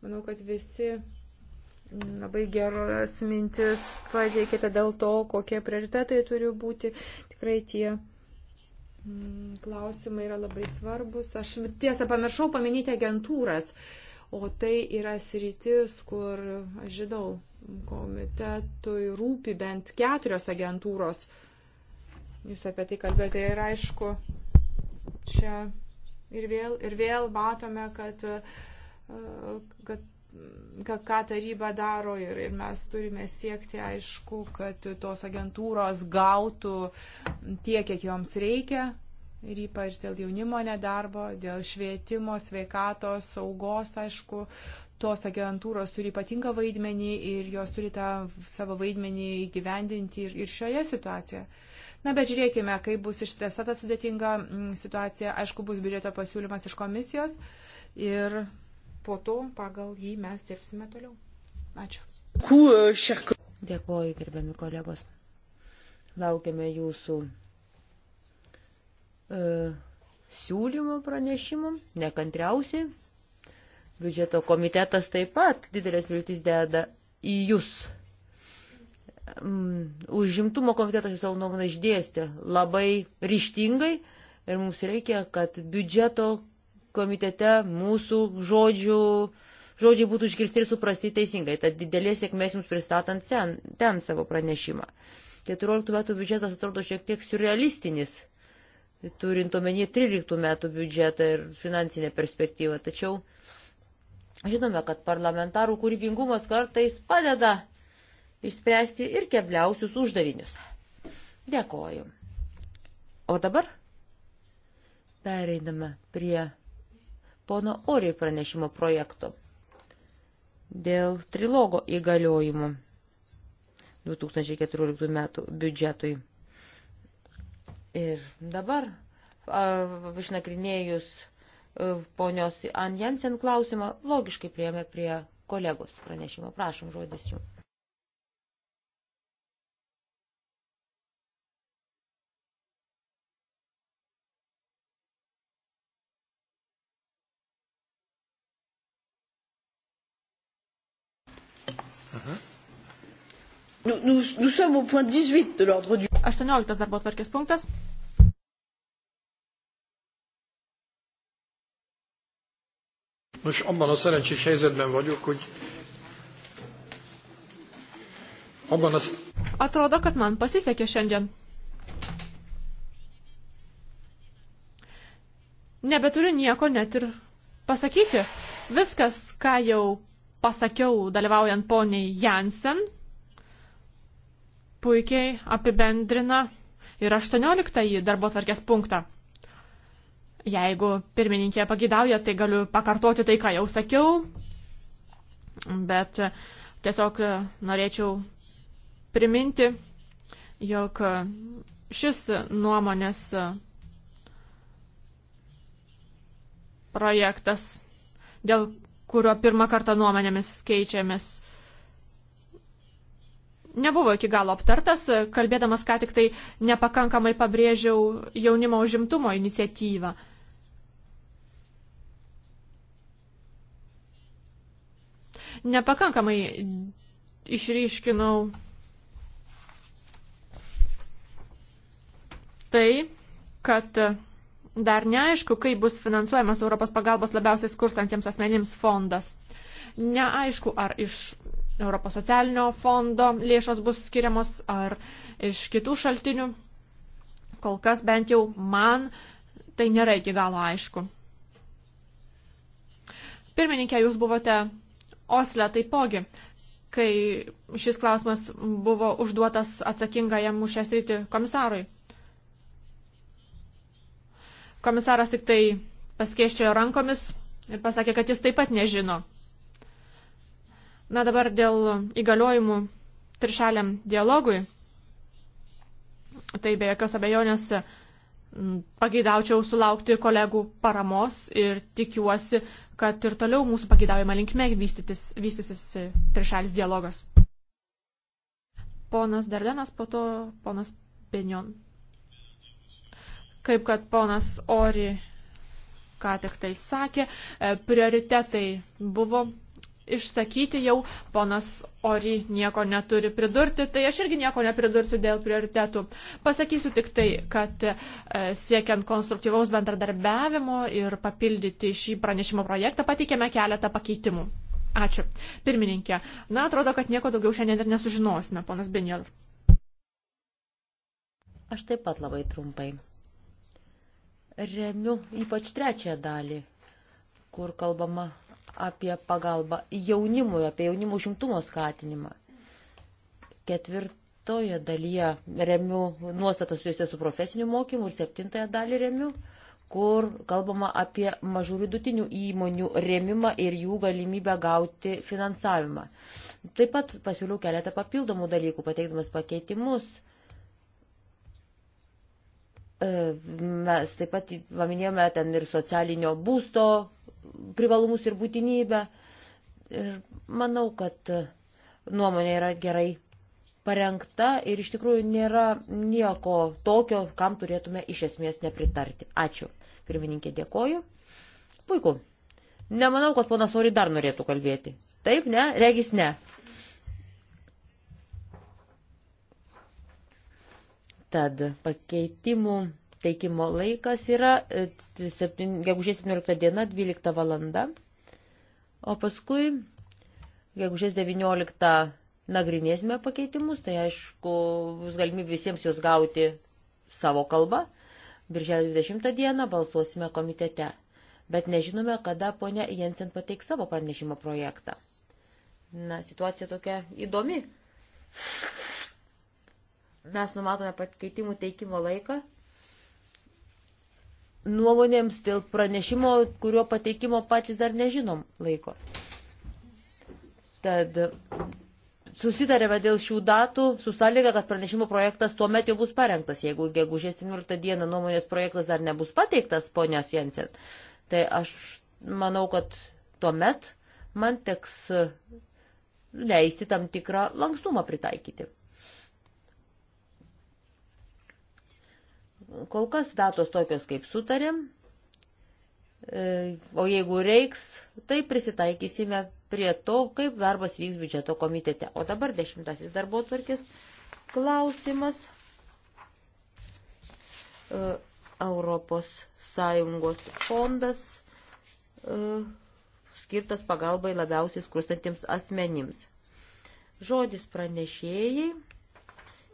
Speaker 1: manau, kad visi labai geras mintis pateikėte dėl to, kokie prioritetai turi būti. Tikrai tie mm, klausimai yra labai svarbus. Aš tiesą pamiršau paminėti agentūras, o tai yra sritis, kur, aš žinau, komitetui rūpi bent keturios agentūros. Jūs apie tai kalbėjote ir aišku, čia ir vėl, ir vėl matome, kad, e, kad ką taryba daro ir, ir mes turime siekti, aišku, kad tos agentūros gautų tiek, kiek joms reikia. Ir ypač dėl jaunimo nedarbo, dėl švietimo, sveikatos, saugos, aišku, tos agentūros turi ypatingą vaidmenį ir jos turi tą savo vaidmenį įgyvendinti ir, ir šioje situacijoje. Na, bet žiūrėkime, kaip bus išspręsta ta sudėtinga mm, situacija. Aišku, bus biudžeto pasiūlymas iš komisijos ir po to pagal jį mes dirbsime toliau. Ačiū.
Speaker 3: E, Dėkuoju, gerbiami kolegos. Laukiame jūsų e, siūlymų pranešimų, nekantriausiai. Biudžeto komitetas taip pat didelės viltis deda į jūs mm, užimtumo komitetas savo nuomonę išdėstė labai ryštingai ir mums reikia, kad biudžeto komitete mūsų žodžių, žodžiai būtų išgirsti ir suprasti teisingai. Tad didelės sėkmės jums pristatant sen, ten savo pranešimą. 14 metų biudžetas atrodo šiek tiek surrealistinis, turint omenyje 13 metų biudžetą ir finansinę perspektyvą. Tačiau žinome, kad parlamentarų kūrybingumas kartais padeda išspręsti ir kebliausius uždavinius. Dėkoju. O dabar pereiname prie pono Oriai pranešimo projekto dėl trilogo įgaliojimų 2014 metų biudžetui. Ir dabar, išnagrinėjus e, ponios Anjensen klausimą, logiškai prieėmė prie kolegos pranešimo. Prašom, žodis jums.
Speaker 2: Nous, nous, nous sommes au point 18 de l'ordre du. 18 darbo tvarkės punktas. Most abban a szerencsés helyzetben vagyok, hogy abban a... Atrodo, kad man pasisekė šiandien. Nebeturiu nieko net ir pasakyti. Viskas, ką jau pasakiau dalyvaujant poniai Jansen, puikiai apibendrina ir 18-ąjį darbo tvarkės punktą. Jeigu pirmininkė pagidauja, tai galiu pakartoti tai, ką jau sakiau, bet tiesiog norėčiau priminti, jog šis nuomonės projektas, dėl kurio pirmą kartą nuomonėmis keičiamės nebuvo iki galo aptartas, kalbėdamas ką tik tai nepakankamai pabrėžiau jaunimo užimtumo iniciatyvą. Nepakankamai išryškinau tai, kad dar neaišku, kaip bus finansuojamas Europos pagalbos labiausiai skurstantiems asmenims fondas. Neaišku, ar iš Europos socialinio fondo lėšos bus skiriamos ar iš kitų šaltinių. Kol kas bent jau man tai nėra iki galo aišku. Pirmininkė, jūs buvote Osle taipogi, kai šis klausimas buvo užduotas atsakingajam už šią sritį komisarui. Komisaras tik tai paskėščiojo rankomis ir pasakė, kad jis taip pat nežino. Na dabar dėl įgaliojimų trišaliam dialogui. Tai be jokios abejonės pageidaučiau sulaukti kolegų paramos ir tikiuosi, kad ir toliau mūsų pageidaujama linkme vystysis trišalis dialogas. Ponas Dardenas, po to ponas Benjon. Kaip kad ponas Ori ką tik tai sakė, e, prioritetai buvo išsakyti jau, ponas Ori nieko neturi pridurti, tai aš irgi nieko nepridursiu dėl prioritetų. Pasakysiu tik tai, kad e, siekiant konstruktyvaus bendradarbiavimo ir papildyti šį pranešimo projektą, pateikėme keletą pakeitimų. Ačiū. Pirmininkė, na atrodo, kad nieko daugiau šiandien ir nesužinosime, ponas Benjel.
Speaker 3: Aš taip pat labai trumpai. Remiu ypač trečią dalį, kur kalbama apie pagalbą jaunimui, apie jaunimo užimtumo skatinimą. Ketvirtoje dalyje remiu nuostatas susijusias su profesiniu mokymu ir septintąją dalį remiu, kur kalbama apie mažų vidutinių įmonių remimą ir jų galimybę gauti finansavimą. Taip pat pasiūliau keletą papildomų dalykų, pateikdamas pakeitimus. E, mes taip pat paminėjome ten ir socialinio būsto privalumus ir būtinybę. Ir manau, kad nuomonė yra gerai parengta ir iš tikrųjų nėra nieko tokio, kam turėtume iš esmės nepritarti. Ačiū. Pirmininkė, dėkoju. Puiku. Nemanau, kad ponas Ori dar norėtų kalbėti. Taip, ne? Regis ne. Tad pakeitimų teikimo laikas yra e, gegužės 17 diena 12 valanda, o paskui gegužės 19 nagrinėsime pakeitimus, tai aišku, bus galimybė visiems juos gauti savo kalbą. Birželio 20 dieną balsuosime komitete, bet nežinome, kada ponia Jensen pateiks savo pranešimo projektą. Na, situacija tokia įdomi. Mes numatome pakeitimų teikimo laiką nuomonėms dėl pranešimo, kurio pateikimo patys dar nežinom laiko. Tad susitarėme dėl šių datų su sąlyga, kad pranešimo projektas tuo metu jau bus parengtas. Jeigu gegužės 17 dieną nuomonės projektas dar nebus pateiktas, ponios Jensen, tai aš manau, kad tuo met man teks leisti tam tikrą lankstumą pritaikyti. Kol kas datos tokios, kaip sutarėm, e, o jeigu reiks, tai prisitaikysime prie to, kaip darbas vyks biudžeto komitete. O dabar dešimtasis darbo tvarkis klausimas. E, Europos Sąjungos fondas e, skirtas pagalbai labiausiai skrustantiems asmenims. Žodis pranešėjai,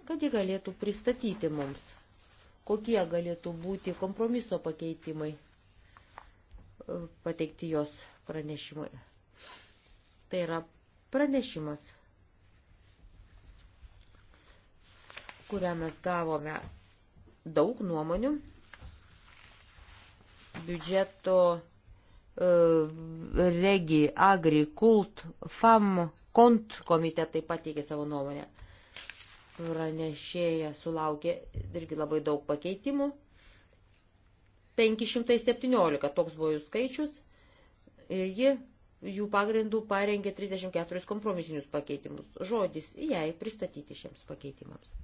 Speaker 3: kad jį galėtų pristatyti mums kokie galėtų būti kompromiso pakeitimai e, pateikti jos pranešimui. Tai yra pranešimas, kurią mes gavome daug nuomonių. Biudžeto e, regi, agri, kult, fam, kont komitetai pateikė savo nuomonę. E, pranešėja sulaukė irgi labai daug pakeitimų. 517 toks buvo jų skaičius ir ji jų pagrindų parengė 34 kompromisinius pakeitimus. Žodis jai pristatyti šiems pakeitimams.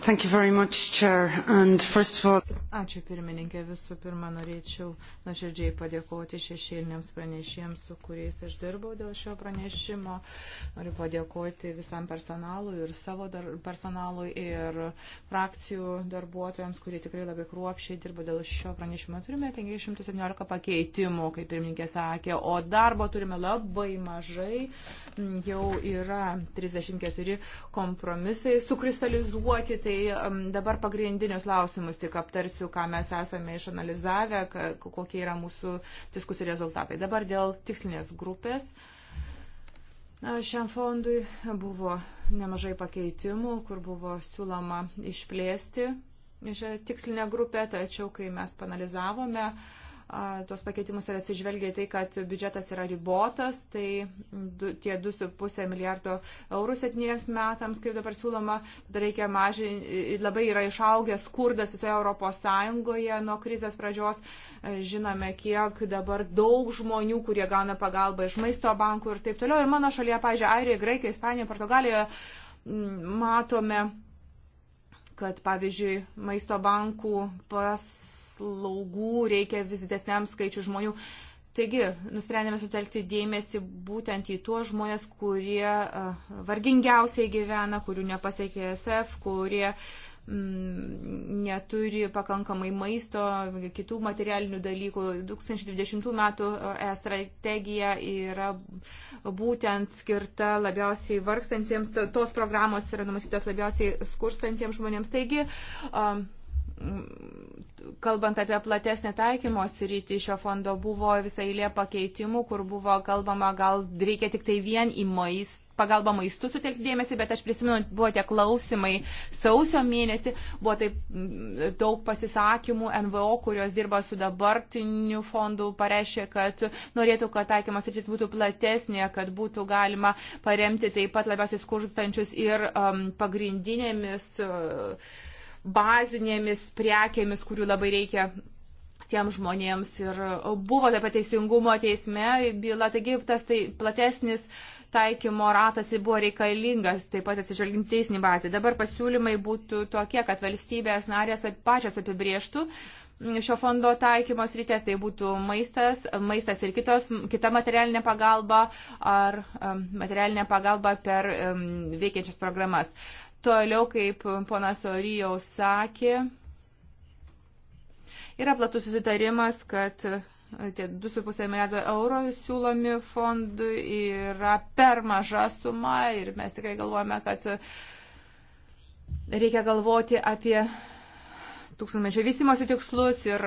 Speaker 1: Much, all... Ačiū pirmininkė. Visų pirma, norėčiau nuoširdžiai padėkoti šešėliniams pranešėjams, su kuriais aš dirbau dėl šio pranešimo. Noriu padėkoti visam personalui ir savo dar, personalui ir frakcijų darbuotojams, kurie tikrai labai kruopšiai dirbo dėl šio pranešimo. Turime 517 pakeitimų, kaip pirmininkė sakė, o darbo turime labai mažai. Jau yra 34 kompromisai sukristalizuoti. Tai Tai dabar pagrindinius klausimus tik aptarsiu, ką mes esame išanalizavę, kokie yra mūsų diskusijų rezultatai. Dabar dėl tikslinės grupės. Šiam fondui buvo nemažai pakeitimų, kur buvo siūloma išplėsti šią tikslinę grupę, tačiau kai mes panalizavome, uh, tuos pakeitimus ir atsižvelgia į tai, kad biudžetas yra ribotas, tai du, tie 2,5 milijardo eurų septyniems metams, kaip dabar siūloma, reikia mažinti, labai yra išaugęs skurdas visoje Europos Sąjungoje nuo krizės pradžios. E, žinome, kiek dabar daug žmonių, kurie gauna pagalbą iš maisto bankų ir taip toliau. Ir mano šalyje, pažiūrėjau, Airijoje, Graikijoje, Ispanijoje, Portugalijoje matome kad, pavyzdžiui, maisto bankų pas paslaugų reikia vis didesniam skaičiu žmonių. Taigi, nusprendėme sutelkti dėmesį būtent į tuos žmonės, kurie vargingiausiai gyvena, kurių nepasiekė SF, kurie mm, neturi pakankamai maisto, kitų materialinių dalykų. 2020 metų e strategija yra būtent skirta labiausiai vargstantiems, tos programos yra numatytos labiausiai skurstantiems žmonėms. Taigi, um, kalbant apie platesnę taikymo sritį šio fondo buvo visai lė pakeitimų, kur buvo kalbama, gal reikia tik tai vien į maistą pagalba maistu sutelkti dėmesį, bet aš prisimenu, buvo tie klausimai sausio mėnesį, buvo taip daug pasisakymų NVO, kurios dirba su dabartiniu fondu, pareiškė, kad norėtų, kad taikymas rytis būtų platesnė, kad būtų galima paremti taip pat labiausiai skurstančius ir um, pagrindinėmis. Uh, bazinėmis prekėmis, kurių labai reikia tiem žmonėms. Ir buvo taip pat teisingumo teisme byla, taigi tas tai platesnis taikymo ratas buvo reikalingas, taip pat atsižvelgiant teisinį bazę. Dabar pasiūlymai būtų tokie, kad valstybės narės pačios apibrieštų šio fondo taikymos rytė, tai būtų maistas, maistas ir kitos, kita materialinė pagalba ar um, materialinė pagalba per um, veikiančias programas. Toliau, kaip ponas Orijau sakė, yra platus susitarimas, kad tie 2,5 milijardo eurų siūlomi fondui yra per maža suma ir mes tikrai galvojame, kad reikia galvoti apie tūkstantmečio vystimosi tikslus ir,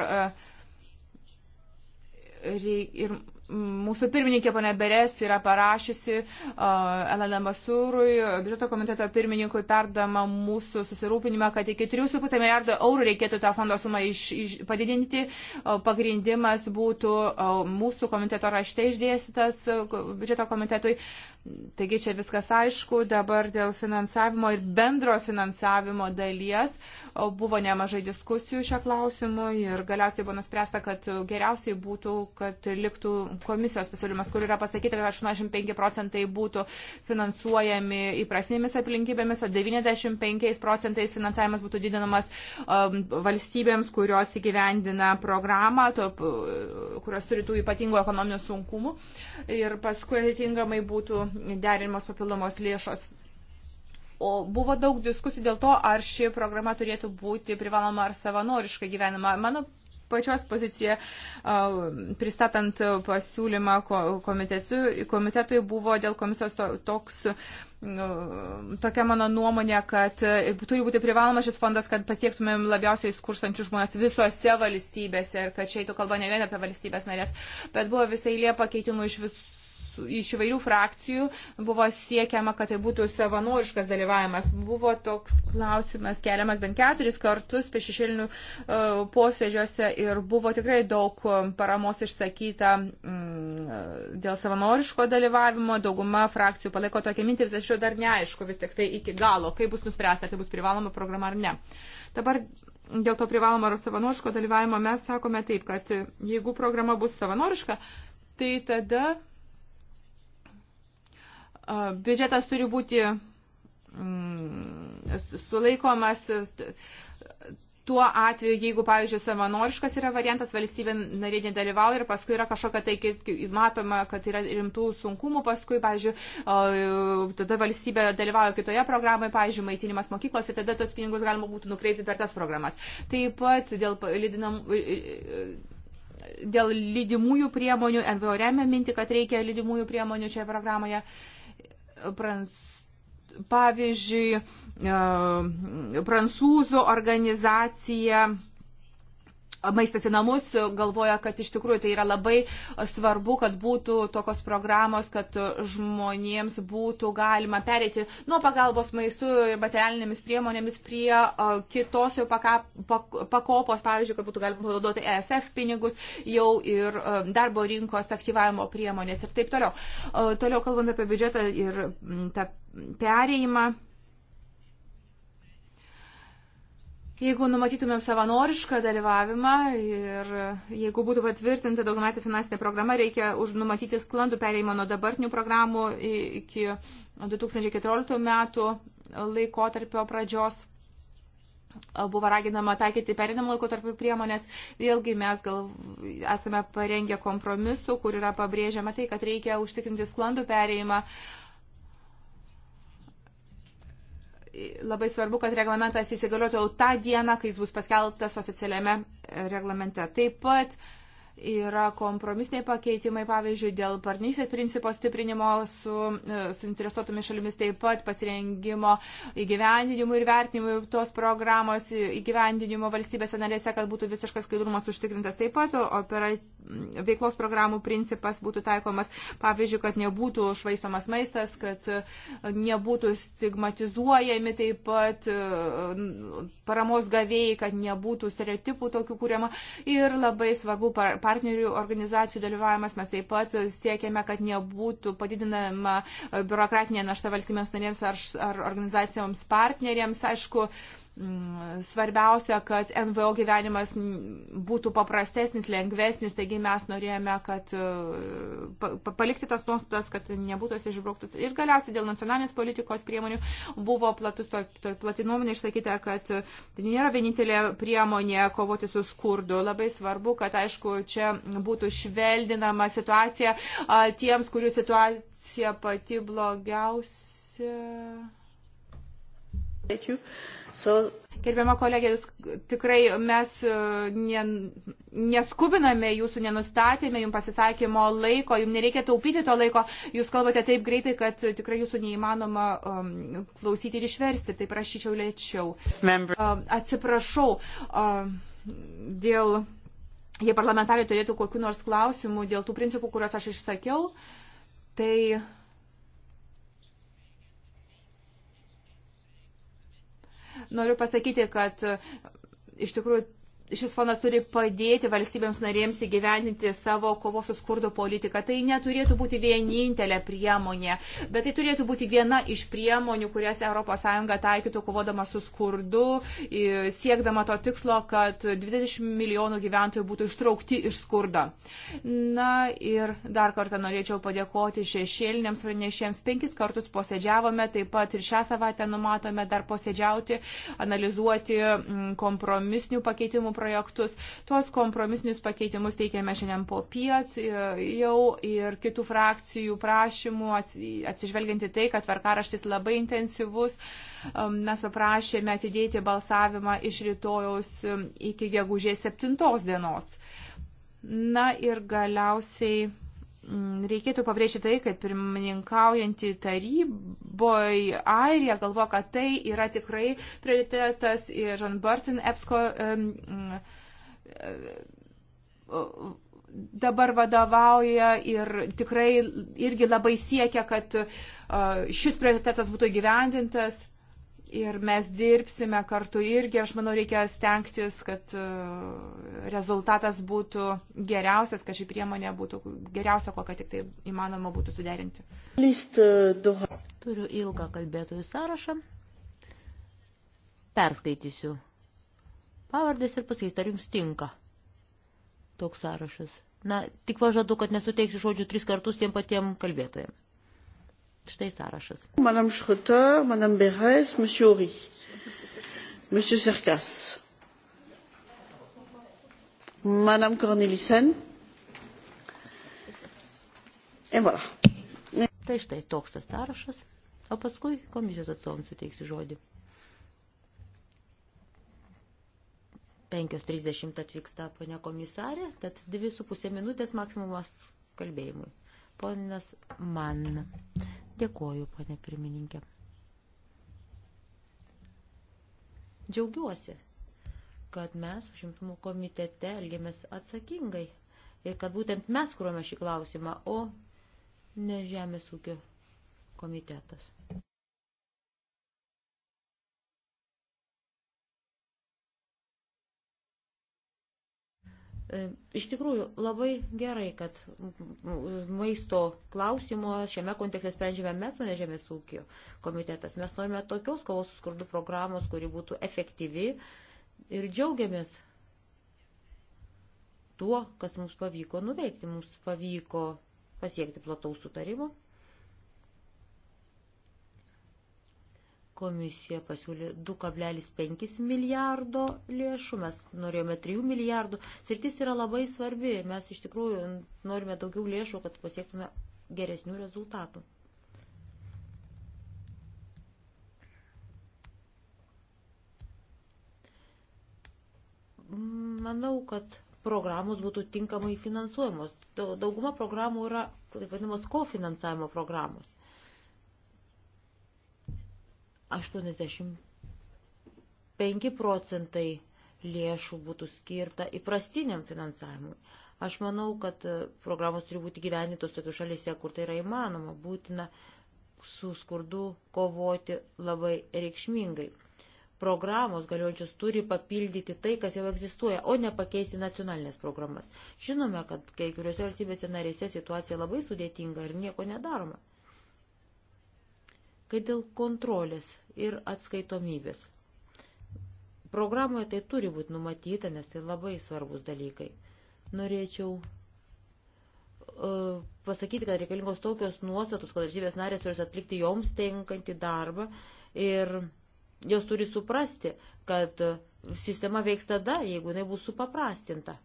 Speaker 1: e, ir mūsų pirmininkė ponė Beres yra parašiusi uh, Elena Masurui, biudžeto komiteto pirmininkui perdama mūsų susirūpinimą, kad iki 3,5 milijardo eurų reikėtų tą fondo sumą iš, iš, padidinti. Uh, pagrindimas būtų uh, mūsų komiteto rašte išdėstytas uh, biudžeto komitetui. Taigi čia viskas aišku. Dabar dėl finansavimo ir bendro finansavimo dalies uh, buvo nemažai diskusijų šio klausimu ir galiausiai buvo nuspręsta, kad geriausiai būtų, kad liktų komisijos pasiūlymas, kur yra pasakyta, kad 85 procentai būtų finansuojami įprasnėmis aplinkybėmis, o 95 procentais finansavimas būtų didinamas um, valstybėms, kurios įgyvendina programą, to, kurios turi tų ypatingų ekonominių sunkumų. Ir paskui atitinkamai būtų derinamos papildomos lėšos. O buvo daug diskusijų dėl to, ar ši programa turėtų būti privaloma ar savanoriškai gyvenama. Mano pačios poziciją pristatant pasiūlymą komitetui, komitetui buvo dėl komisijos toks tokia mano nuomonė, kad turi būti privalomas šis fondas, kad pasiektumėm labiausiai skurstančių žmonės visose valstybėse ir kad čia eitų kalba ne vien apie valstybės narės, bet buvo visai liepa keitimų iš visų iš įvairių frakcijų buvo siekiama, kad tai būtų savanoriškas dalyvavimas. Buvo toks klausimas keliamas bent keturis kartus per šešėlinių e, posėdžiuose ir buvo tikrai daug e, paramos išsakyta mm, e, dėl savanoriško dalyvavimo. Dauguma frakcijų palaiko tokią mintį, tačiau dar neaišku vis tik tai iki galo, kaip bus nuspręsta, ar tai bus privaloma programa ar ne. Dabar dėl to privalomo ar savanoriško dalyvavimo mes sakome taip, kad jeigu programa bus savanoriška, tai tada biudžetas turi būti mm, sulaikomas tuo atveju, jeigu, pavyzdžiui, savanoriškas yra variantas, valstybė narė nedalyvauja ir paskui yra kažkokia tai, matoma, kad yra rimtų sunkumų, paskui, pavyzdžiui, tada valstybė dalyvauja kitoje programoje, pavyzdžiui, maitinimas mokyklos ir tada tos pinigus galima būtų nukreipti per tas programas. Taip pat dėl lydinam, dėl lydimųjų priemonių, NVO remia minti, kad reikia lydimųjų priemonių čia programoje. Uh, Prans, pavyzdžiui, e, prancūzų organizacija maistas į namus, galvoja, kad iš tikrųjų tai yra labai svarbu, kad būtų tokios programos, kad žmonėms būtų galima perėti nuo pagalbos maistu ir materialinėmis priemonėmis prie kitos jau paka, pak, pakopos, pavyzdžiui, kad būtų galima panaudoti ESF pinigus, jau ir darbo rinkos aktyvavimo priemonės ir taip toliau. Toliau kalbant apie biudžetą ir tą perėjimą Jeigu numatytumėm savanorišką dalyvavimą ir jeigu būtų patvirtinta daugiametė finansinė programa, reikia numatyti sklandų perėjimą nuo dabartinių programų iki 2014 metų laikotarpio pradžios buvo raginama taikyti perinamų laikotarpių priemonės. Vėlgi mes gal esame parengę kompromisų, kur yra pabrėžiama tai, kad reikia užtikrinti sklandų perėjimą uh, labai svarbu, kad reglamentas įsigaliotų jau tą dieną, kai jis bus paskeltas oficialiame reglamente. Taip pat yra kompromisiniai pakeitimai, pavyzdžiui, dėl partnerystės principo stiprinimo su e, suinteresuotomis šalimis, taip pat pasirengimo įgyvendinimui ir vertinimui tos programos įgyvendinimo valstybėse narėse, kad būtų visiškas skaidrumas užtikrintas. Taip pat operatyviai veiklos programų principas būtų taikomas, pavyzdžiui, kad nebūtų švaistomas maistas, kad e, nebūtų stigmatizuojami taip pat e, paramos gavėjai, kad nebūtų stereotipų tokių kūriama. Ir labai svarbu partnerių organizacijų dalyvavimas. Mes taip pat siekiame, kad nebūtų padidinama e, biurokratinė našta valstybėms narėms ar, ar organizacijoms partneriams. Aišku, Mm, svarbiausia, kad NVO gyvenimas būtų paprastesnis, lengvesnis, taigi mes norėjome, kad e, palikti tas nuostatas, kad nebūtų išbrauktas. Ir galiausiai dėl nacionalinės politikos priemonių buvo platus, plati nuomonė išsakyta, kad tai nėra vienintelė priemonė kovoti su skurdu. Labai svarbu, kad aišku, čia būtų šveldinama situacija tiems, kurių situacija pati blogiausia. Ačiū. So, Gerbiama kolegė, jūs tikrai mes e, ne, neskubiname jūsų, nenustatėme jums pasisakymo laiko, jums nereikia taupyti to laiko, jūs kalbate taip greitai, kad tikrai jūsų neįmanoma um, klausyti ir išversti, tai prašyčiau lėčiau. Uh, atsiprašau uh, dėl, jei parlamentarai turėtų kokiu nors klausimu dėl tų principų, kuriuos aš išsakiau, tai. Noriu pasakyti, kad e, iš tikrųjų šis fondas turi padėti valstybėms narėms įgyveninti savo kovos su skurdu politiką. Tai neturėtų būti vienintelė priemonė, bet tai turėtų būti viena iš priemonių, kurias ES taikytų kovodama su skurdu, siekdama to tikslo, kad 20 milijonų gyventojų būtų ištraukti iš skurdo. Na ir dar kartą norėčiau padėkoti šešėliniams pranešėjams. Penkis kartus posėdžiavome, taip pat ir šią savaitę numatome dar posėdžiauti, analizuoti kompromisinių pakeitimų įstatymų projektus. Tuos kompromisinius pakeitimus teikėme šiandien po piet e, jau ir kitų frakcijų prašymų, atsižvelgianti tai, kad tvarkaraštis labai intensyvus. Mes paprašėme atidėti balsavimą iš rytojaus e, iki gegužės 7 dienos. Na ir galiausiai Mm, reikėtų pabrėžti tai, kad pirmininkaujantį taryboj Airija galvo, kad tai yra tikrai prioritetas ir John Burton EPSCO um, um,
Speaker 3: mm, e,
Speaker 1: dabar vadovauja ir tikrai irgi labai siekia, kad uh, šis prioritetas būtų gyvendintas ir mes dirbsime kartu irgi, aš manau, reikia stengtis, kad e, rezultatas būtų geriausias, kad ši priemonė būtų geriausia, kokią tik tai
Speaker 3: įmanoma būtų suderinti. E, Turiu ilgą kalbėtojų sąrašą. Perskaitysiu pavardės ir pasakysiu, ar jums tinka toks sąrašas. Na, tik pažadu, kad nesuteiksiu žodžių tris kartus tiem patiem kalbėtojams. Štai sąrašas. Madame Schroeter, Madame Beres, Monsieur Ori, Monsieur Serkas, Madame Cornelissen. Et voilà. Tai štai toks tas sąrašas, o paskui komisijos atstovams suteiksiu žodį. 5.30 atvyksta ponia komisarė, tad 2,5 minutės maksimumas kalbėjimui. Ponas man. Dėkoju, ponė pirmininkė. Džiaugiuosi, kad mes užimtumo komitete elgėmės atsakingai ir kad būtent mes kūrome šį klausimą, o ne Žemės ūkio komitetas. E, iš tikrųjų, labai gerai, kad maisto klausimo šiame kontekste sprendžiame mes, o ne Žemės ūkio komitetas. Mes norime tokios kovos su skurdu programos, kuri būtų efektyvi ir džiaugiamės tuo, kas mums pavyko nuveikti. Mums pavyko pasiekti plataus sutarimo. Komisija pasiūlė 2,5 milijardo lėšų, mes norėjome 3 milijardų. Sritis yra labai svarbi, mes iš tikrųjų norime daugiau lėšų, kad pasiektume geresnių rezultatų. Manau, kad programos būtų tinkamai finansuojamos. Dauguma programų yra, taip vadinamos, kofinansavimo programos. 85 procentai lėšų būtų skirta įprastiniam finansavimui. Aš manau, kad e, programos turi būti gyvenintos tokių šalyse, kur tai yra įmanoma, būtina su skurdu kovoti labai reikšmingai. Programos galiojančios turi papildyti tai, kas jau egzistuoja, o ne pakeisti nacionalinės programas. Žinome, kad kai kuriuose valstybėse narėse situacija labai sudėtinga ir nieko nedaroma kai dėl kontrolės ir atskaitomybės. Programoje tai turi būti numatyta, nes tai labai svarbus dalykai. Norėčiau uh, pasakyti, kad reikalingos tokios nuostatos, kad valstybės narės turi atlikti joms tenkantį darbą ir jos turi suprasti, kad sistema veiks tada, jeigu jinai bus supaprastinta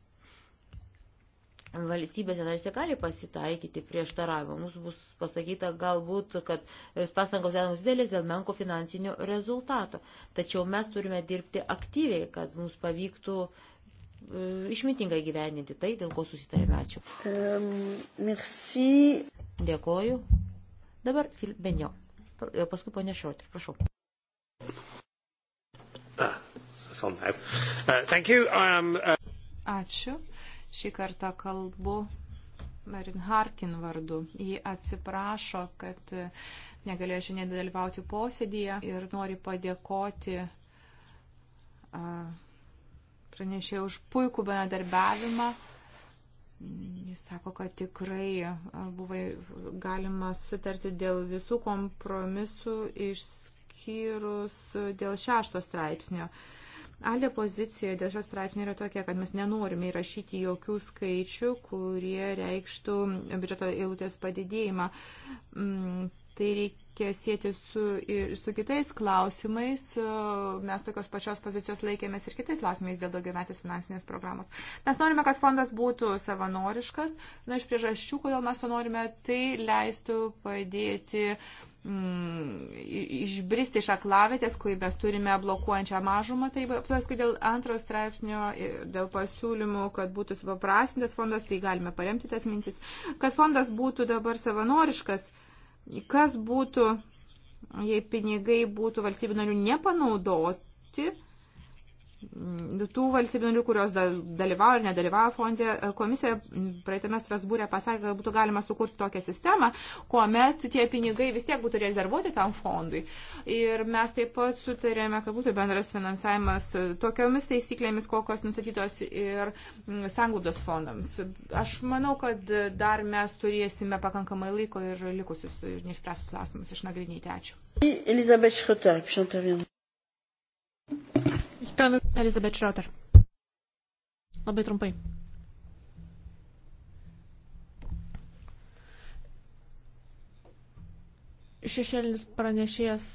Speaker 3: valstybėse narėse gali pasitaikyti prieštaravimą. Mums bus pasakyta galbūt, kad pastangos dedamos didelės dėl menko finansinio rezultato. Tačiau mes turime dirbti aktyviai, kad mums pavyktų e, išmitingai gyveninti tai, dėl ko susitarėme. Ačiū. Um, merci. Dėkoju. Dabar Fil Benio. E, paskui ponė Šrotė. Prašau.
Speaker 2: Ah, uh,
Speaker 1: Ačiū. Šį kartą kalbu Marin Harkin vardu. Ji atsiprašo, kad negalėjo šiandien dalyvauti posėdėje ir nori padėkoti pranešėjai už puikų bendradarbiavimą. Jis sako, kad tikrai buvo galima sutarti dėl visų kompromisų išskyrus dėl šešto straipsnio. Uh, Alė pozicija dėl šios straipsnio yra tokia, kad mes nenorime įrašyti jokių skaičių, kurie reikštų biudžeto eilutės padidėjimą. Mm, tai reikia sėti su, ir su kitais klausimais. Mes tokios pačios pozicijos laikėmės ir kitais klausimais dėl daugiametės finansinės programos. Mes norime, kad fondas būtų savanoriškas. Na, iš priežasčių, kodėl mes to norime, tai leistų padėti uh, mm, išbristi iš aklavėtės, kai mes turime blokuojančią mažumą. Tai paskui dėl antro straipsnio, dėl pasiūlymų, kad būtų supaprastintas fondas, tai galime paremti tas mintis, kad fondas būtų dabar savanoriškas. Kas būtų, jei pinigai būtų valstybių narių nepanaudoti? Mm, tų valstybių narių, kurios dalyvauja ir nedalyvauja fonde, e, komisija praeitame Strasbūrė pasakė, kad būtų galima sukurti tokią sistemą, kuomet tie pinigai vis tiek būtų rezervuoti tam fondui. Ir mes taip pat sutarėme, kad būtų bendras finansavimas e, tokiomis taisyklėmis, kokios nusatytos ir mm, sanglaudos fondams. Aš manau, kad dar mes turėsime pakankamai laiko ir likusius ir neišspręstus klausimus išnagrinėti. Ačiū.
Speaker 3: Elisabeth Schrotter, puis j'interviens
Speaker 2: gerne. Elisabeth Schroeder. Labai trumpai. Šešėlinis pranešėjas.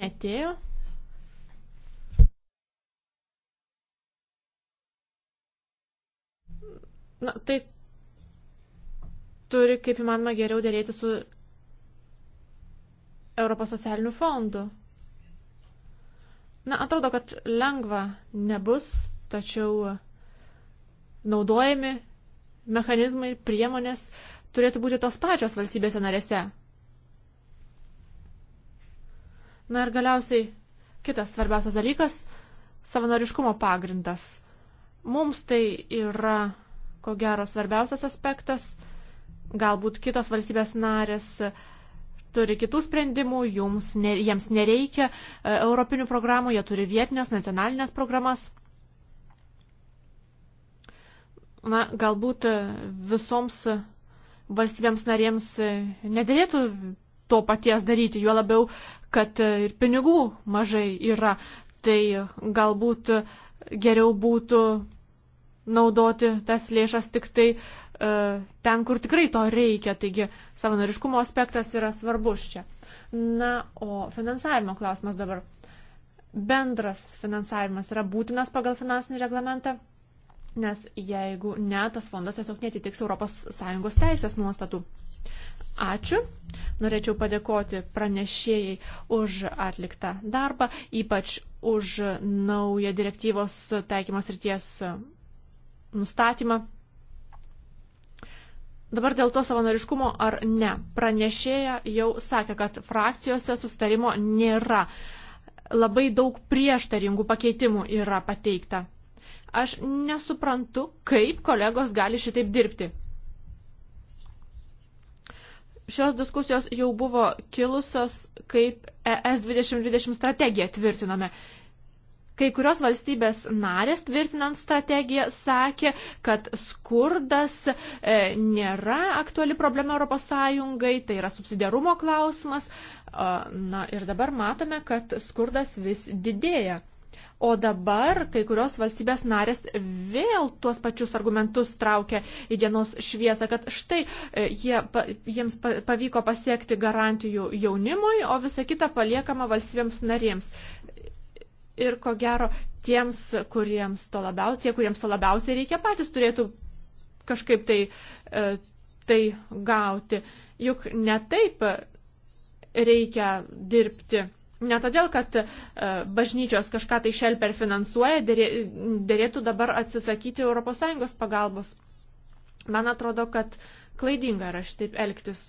Speaker 2: E, atėjo. Na, tai turi kaip įmanoma geriau dėrėti su Europos socialinių fondų. Na, atrodo, kad lengva nebus, tačiau naudojami mechanizmai ir priemonės turėtų būti tos pačios valstybėse narėse. Na ir galiausiai kitas svarbiausias dalykas - savanoriškumo pagrindas. Mums tai yra, ko gero, svarbiausias aspektas. Galbūt kitos valstybės narės uh, turi kitų sprendimų, ne, jiems nereikia e, europinių programų, jie turi vietinės, nacionalinės programas. Na, galbūt e, visoms valstybėms narėms e, nedėlėtų to paties daryti, juo labiau, kad ir pinigų mažai yra. Tai galbūt geriau būtų naudoti tas lėšas tik tai uh, E, ten, kur tikrai to reikia. Taigi savanoriškumo aspektas yra svarbus čia. Na, o finansavimo klausimas dabar. Bendras finansavimas yra būtinas pagal finansinį reglamentą, nes jeigu ne, tas fondas tiesiog netitiks ES teisės nuostatų. Ačiū. Norėčiau padėkoti pranešėjai už atliktą darbą, ypač už naują direktyvos taikymos ryties nustatymą. Dabar dėl to savanoriškumo ar ne. Pranešėja jau sakė, kad frakcijose sustarimo nėra. Labai daug prieštaringų pakeitimų yra pateikta. Aš nesuprantu, kaip kolegos gali šitaip dirbti. Šios diskusijos jau buvo kilusios, kaip ES 2020 strategiją tvirtinome. Kai kurios valstybės narės tvirtinant strategiją sakė, kad skurdas e, nėra aktuali problema ES, tai yra subsidiarumo klausimas. E, na ir dabar matome, kad skurdas vis didėja. O dabar kai kurios valstybės narės vėl tuos pačius argumentus traukia į dienos šviesą, kad štai e, jie, pa, jiems pavyko pasiekti garantijų jaunimui, o visa kita paliekama valstybėms narėms ir ko gero tiems, kuriems to labiausiai, tie, kuriems to labiausiai reikia patys turėtų kažkaip tai, e, tai gauti. Juk ne taip reikia dirbti. Ne todėl, kad e, bažnyčios kažką tai šelper finansuoja, dėrėtų dabar atsisakyti ES pagalbos. Man atrodo, kad klaidinga yra šitaip elgtis.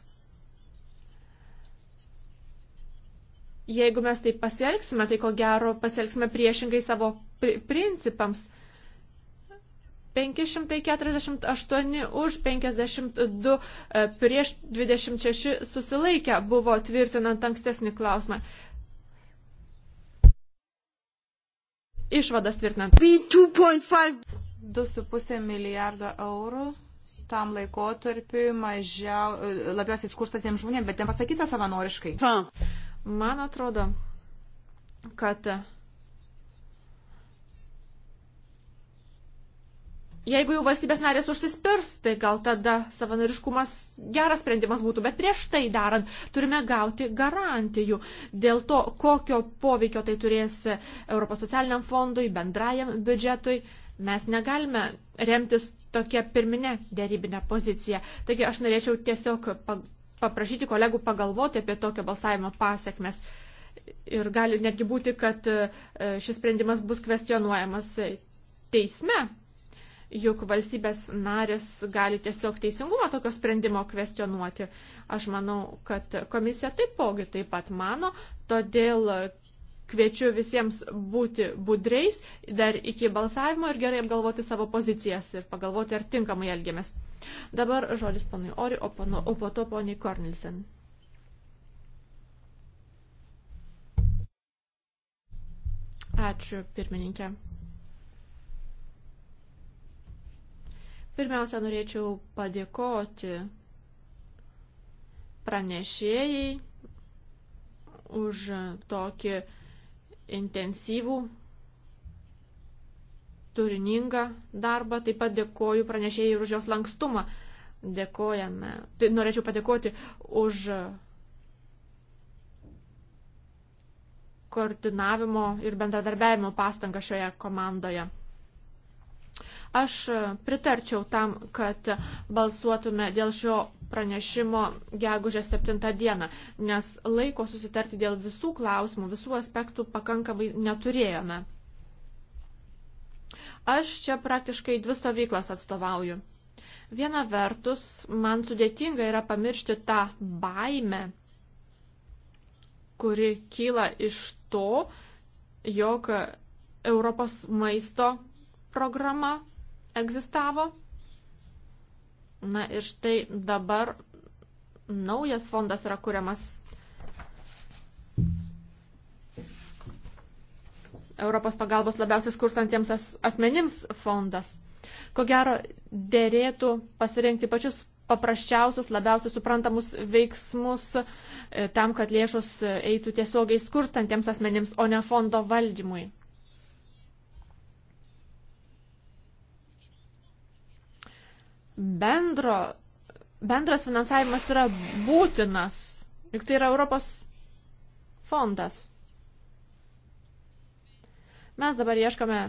Speaker 2: jeigu mes taip pasielgsime, tai ko gero pasielgsime priešingai savo pri principams. 548 už 52 e, prieš 26 susilaikę buvo tvirtinant ankstesnį klausimą. Išvadas tvirtinant.
Speaker 1: 2,5 milijardo eurų tam laikotarpiu mažiau, e, labiausiai skurstatiems žmonėms, bet nepasakyta savanoriškai. Va. Man atrodo, kad
Speaker 2: jeigu jau valstybės narės užsispirs, tai gal tada savanoriškumas geras sprendimas būtų, bet prieš tai darant turime gauti garantijų dėl to, kokio poveikio tai turės Europos socialiniam fondui, bendrajam biudžetui. Mes negalime remtis tokia pirminė dėrybinė pozicija. Taigi aš norėčiau tiesiog paprašyti kolegų pagalvoti apie tokio balsavimo pasiekmes. Ir gali netgi būti, kad e, šis sprendimas bus kvestionuojamas teisme, juk valstybės narės gali tiesiog teisingumą tokio sprendimo kvestionuoti. Aš manau, kad komisija taipogi taip pat mano, todėl Kviečiu visiems būti budreis dar iki balsavimo ir gerai apgalvoti savo pozicijas ir pagalvoti, ar tinkamai elgiamės. Dabar žodis ponui Ori, o, panu, o po to poniai Kornilsen. Ačiū, pirmininkė. Pirmiausia, norėčiau padėkoti pranešėjai už tokį intensyvų, turiningą darbą. Taip pat dėkoju pranešėjai ir už jos lankstumą. Dėkojame. Tai norėčiau padėkoti už koordinavimo ir bendradarbiavimo pastangą šioje komandoje. Aš pritarčiau tam, kad balsuotume dėl šio pranešimo gegužės 7 dieną, nes laiko susitarti dėl visų klausimų, visų aspektų pakankamai neturėjome. Aš čia praktiškai dvi stovyklas atstovauju. Viena vertus, man sudėtinga yra pamiršti tą baimę, kuri kyla iš to, jog Europos maisto programa egzistavo Na ir štai dabar naujas fondas yra kuriamas. Europos pagalbos labiausiai skurstantiems as, asmenims fondas. Ko gero, dėrėtų pasirinkti pačius paprasčiausius, labiausiai suprantamus veiksmus e, tam, kad lėšos eitų tiesiogiai skurstantiems asmenims, o ne fondo valdymui. bendro, bendras finansavimas yra būtinas, juk tai yra Europos fondas. Mes dabar ieškame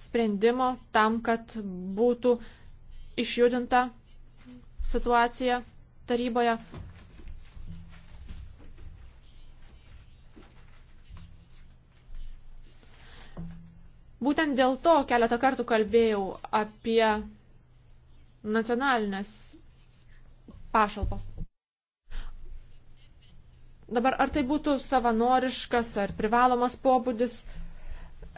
Speaker 2: sprendimo tam, kad būtų išjudinta situacija taryboje. Būtent dėl to keletą kartų kalbėjau apie nacionalinės pašalpos. Dabar ar tai būtų savanoriškas ar privalomas pobūdis,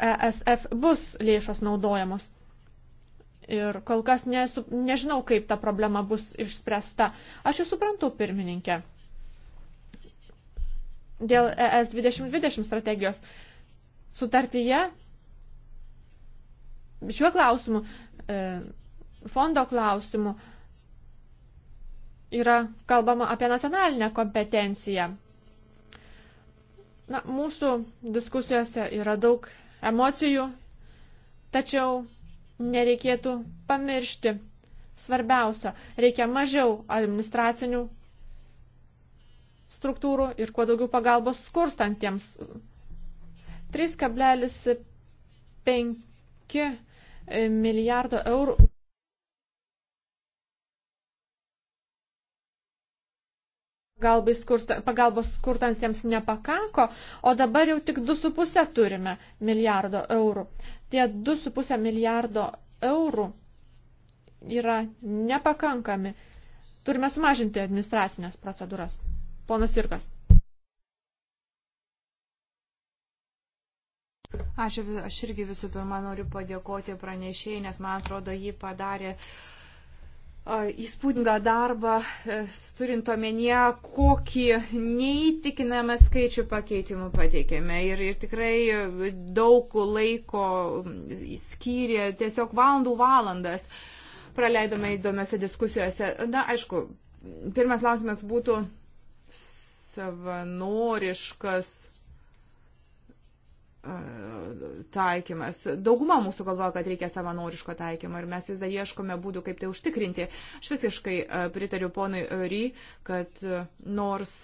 Speaker 2: ESF bus lėšos naudojamos. Ir kol kas nesu, nežinau, kaip ta problema bus išspręsta. Aš jau suprantu, pirmininkė, dėl ES 2020 strategijos sutartyje šiuo klausimu. E, fondo klausimų yra kalbama apie nacionalinę kompetenciją. Na, mūsų diskusijose yra daug emocijų, tačiau nereikėtų pamiršti. Svarbiausia, reikia mažiau administracinių struktūrų ir kuo daugiau pagalbos skurstantiems. 3,5 milijardo eurų skursta, pagalbos skurtansiems nepakako, o dabar jau tik 2,5 turime milijardo eurų. Tie 2,5 milijardo eurų yra nepakankami. Turime sumažinti administracinės procedūras. Ponas Irkas.
Speaker 1: Aš, aš irgi visų pirma noriu padėkoti pranešėjai, nes man atrodo, jį padarė uh, įspūdingą darbą, e, turint omenyje, kokį neįtikinamą skaičių pakeitimų pateikėme. Ir, ir tikrai e, daug laiko skyrė, tiesiog valandų valandas praleidome įdomiose diskusijose. Na, aišku, pirmas klausimas būtų savanoriškas taikymas. Dauguma mūsų galvoja, kad reikia savanoriško taikymo ir mes vis dar ieškome būdų, kaip tai užtikrinti. Aš visiškai e, pritariu ponui Ry, kad e, nors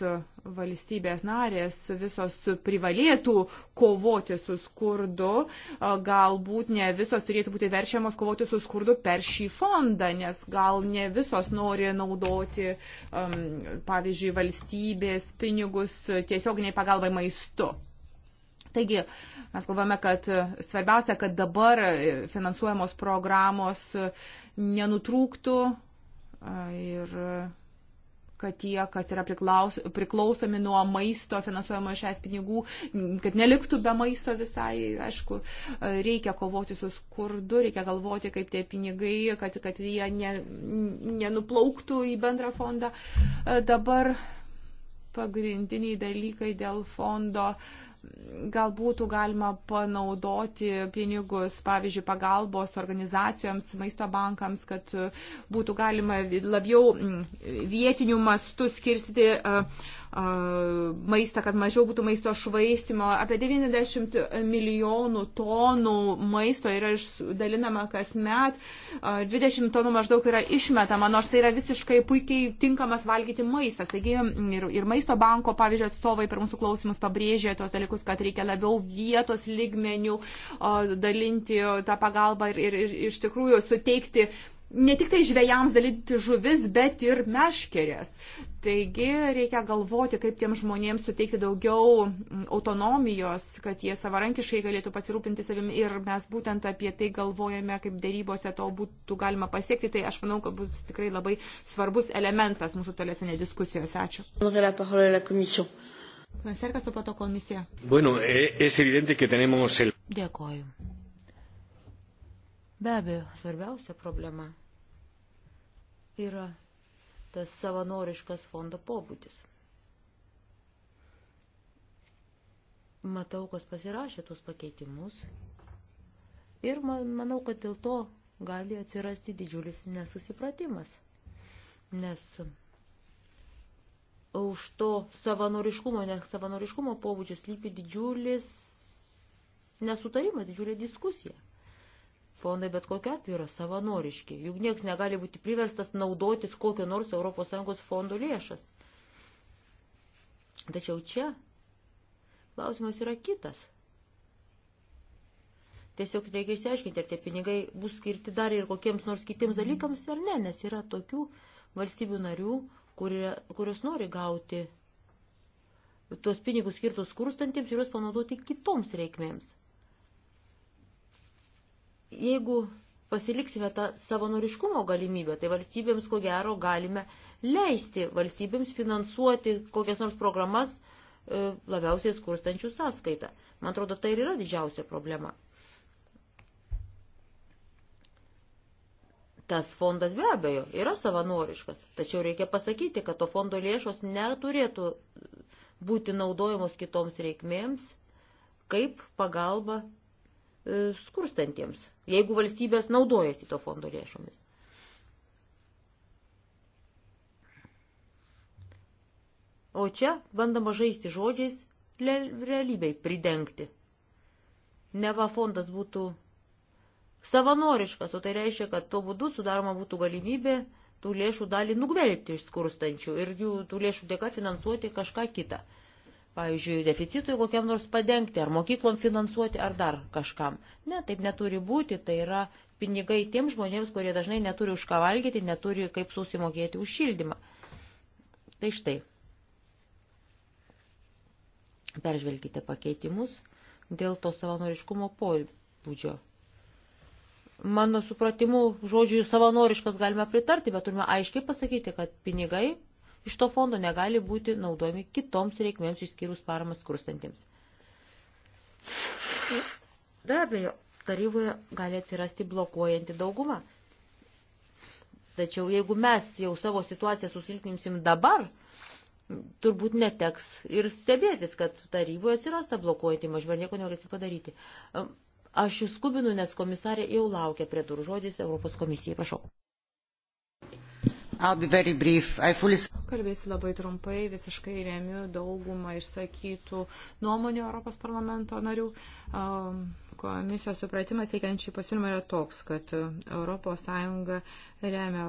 Speaker 1: valstybės narės visos privalėtų kovoti su skurdu, e, galbūt ne visos turėtų būti veršiamos kovoti su skurdu per šį fondą, nes gal ne visos nori naudoti, pavyzdžiui, valstybės pinigus tiesioginiai pagalbai maistu. Taigi, mes kalbame, kad e, svarbiausia, kad dabar e, finansuojamos programos e, nenutrūktų ir kad tie, kas yra priklausomi nuo maisto finansuojamo iš es pinigų, kad neliktų be maisto visai, aišku, reikia kovoti su skurdu, reikia galvoti, kaip tie pinigai, kad, kad jie ne, nenuplauktų į bendrą fondą. Dabar pagrindiniai dalykai dėl fondo. Uh, gal būtų galima panaudoti pinigus, pavyzdžiui, pagalbos organizacijoms, maisto bankams, kad e, būtų galima labiau vietinių mastų skirstyti e, maistą, kad mažiau būtų maisto švaistimo. Apie 90 milijonų tonų maisto yra išdalinama kasmet, 20 tonų maždaug yra išmetama, nors tai yra visiškai puikiai tinkamas valgyti maistas. Taigi ir, ir maisto banko, pavyzdžiui, atstovai per mūsų klausimus pabrėžė tos dalykus, kad reikia labiau vietos lygmenių dalinti tą pagalbą ir, ir, ir iš tikrųjų suteikti ne tik tai žvėjams dalyti žuvis, bet ir meškerės. Taigi reikia galvoti, kaip tiem žmonėms suteikti daugiau mm, autonomijos, kad jie savarankiškai galėtų pasirūpinti savimi ir mes būtent apie tai galvojame, kaip dėrybose to būtų galima pasiekti. Tai aš manau, kad bus tikrai labai svarbus elementas mūsų tolesnė diskusijose. Ačiū.
Speaker 3: Serkas, o pato komisija.
Speaker 1: Bueno, e, es evidente, que tenemos el...
Speaker 3: Dėkoju. Be abejo, svarbiausia problema yra tas savanoriškas fondo pobūdis. Matau, kas pasirašė tuos pakeitimus ir man, manau, kad dėl to gali atsirasti didžiulis nesusipratimas, nes už to savanoriškumo, ne savanoriškumo pobūdžius lypi didžiulis nesutarimas, didžiulė diskusija fondai bet kokia atveju yra savanoriški, juk niekas negali būti priverstas naudotis kokio nors ES fondų lėšas. Tačiau čia klausimas yra kitas. Tiesiog reikia išsiaiškinti, ar tie pinigai bus skirti dar ir kokiems nors kitiems dalykams ar ne, nes yra tokių valstybių narių, kurie, kurios nori gauti tuos pinigus skirtus skurstantiems ir juos panaudoti kitoms reikmėms jeigu pasiliksime tą savanoriškumo galimybę, tai valstybėms ko gero galime leisti valstybėms finansuoti kokias nors programas e, labiausiai skurstančių sąskaitą. Man atrodo, tai ir yra didžiausia problema. Tas fondas be abejo yra savanoriškas, tačiau reikia pasakyti, kad to fondo lėšos neturėtų būti naudojamos kitoms reikmėms, kaip pagalba E, skurstantiems, jeigu valstybės naudojasi to fondo lėšomis. O čia bandama žaisti žodžiais realybei pridengti. Neva fondas būtų savanoriškas, o tai reiškia, kad tuo būdu sudaroma būtų galimybė tų lėšų dalį nugvelbti iš skurstančių ir jų tų lėšų dėka finansuoti kažką kitą pavyzdžiui, deficitui kokiam nors padengti, ar mokyklom finansuoti, ar dar kažkam. Ne, taip neturi būti, tai yra pinigai tiem žmonėms, kurie dažnai neturi už ką valgyti, neturi kaip susimokėti už šildymą. Tai štai. Peržvelkite pakeitimus dėl to savanoriškumo pobūdžio. Mano supratimu, žodžiui savanoriškas galime pritarti, bet turime aiškiai pasakyti, kad pinigai iš to fondo negali būti naudojami kitoms reikmėms išskyrus paramas skurstantiems. Be abejo, taryboje gali atsirasti blokuojanti dauguma. Tačiau jeigu mes jau savo situaciją susilpninsim dabar, turbūt neteks ir stebėtis, kad taryboje atsiras ta blokuojanti mažva, nieko negalėsim padaryti. Aš jūs skubinu, nes komisarė jau laukia prie durų žodis Europos komisijai. Prašau. Fully... Kalbėsiu labai trumpai,
Speaker 1: visiškai remiu daugumą išsakytų nuomonių Europos parlamento narių. Um, komisijos supratimas teikiant šį pasiūlymą yra toks, kad ES remia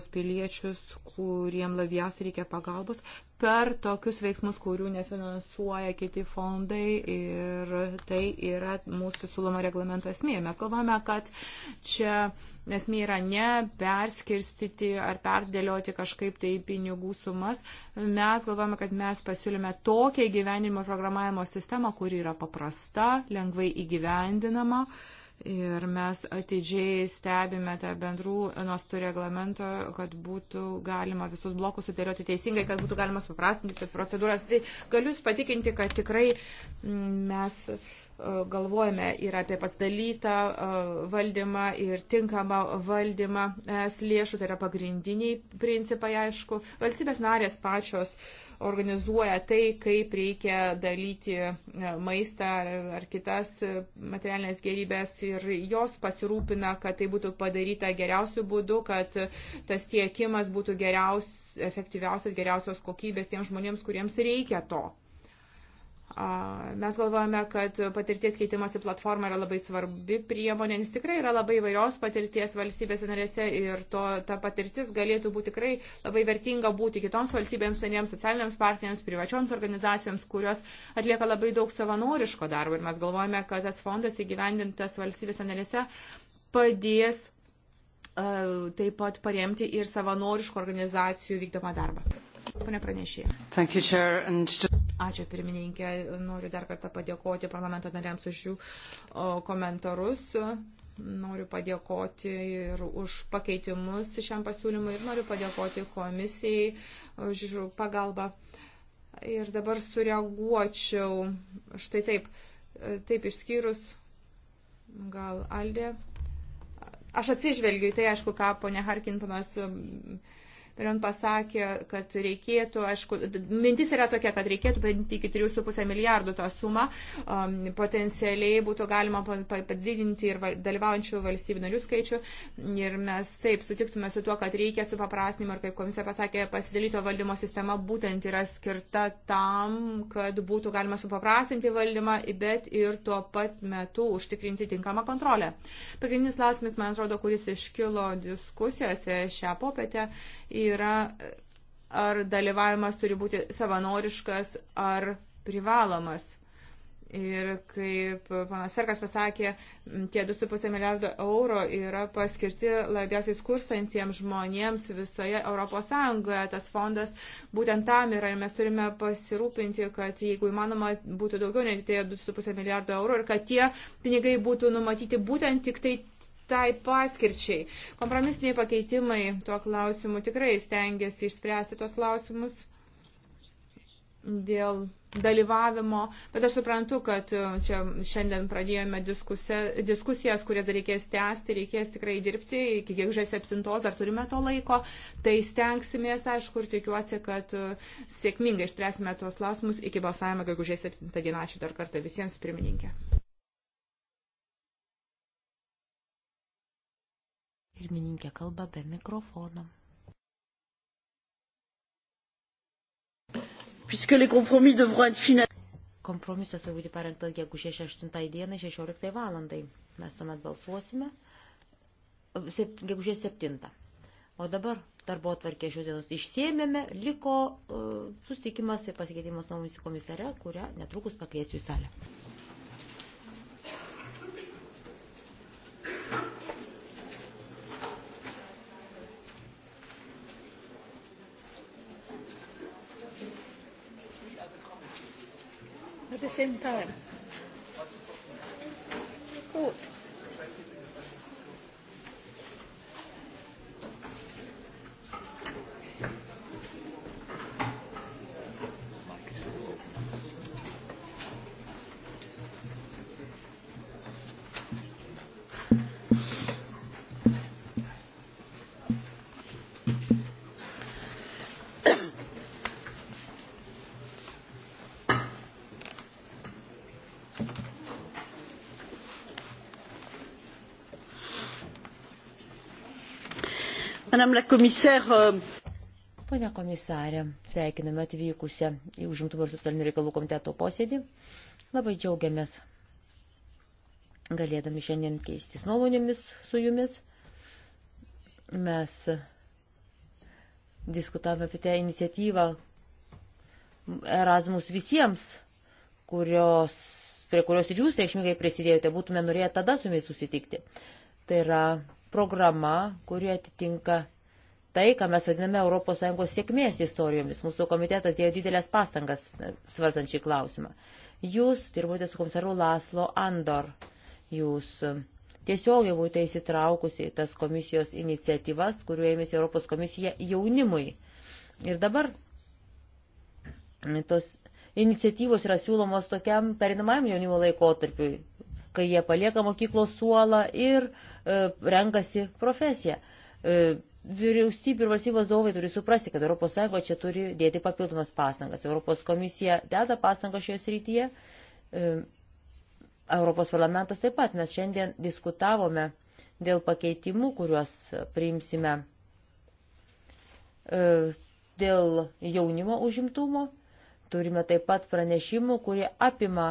Speaker 1: ES piliečius, kuriem labiausiai reikia pagalbos, per tokius veiksmus, kurių nefinansuoja kiti fondai ir tai yra mūsų siūloma reglamento esmė. Mes kalbame, kad čia esmė yra ne perskirstyti ar perdėlioti kažkaip tai pinigų sumas. Mes galvojame, kad mes pasiūlėme tokią gyvenimo programavimo sistemą, kuri yra paprasta, lengvai įgyvendinama. Uh, Ir mes atidžiai stebime tą bendrų nuostų reglamentą, kad būtų galima visus blokus sudėlioti teisingai, kad būtų galima suprastinti tas procedūras. Tai galiu jūs patikinti, kad tikrai mm, mes e, galvojame ir apie pasidalytą e, valdymą ir tinkamą valdymą es lėšų, tai yra pagrindiniai principai, aišku. Valstybės narės pačios uh, organizuoja tai, kaip reikia dalyti e, maistą ar, ar kitas e, materialinės gerybės ir jos pasirūpina, kad tai būtų padaryta geriausių būdų, kad tas tiekimas būtų geriausias efektyviausias, geriausios kokybės tiems žmonėms, kuriems reikia to. Mes galvojame, kad patirties keitimosi platforma yra labai svarbi priemonė, nes tikrai yra labai įvairios patirties valstybės narėse ir to, ta patirtis galėtų būti tikrai labai vertinga būti kitoms valstybėms narėms, socialiniams partneriams, privačioms organizacijoms, kurios atlieka labai daug savanoriško darbo. Ir mes galvojame, kad tas fondas įgyvendintas valstybės narėse padės uh, taip pat paremti ir savanoriško organizacijų vykdomą darbą. Pone pranešė. Ačiū pirmininkė. Noriu dar kartą padėkoti parlamento nariams už jų komentarus. Noriu padėkoti ir už pakeitimus šiam pasiūlymui ir noriu padėkoti komisijai už pagalbą. Ir dabar sureaguočiau. Štai taip, taip išskyrus gal Aldė. Aš atsižvelgiu į tai, aišku, ką ponė Harkin panas Perion pasakė, kad reikėtų, aišku, mintis yra tokia, kad reikėtų padidinti iki 3,5 milijardų tą sumą, um, potencialiai būtų galima padidinti ir dalyvaujančių valstybių narių skaičių. Ir mes taip sutiktume su tuo, kad reikia supaprastinimo ir, kaip komisija pasakė, pasidalyto valdymo sistema būtent yra skirta tam, kad būtų galima supaprastinti valdymą, bet ir tuo pat metu užtikrinti tinkamą kontrolę. Pagrindinis klausimas, man atrodo, kuris iškilo diskusijose šią popietę. Ir yra, ar dalyvavimas turi būti savanoriškas ar privalomas. Ir kaip panas Serkas pasakė, tie 2,5 milijardo eurų yra paskirti labiausiai skurstantiems žmonėms visoje ES. Tas fondas būtent tam yra ir mes turime pasirūpinti, kad jeigu įmanoma būtų daugiau nei tie 2,5 milijardo eurų ir kad tie pinigai būtų numatyti būtent tik tai tai paskirčiai. Kompromisiniai pakeitimai tuo klausimu tikrai stengiasi išspręsti tuos klausimus dėl dalyvavimo, bet aš suprantu, kad e, čia šiandien pradėjome diskusijas, kurias dar reikės tęsti, reikės tikrai dirbti, iki gegužės 7 dar turime to laiko, tai stengsimės, aišku, ir tikiuosi, kad e, sėkmingai išspręsime tuos klausimus iki balsavimo gegužės 7 dieną. Ačiū dar kartą visiems pirmininkė.
Speaker 3: Pirmininkė kalba be mikrofono. Kompromisas turi būti parengtas gegužės 6 dienai 16 valandai. Mes tuomet balsuosime gegužės 7. O dabar darbo atvarkė šios dienos išsėmėme, liko uh, susitikimas ir pasikeitimas nuomonės komisare, kurią netrukus pakviesiu į salę. same time. Gut. Madame la commissaire. Euh, Pane komisarė, sveikiname atvykusią į užimtumų ir socialinių reikalų komiteto posėdį. Labai džiaugiamės galėdami šiandien keistis nuomonėmis su jumis. Mes diskutavome apie tą iniciatyvą Erasmus visiems, kurios, prie kurios ir jūs reikšmingai prisidėjote, būtume norėję tada su jumis susitikti. Tai yra programa, kuri atitinka tai, ką mes vadiname ES sėkmės istorijomis. Mūsų komitetas dėjo didelės pastangas e, svarstant šį klausimą. Jūs dirbote su komisaru Laslo Andor. Jūs e, tiesiogiai būtų įsitraukusi į tas komisijos iniciatyvas, kuriuo ėmėsi Europos komisija jaunimui. Ir dabar tos iniciatyvos yra siūlomos tokiam perinamajam jaunimo laikotarpiui, kai jie palieka mokyklos suolą ir uh, E, renkasi profesiją. E, Vyriausybė ir valstybės dovai turi suprasti, kad ES čia turi dėti papildomas pastangas. Europos komisija deda pastangas šioje srityje. E, Europos parlamentas taip pat. Mes šiandien diskutavome dėl pakeitimų, kuriuos priimsime dėl jaunimo užimtumo. Turime taip pat pranešimų, kurie apima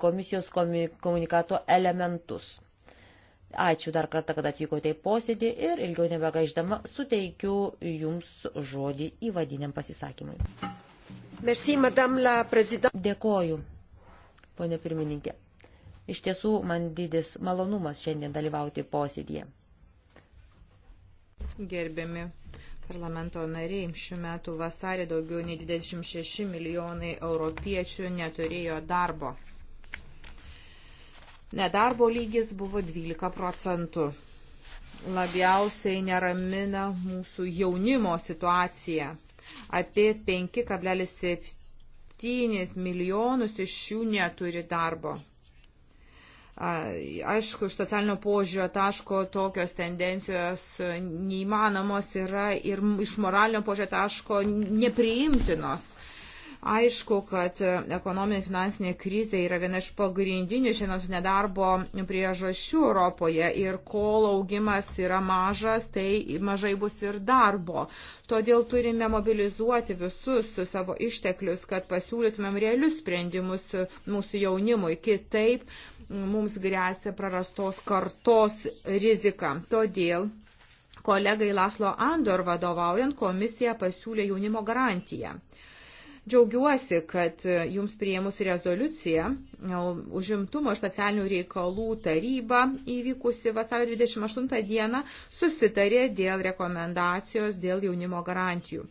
Speaker 3: komisijos komunikato elementus. Ačiū dar kartą, kad atvykote į posėdį ir ilgiau nebegaiždama suteikiu Jums žodį įvadiniam pasisakymui. Merci, Dėkoju, ponė pirmininkė. Iš tiesų, man didis malonumas šiandien dalyvauti posėdėje.
Speaker 1: Gerbiami parlamento nariai, šiuo metu vasarį daugiau nei 26 milijonai europiečių neturėjo darbo. Nedarbo lygis buvo 12 procentų. Labiausiai neramina mūsų jaunimo situacija. Apie 5,7 milijonus iš jų neturi darbo. Aišku, iš socialinio požiūrio taško tokios tendencijos neįmanomos yra ir iš moralinio požiūrio taško nepriimtinos. Aišku, kad ekonominė finansinė krizė yra viena iš pagrindinių šiandienos nedarbo priežasčių Europoje ir kol augimas yra mažas, tai mažai bus ir darbo. Todėl turime mobilizuoti visus savo išteklius, kad pasiūlytumėm realius sprendimus mūsų jaunimui. Kitaip mums grėsia prarastos kartos rizika. Todėl kolegai Laslo Andor vadovaujant komisija pasiūlė jaunimo garantiją. Džiaugiuosi, kad e, jums prieimus rezoliuciją e, užimtumo ir socialinių reikalų taryba įvykusi vasario 28 dieną susitarė dėl rekomendacijos dėl jaunimo garantijų.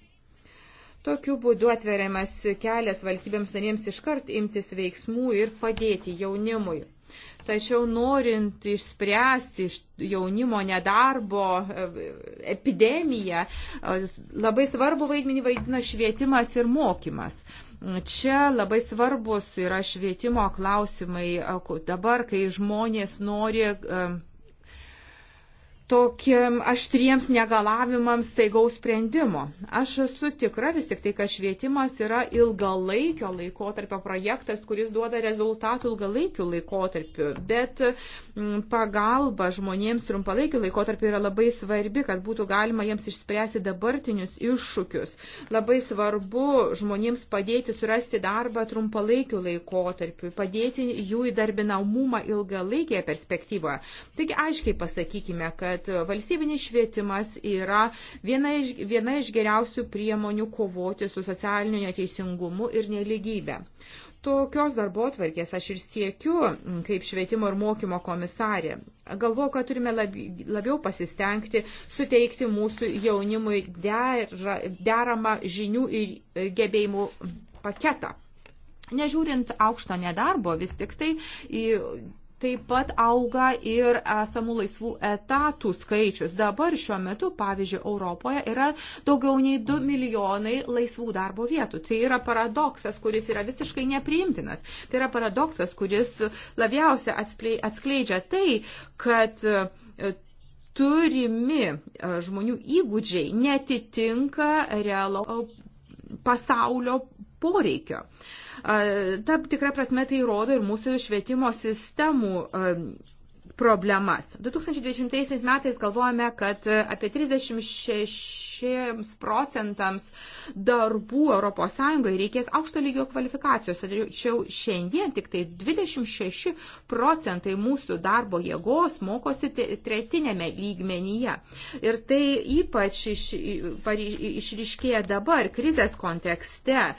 Speaker 1: Tokiu būdu atveriamas kelias valstybėms narėms iškart imtis veiksmų ir padėti jaunimui. Tačiau norint išspręsti iš jaunimo nedarbo e, epidemiją, e, labai svarbu vaidmenį vaidina švietimas ir mokymas. Čia labai svarbus yra švietimo klausimai e, dabar, kai žmonės nori tokiem aštriems negalavimams taigaus sprendimo. Aš esu tikra vis tik tai, kad švietimas yra ilgalaikio laikotarpio projektas, kuris duoda rezultatų ilgalaikiu laikotarpiu, bet mm, pagalba žmonėms trumpalaikiu laikotarpiu yra labai svarbi, kad būtų galima jiems išspręsti dabartinius iššūkius. Labai svarbu žmonėms padėti surasti darbą trumpalaikiu laikotarpiu, padėti jų įdarbinamumą ilgalaikėje perspektyvoje. Taigi aiškiai pasakykime, kad kad valstybinis švietimas yra viena iš, viena iš geriausių priemonių kovoti su socialiniu neteisingumu ir neligybė. Tokios darbo atvarkės aš ir siekiu kaip švietimo ir mokymo komisarė. Galvoju, kad turime labiau pasistengti suteikti mūsų jaunimui dera, deramą žinių ir e, gebėjimų paketą. Nežiūrint aukšto nedarbo, vis tik tai Taip pat auga ir esamų laisvų etatų skaičius. Dabar šiuo metu, pavyzdžiui, Europoje yra daugiau nei 2 milijonai laisvų darbo vietų. Tai yra paradoksas, kuris yra visiškai nepriimtinas. Tai yra paradoksas, kuris labiausia atskleidžia tai, kad e, turimi e, žmonių įgūdžiai netitinka realo pasaulio poreikio. Tam tikra prasme tai rodo ir mūsų švietimo sistemų problemas. 2020 metais galvojame, kad apie 36 procentams darbų ES reikės aukšto lygio kvalifikacijos, tačiau šiandien tik tai 26 procentai mūsų darbo jėgos mokosi tretinėme lygmenyje. Ir tai ypač iš, išriškėja dabar krizės kontekste.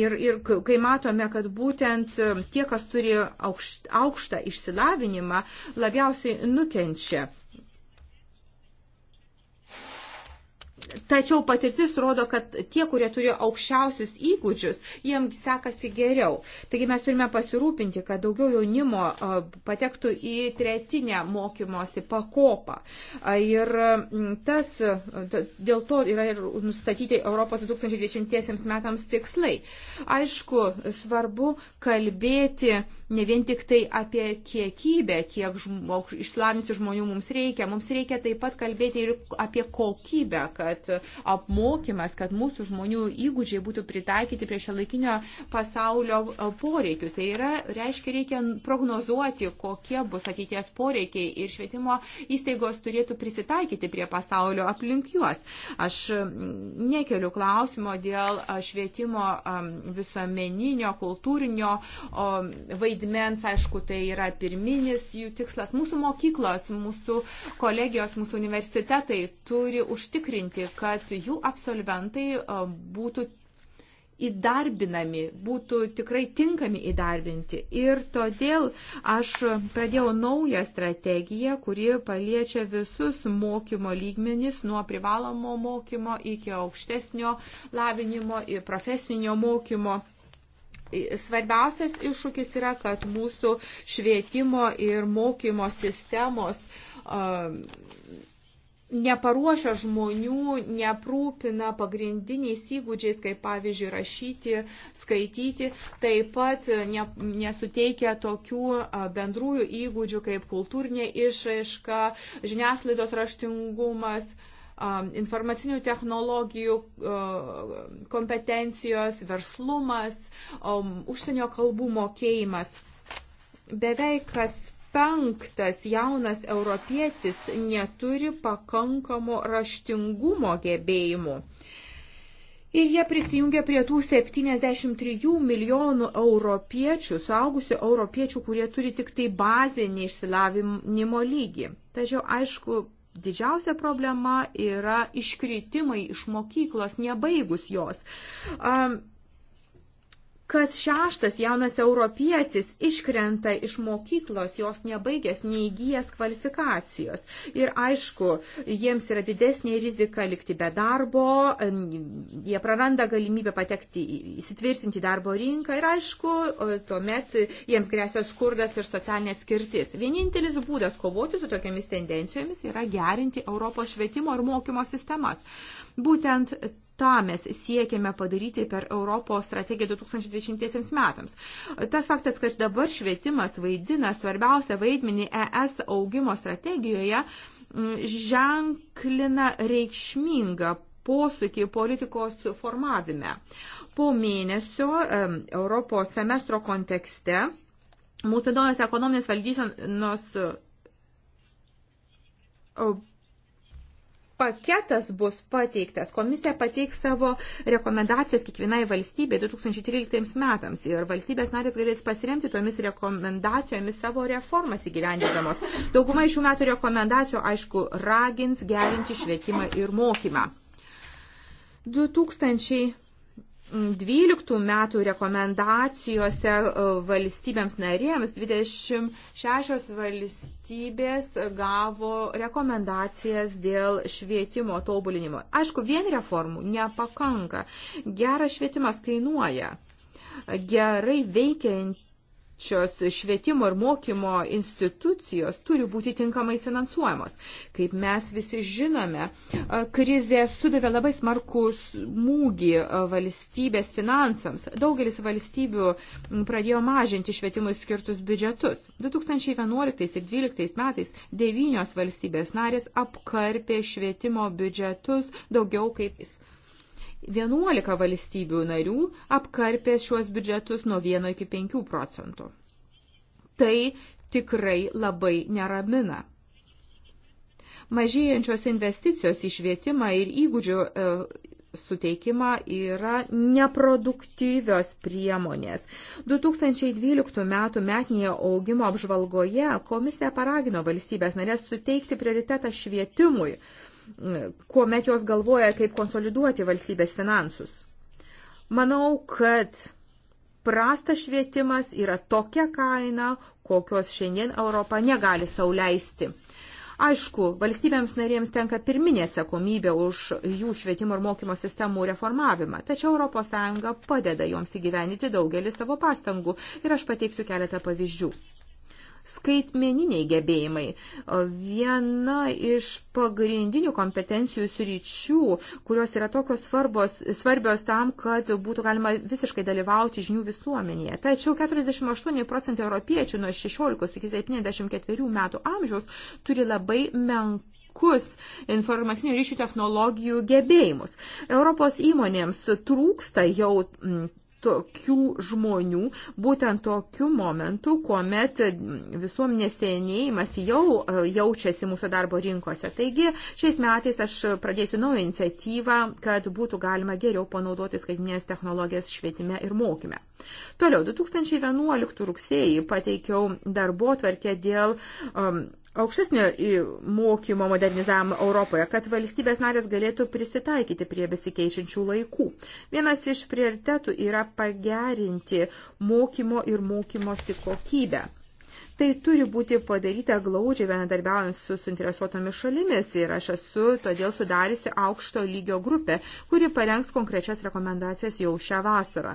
Speaker 1: Ir, ir kai matome, kad būtent tie, kas turi aukštą išsilavinimą, labiausiai nukenčia Tačiau patirtis rodo, kad tie, kurie turi aukščiausius įgūdžius, jiems sekasi geriau. Taigi mes turime pasirūpinti, kad daugiau jaunimo patektų į tretinę mokymosi pakopą. Ir tas, dėl to yra ir nustatyti Europos 2020 metams tikslai. Aišku, svarbu kalbėti ne vien tik tai apie kiekybę, kiek žmog, išslavusių žmonių mums reikia. Mums reikia taip pat kalbėti ir apie kokybę, kad kad e, apmokymas, kad mūsų žmonių įgūdžiai būtų pritaikyti prie šio laikinio pasaulio e, poreikių. Tai yra, reiškia, reikia prognozuoti, kokie bus ateities poreikiai ir švietimo įstaigos turėtų prisitaikyti prie pasaulio aplink juos. Aš nekeliu klausimo dėl e, švietimo visuomeninio, kultūrinio vaidmens, aišku, tai yra pirminis jų tikslas. Mūsų mokyklos, mūsų kolegijos, mūsų universitetai turi užtikrinti, kad jų absolventai būtų įdarbinami, būtų tikrai tinkami įdarbinti. Ir todėl aš pradėjau naują strategiją, kuri paliečia visus mokymo lygmenis, nuo privalomo mokymo iki aukštesnio lavinimo ir profesinio mokymo. Svarbiausias iššūkis yra, kad mūsų švietimo ir mokymo sistemos um, neparuošia žmonių, neprūpina pagrindiniais įgūdžiais, kaip pavyzdžiui rašyti, skaityti, taip pat ne, nesuteikia tokių bendrųjų įgūdžių kaip kultūrinė išraiška, žiniaslaidos raštingumas informacinių technologijų kompetencijos, verslumas, užsienio kalbų mokėjimas beveik kas penktas jaunas europietis neturi pakankamo raštingumo gebėjimų. Ir jie prisijungia prie tų 73 milijonų europiečių, suaugusių europiečių, kurie turi tik tai bazinį išsilavinimo lygį. Tačiau, aišku, didžiausia problema yra iškritimai iš mokyklos, nebaigus jos. Um, kas šeštas jaunas europietis iškrenta iš mokyklos, jos nebaigęs, neįgyjęs kvalifikacijos. Ir aišku, jiems yra didesnė rizika likti be darbo, jie praranda galimybę patekti, įsitvirtinti darbo rinką ir aišku, tuomet jiems grėsia skurdas ir socialinė skirtis. Vienintelis būdas kovoti su tokiamis tendencijomis yra gerinti Europos švietimo ir mokymo sistemas. Būtent tą mes siekiame padaryti per Europos strategiją 2020 metams. Tas faktas, kad dabar švietimas vaidina svarbiausią vaidmenį ES augimo strategijoje, mm, ženklina reikšmingą posūkį politikos formavime. Po mėnesio Europos semestro kontekste mūsų naujas ekonominės valdysenos paketas bus pateiktas. Komisija pateiks savo rekomendacijas kiekvienai valstybei 2013 metams ir valstybės narės galės pasiremti tomis rekomendacijomis savo reformas įgyvendinamos. Dauguma iš šių metų rekomendacijų, aišku, ragins gerinti švietimą ir mokymą. 2000 12 metų rekomendacijose e, valstybėms narėms 26 valstybės gavo rekomendacijas dėl švietimo tobulinimo. Aišku, vien reformų nepakanka. Geras švietimas kainuoja. Gerai veikiant šios švietimo ir mokymo institucijos turi būti tinkamai finansuojamos. Kaip mes visi žinome, krizė sudavė labai smarkų smūgį valstybės finansams. Daugelis valstybių pradėjo mažinti švietimui skirtus biudžetus. 2011 ir 2012 metais devynios valstybės narės apkarpė švietimo biudžetus daugiau kaip 11 valstybių narių apkarpė šiuos biudžetus nuo 1 iki 5 procentų. Tai tikrai labai neramina. Mažėjančios investicijos į švietimą ir įgūdžių e, suteikimą yra neproduktyvios priemonės. 2012 m. metinėje augimo apžvalgoje komisija paragino valstybės narės suteikti prioritetą švietimui kuomet jos galvoja, kaip konsoliduoti valstybės finansus. Manau, kad prastas švietimas yra tokia kaina, kokios šiandien Europa negali sauliaisti. Aišku, valstybėms narėms tenka pirminė atsakomybė už jų švietimo ir mokymo sistemų reformavimą, tačiau ES padeda joms įgyvenyti daugelį savo pastangų ir aš pateiksiu keletą pavyzdžių skaitmeniniai gebėjimai. Viena iš pagrindinių kompetencijų sričių, kurios yra tokios svarbos, svarbios tam, kad būtų galima visiškai dalyvauti žinių visuomenėje. Tačiau 48 procentai europiečių nuo 16 iki 74 metų amžiaus turi labai menką menkus informacinių ryšių technologijų gebėjimus. Europos įmonėms trūksta jau tokių žmonių, būtent tokiu momentu, kuomet visuomenės senėjimas jau e, jaučiasi mūsų darbo rinkose. Taigi šiais metais aš pradėsiu naują iniciatyvą, kad būtų galima geriau panaudoti skaitminės technologijas švietime ir mokyme. Toliau, 2011 rugsėjį pateikiau darbo tvarkę dėl um, aukštesnio mokymo modernizavimą Europoje, kad valstybės narės galėtų prisitaikyti prie besikeičiančių laikų. Vienas iš prioritetų yra pagerinti mokymo ir mokymosi kokybę. Tai turi būti padaryta glaudžiai bendradarbiaujant su suinteresuotomis šalimis ir aš esu todėl sudariusi aukšto lygio grupę, kuri parengs konkrečias rekomendacijas jau šią vasarą.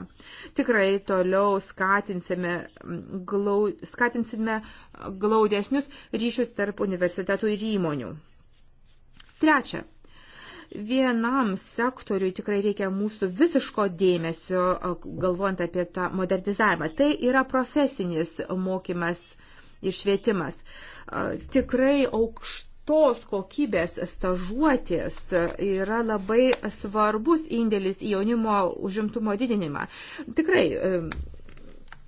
Speaker 1: Tikrai toliau skatinsime, glau, skatinsime glaudesnius ryšius tarp universitetų ir įmonių. Trečia. Vienam sektoriui tikrai reikia mūsų visiško dėmesio, galvojant apie tą modernizavimą. Tai yra profesinis mokymas ir švietimas. Tikrai aukštų tos kokybės stažuotės yra labai svarbus indėlis į jaunimo užimtumo didinimą. Tikrai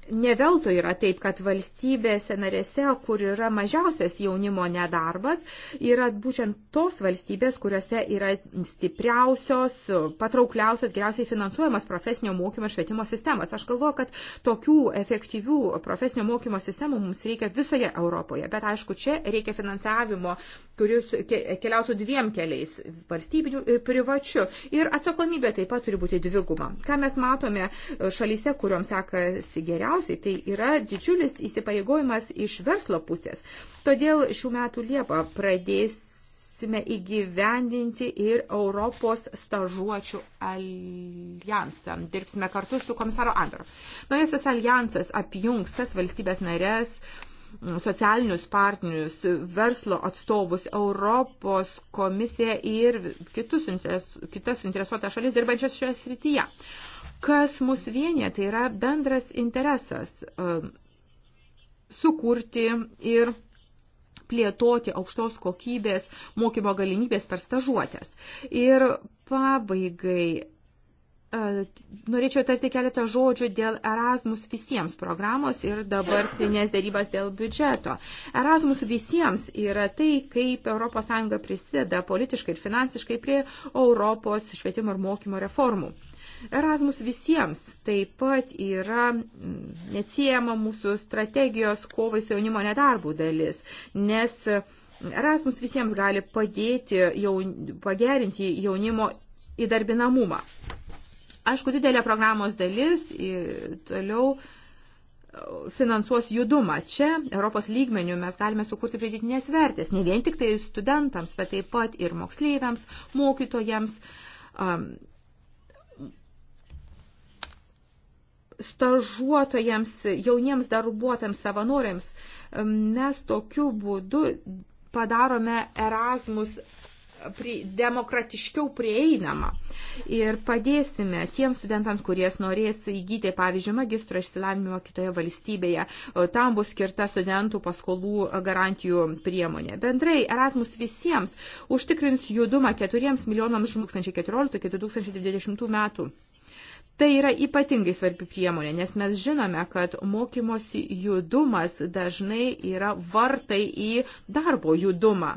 Speaker 1: Nevelto yra taip, kad valstybėse narėse, kur yra mažiausias jaunimo nedarbas, yra būtent tos valstybės, kuriuose yra stipriausios, patraukliausios, geriausiai finansuojamas profesinio mokymo ir švietimo sistemas. Aš galvoju, kad tokių efektyvių profesinio mokymo sistemų mums reikia visoje Europoje. Bet aišku, čia reikia finansavimo, kuris keliautų dviem keliais - valstybiniu ir privačiu. Ir atsakomybė taip pat turi būti dviguma. Ką mes matome šalyse, kuriuom sekasi geriausiai? galiausiai tai yra didžiulis įsipareigojimas iš verslo pusės. Todėl šių metų Liepą pradėsime įgyvendinti ir Europos stažuočių alijansą. Dirbsime kartu su komisaro Andro. Naujasis alijansas apjungs tas valstybės narės socialinius partnerius, verslo atstovus, Europos komisiją ir kitus, kitas suinteresuotas šalis dirbančias šioje srityje. Kas mus vienyje, tai yra bendras interesas um, sukurti ir plėtoti aukštos kokybės mokymo galimybės per stažuotės. Ir pabaigai uh, norėčiau tarti keletą žodžių dėl Erasmus visiems programos ir dabartinės dėrybas dėl biudžeto. Erasmus visiems yra tai, kaip ES prisideda politiškai ir finansiškai prie Europos švietimo ir mokymo reformų. Erasmus visiems taip pat yra neatsiejama mūsų strategijos kovai su jaunimo nedarbų dalis, nes Erasmus visiems gali padėti jaun, pagerinti jaunimo įdarbinamumą. Aišku, didelė programos dalis toliau e, finansuos judumą. Čia Europos lygmenių mes galime sukurti pridėtinės vertės, ne vien tik tai studentams, bet taip pat ir moksleiviams, mokytojams. Um, stažuotojams, jauniems darbuotojams, savanoriams. Mes tokiu būdu padarome Erasmus demokratiškiau prieinama ir padėsime tiems studentams, kurie norės įgyti, pavyzdžiui, magistro išsilavinimą kitoje valstybėje. Tam bus skirta studentų paskolų garantijų priemonė. Bendrai Erasmus visiems užtikrins judumą 4 milijonams 2014-2020 metų. Tai yra ypatingai svarbi priemonė, nes mes žinome, kad mokymosi judumas dažnai yra vartai į darbo judumą.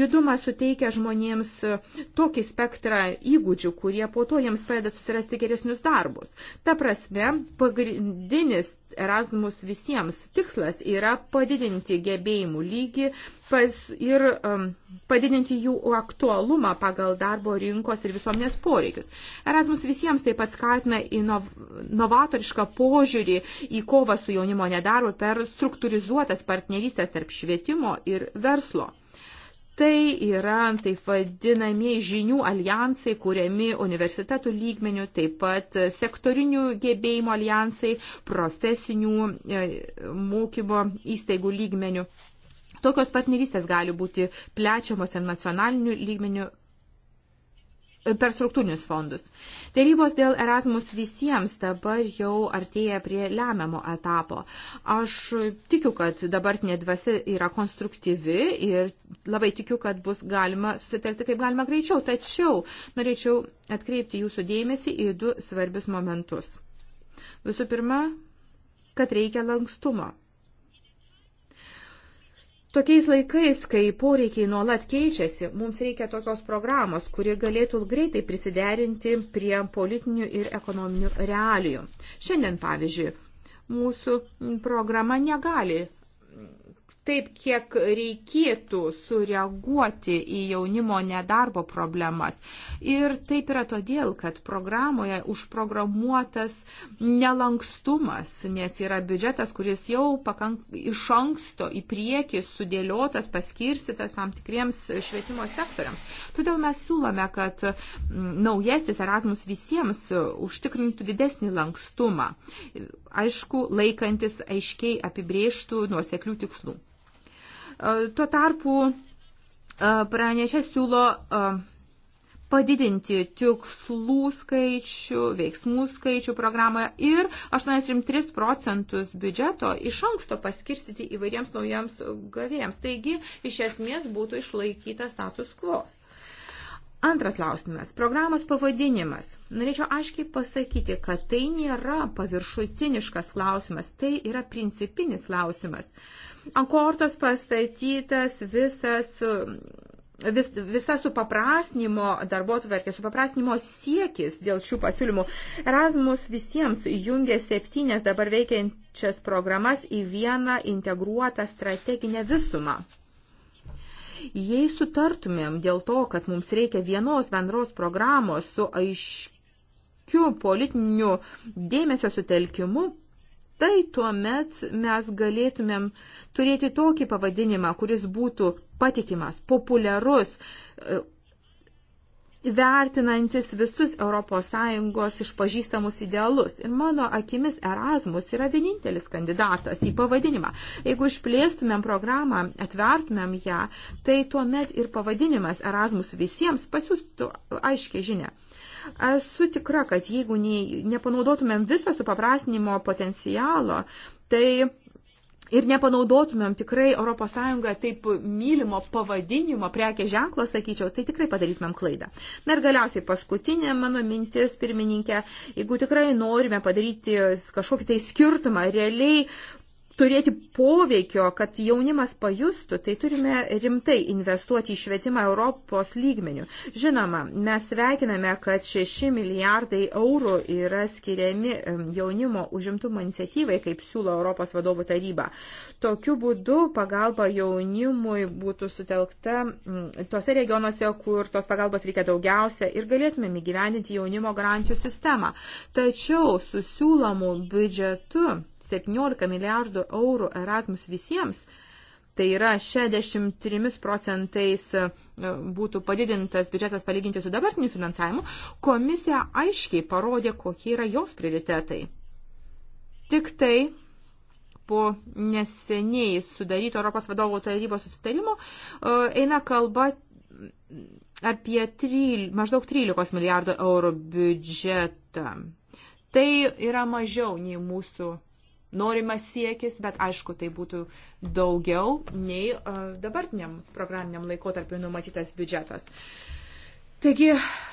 Speaker 1: Judumas suteikia žmonėms tokį spektrą įgūdžių, kurie po to jiems padeda susirasti geresnius darbus. Ta prasme, pagrindinis Erasmus visiems tikslas yra padidinti gebėjimų lygį pas, ir um, padidinti jų aktualumą pagal darbo rinkos ir visuomenės poreikius. Erasmus visiems taip pat skatina inov, novatorišką požiūrį į kovą su jaunimo nedarbu per struktūrizuotas partnerystės tarp švietimo ir verslo. Tai yra taip vadinamieji žinių alijansai, kuriami universitetų lygmenių, taip pat sektorinių gebėjimų alijansai, profesinių e, mokymo įstaigų lygmenių. Tokios partnerystės gali būti plečiamos ir nacionaliniu lygmeniu per struktūrinius fondus. Dėrybos dėl Erasmus visiems dabar jau artėja prie lemiamo etapo. Aš tikiu, kad dabartinė dvasia yra konstruktyvi ir labai tikiu, kad bus galima susitarti kaip galima greičiau. Tačiau norėčiau atkreipti jūsų dėmesį į du svarbius momentus. Visų pirma, kad reikia lankstumo. Tokiais laikais, kai poreikiai nuolat keičiasi, mums reikia tokios programos, kuri galėtų greitai prisiderinti prie politinių ir ekonominių realijų. Šiandien, pavyzdžiui, mūsų programa negali taip, kiek reikėtų sureaguoti į jaunimo nedarbo problemas. Ir taip yra todėl, kad programoje užprogramuotas nelankstumas, nes yra biudžetas, kuris jau pakank, iš anksto į priekį sudėliotas, paskirstytas tam tikriems švietimo sektoriams. Todėl mes siūlome, kad mm, naujasis Erasmus visiems užtikrintų didesnį lankstumą. Aišku, laikantis aiškiai apibrieštų nuoseklių tikslų. E, tuo tarpu e, pranešė siūlo e, padidinti tikslų skaičių, veiksmų skaičių programoje ir 83 procentus biudžeto iš anksto paskirstyti įvairiems naujiems gavėjams. Taigi, iš esmės būtų išlaikytas status quo. Antras klausimas. Programos pavadinimas. Norėčiau aiškiai pasakyti, kad tai nėra paviršutiniškas klausimas, tai yra principinis klausimas. Uh, ant kortos pastatytas visas vis, visa supaprasnimo darbo atverkė, supaprasnimo siekis dėl šių pasiūlymų. Erasmus visiems jungia septynės dabar veikiančias programas į vieną integruotą strateginę visumą. Jei sutartumėm dėl to, kad mums reikia vienos bendros programos su aiškiu politiniu dėmesio sutelkimu, tai tuomet mes galėtumėm turėti tokį pavadinimą, kuris būtų patikimas, populiarus, vertinantis visus ES išpažįstamus idealus. Ir mano akimis Erasmus yra vienintelis kandidatas į pavadinimą. Jeigu išplėstumėm programą, atvertumėm ją, tai tuomet ir pavadinimas Erasmus visiems pasiūstų aiškiai žinę. Esu tikra, kad jeigu ne, nepanaudotumėm viso supaprasnimo potencialo, tai ir nepanaudotumėm tikrai ES taip mylimo pavadinimo prekės ženklo, sakyčiau, tai tikrai padarytumėm klaidą. Na ir galiausiai paskutinė mano mintis, pirmininkė, jeigu tikrai norime padaryti kažkokį tai skirtumą, realiai turėti poveikio, kad jaunimas pajustų, tai turime rimtai investuoti į švietimą Europos lygmenių. Žinoma, mes sveikiname, kad 6 milijardai eurų yra skiriami jaunimo užimtumo iniciatyvai, kaip siūlo Europos vadovų taryba. Tokiu būdu pagalba jaunimui būtų sutelkta tose regionuose, kur tos pagalbos reikia daugiausia ir galėtumėm įgyvendinti jaunimo garantijų sistemą. Tačiau su siūlomu biudžetu 17 milijardų eurų Erasmus visiems, tai yra 63 procentais e, būtų padidintas biudžetas palyginti su dabartiniu finansavimu, komisija aiškiai parodė, kokie yra jos prioritetai. Tik tai po neseniai sudaryto Europos vadovų tarybos susitarimo e, eina kalba apie 3, maždaug 13 milijardų eurų biudžetą. Tai yra mažiau nei mūsų norimas siekis, bet aišku, tai būtų daugiau nei e, dabartiniam programiniam laikotarpiu numatytas biudžetas. Taigi,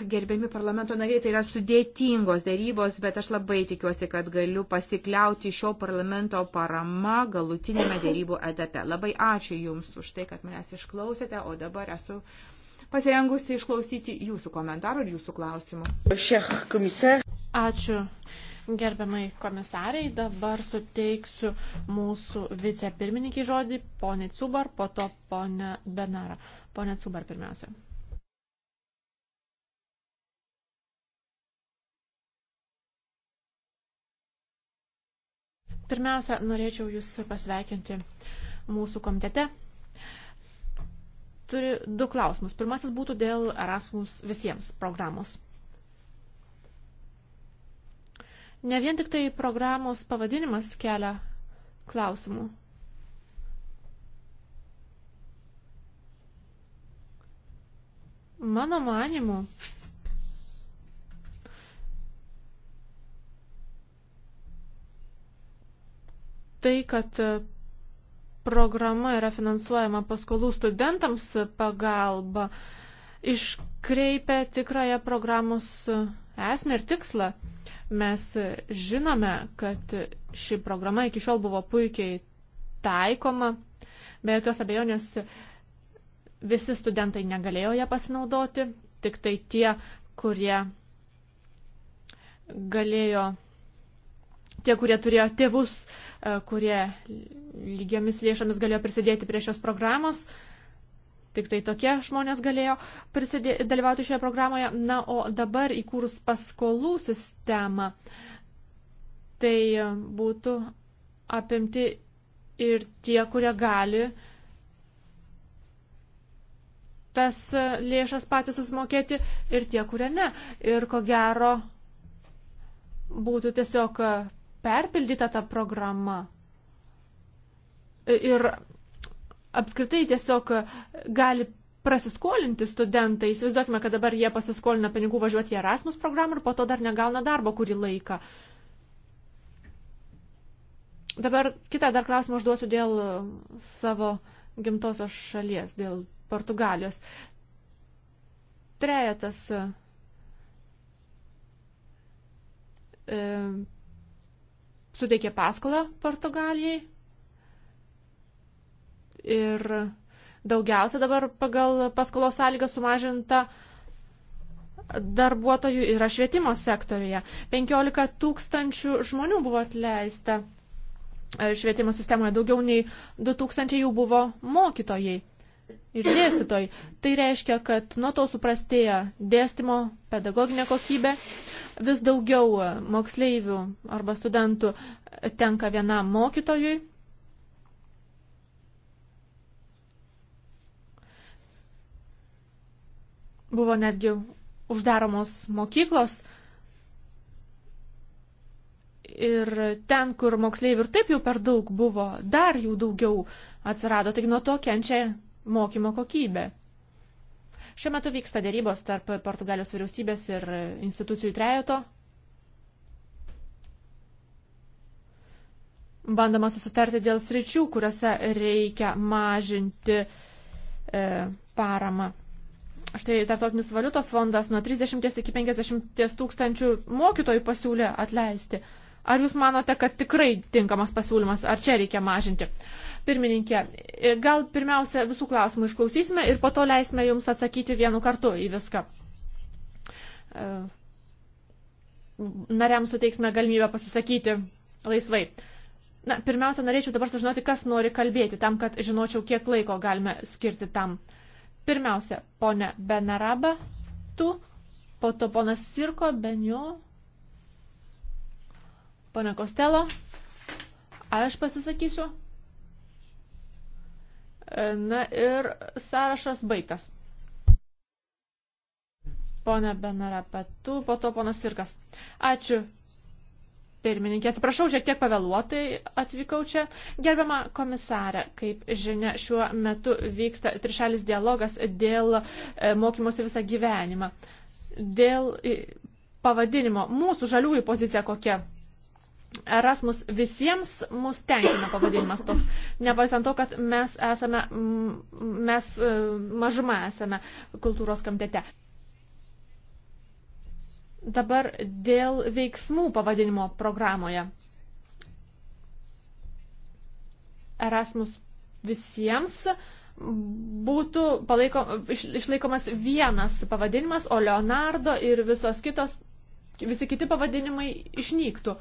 Speaker 1: gerbiami parlamento nariai, tai yra sudėtingos darybos, bet aš labai tikiuosi, kad galiu pasikliauti šio parlamento parama galutinėme darybų etape. Labai ačiū Jums už tai, kad manęs išklausėte, o dabar esu pasirengusi išklausyti Jūsų komentarų ir Jūsų klausimų.
Speaker 2: Ačiū. Gerbiamai komisariai, dabar suteiksiu mūsų vicepirmininkiai žodį, ponė Cubar, po to ponė Benara. Ponė Cubar pirmiausia. Pirmiausia, norėčiau Jūs pasveikinti mūsų komitete. Turiu du klausimus. Pirmasis būtų dėl Erasmus visiems programos. Ne vien tik tai programos pavadinimas kelia klausimų. Mano manimu, tai, kad programa yra finansuojama paskolų studentams pagalba, iškreipia tikrąją programos esmę ir tikslą. Mes žinome, kad ši programa iki šiol buvo puikiai taikoma. Be jokios abejonės visi studentai negalėjo ją pasinaudoti, tik tai tie, kurie galėjo, tie, kurie turėjo tėvus, e, kurie lygiamis lėšomis galėjo prisidėti prie šios programos, Tik tai tokie žmonės galėjo prisidė, dalyvauti šioje programoje. Na, o dabar įkūrus paskolų sistemą, tai būtų apimti ir tie, kurie gali tas lėšas patys susimokėti ir tie, kurie ne. Ir ko gero būtų tiesiog perpildyta ta programa. Ir apskritai tiesiog gali prasiskolinti studentai. Įsivaizduokime, kad dabar jie pasiskolina pinigų važiuoti į Erasmus programą ir po to dar negauna darbo kurį laiką. Dabar kitą dar klausimą užduosiu dėl savo gimtosios šalies, dėl Portugalijos. Trejetas e, suteikė paskolą Portugalijai Ir daugiausia dabar pagal paskolos sąlygą sumažinta darbuotojų yra švietimo sektoriuje. 15 tūkstančių žmonių buvo atleista e, švietimo sistemoje, daugiau nei 2000 jų buvo mokytojai ir dėstytojai. Tai reiškia, kad nuo to suprastėja dėstymo pedagoginė kokybė, vis daugiau moksleivių arba studentų tenka vienam mokytojui Buvo netgi uždaromos mokyklos. Ir ten, kur moksleivių ir taip jau per daug buvo, dar jų daugiau atsirado, tik nuo to kenčia mokymo kokybė. Šiuo metu vyksta dėrybos tarp Portugalijos vyriausybės ir institucijų trejoto. Bandoma susitarti dėl sričių, kuriuose reikia mažinti e, paramą Štai Tartotinis valiutos fondas nuo 30 iki 50 tūkstančių mokytojų pasiūlė atleisti. Ar jūs manote, kad tikrai tinkamas pasiūlymas, ar čia reikia mažinti? Pirmininkė, gal pirmiausia visų klausimų išklausysime ir po to leisime jums atsakyti vienu kartu į viską. E, nariams suteiksime galimybę pasisakyti laisvai. Na, pirmiausia, norėčiau dabar sužinoti, kas nori kalbėti, tam, kad žinočiau, kiek laiko galime skirti tam. Uh, Pirmiausia, ponė Benaraba, tu, po to ponas Sirko, Benio, ponė Kostelo, aš pasisakysiu. E, na ir sąrašas baigtas. Pone Benarapa, tu, po to ponas Sirkas. Ačiū, pirmininkė. Atsiprašau, šiek tiek pavėluotai atvykau čia. Gerbiama komisarė, kaip žinia, šiuo metu vyksta trišalis dialogas dėl e, mokymosi visą gyvenimą. Dėl e, pavadinimo. Mūsų žaliųjų pozicija kokia? Erasmus visiems mus tenkina pavadinimas toks, nepaisant to, kad mes esame, mes e, mažuma esame kultūros komitete. Dabar dėl veiksmų pavadinimo programoje. Erasmus visiems būtų palaiko, iš, išlaikomas vienas pavadinimas, o Leonardo ir visos kitos, visi kiti pavadinimai išnyktų.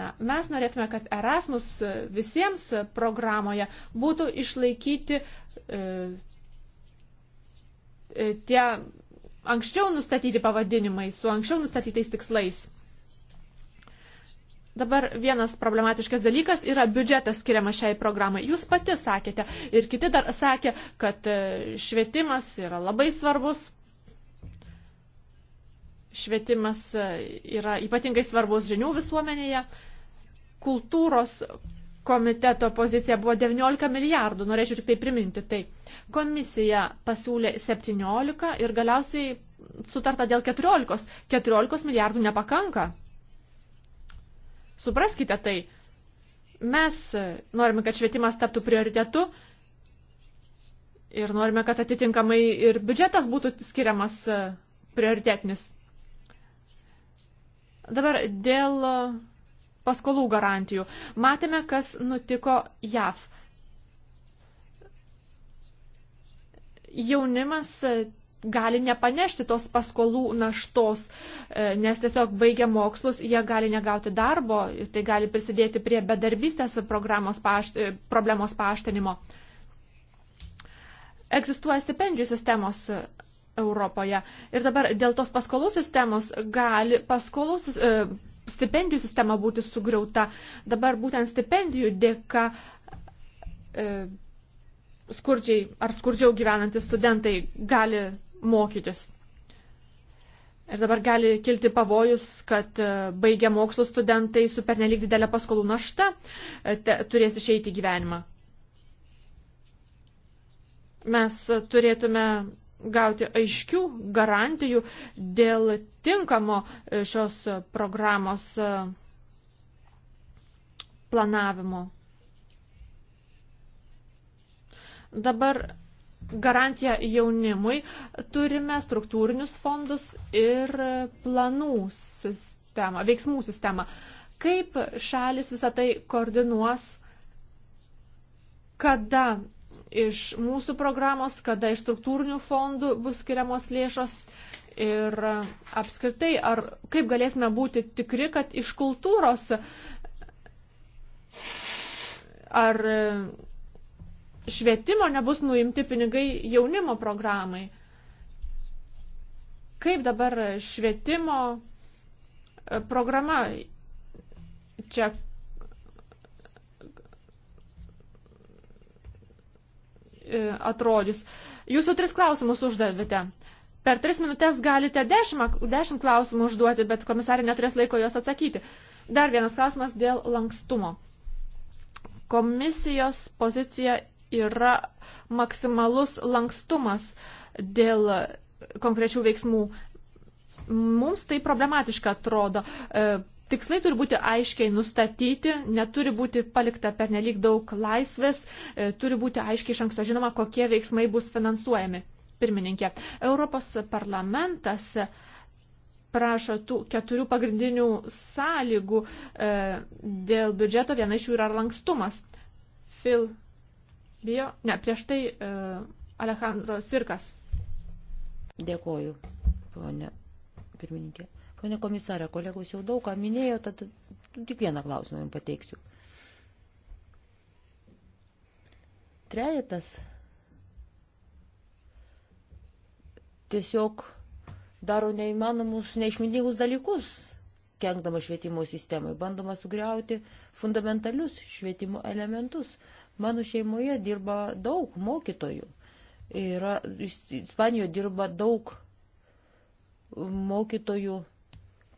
Speaker 2: Na, mes norėtume, kad Erasmus visiems programoje būtų išlaikyti e, e tie anksčiau nustatyti pavadinimai, su anksčiau nustatytais tikslais. Dabar vienas problematiškas dalykas yra biudžetas skiriamas šiai programai. Jūs pati sakėte ir kiti dar sakė, kad e, švietimas yra labai svarbus. Švietimas e, yra ypatingai svarbus žinių visuomenėje. Kultūros komiteto pozicija buvo 19 milijardų, norėčiau tik tai priminti tai. Komisija pasiūlė 17 ir galiausiai sutarta dėl 14. 14 milijardų nepakanka. Supraskite tai. Mes norime, kad švietimas taptų prioritetu ir norime, kad atitinkamai ir biudžetas būtų skiriamas e, prioritetinis. Dabar dėl paskolų garantijų. Matėme, kas nutiko JAV. Jaunimas e, gali nepanešti tos paskolų naštos, e, nes tiesiog baigia mokslus, jie gali negauti darbo, tai gali prisidėti prie bedarbystės pašt, e, problemos paaštinimo. Egzistuoja stipendijų sistemos Europoje. Ir dabar dėl tos paskolų sistemos gali paskolų, stipendijų sistema būti sugriauta. Dabar būtent stipendijų dėka e, skurdžiai ar skurdžiau gyvenantis studentai gali mokytis. Ir dabar gali kilti pavojus, kad e, baigę mokslo studentai su pernelyg didelė paskolų našta e, te, turės išeiti gyvenimą. Mes turėtume gauti aiškių garantijų dėl tinkamo e, šios e, programos e, planavimo. Dabar garantiją jaunimui turime struktūrinius fondus ir planų sistemą, veiksmų sistemą. Kaip šalis visą tai koordinuos, kada iš mūsų programos, kada iš struktūrinių fondų bus skiriamos lėšos ir apskritai, ar kaip galėsime būti tikri, kad iš kultūros ar švietimo nebus nuimti pinigai jaunimo programai. Kaip dabar švietimo programa čia E, atrodys. Jūs jau tris klausimus uždavėte. Per tris minutės galite dešimt, dešimt klausimų užduoti, bet komisarė neturės laiko juos atsakyti. Dar vienas klausimas dėl lankstumo. Komisijos pozicija yra maksimalus lankstumas dėl konkrečių veiksmų. Mums tai problematiška atrodo. E, Tikslai turi būti aiškiai nustatyti, neturi būti palikta per nelik daug laisvės, e, turi būti aiškiai iš anksto žinoma, kokie veiksmai bus finansuojami. Pirmininkė, Europos parlamentas prašo tų keturių pagrindinių sąlygų e, dėl biudžeto, viena iš jų yra lankstumas. Phil Bio,
Speaker 3: ne, prieš tai e, Alejandro Sirkas. Dėkoju, ponė pirmininkė. Pone komisarė, kolegos jau daug ką minėjo, tad tik vieną klausimą jums pateiksiu. Trejetas tiesiog daro neįmanomus, neišmintingus dalykus, kenkdama švietimo sistemai, bandoma sugriauti fundamentalius švietimo elementus. Mano šeimoje dirba daug mokytojų. Yra, Ispanijoje dirba daug mokytojų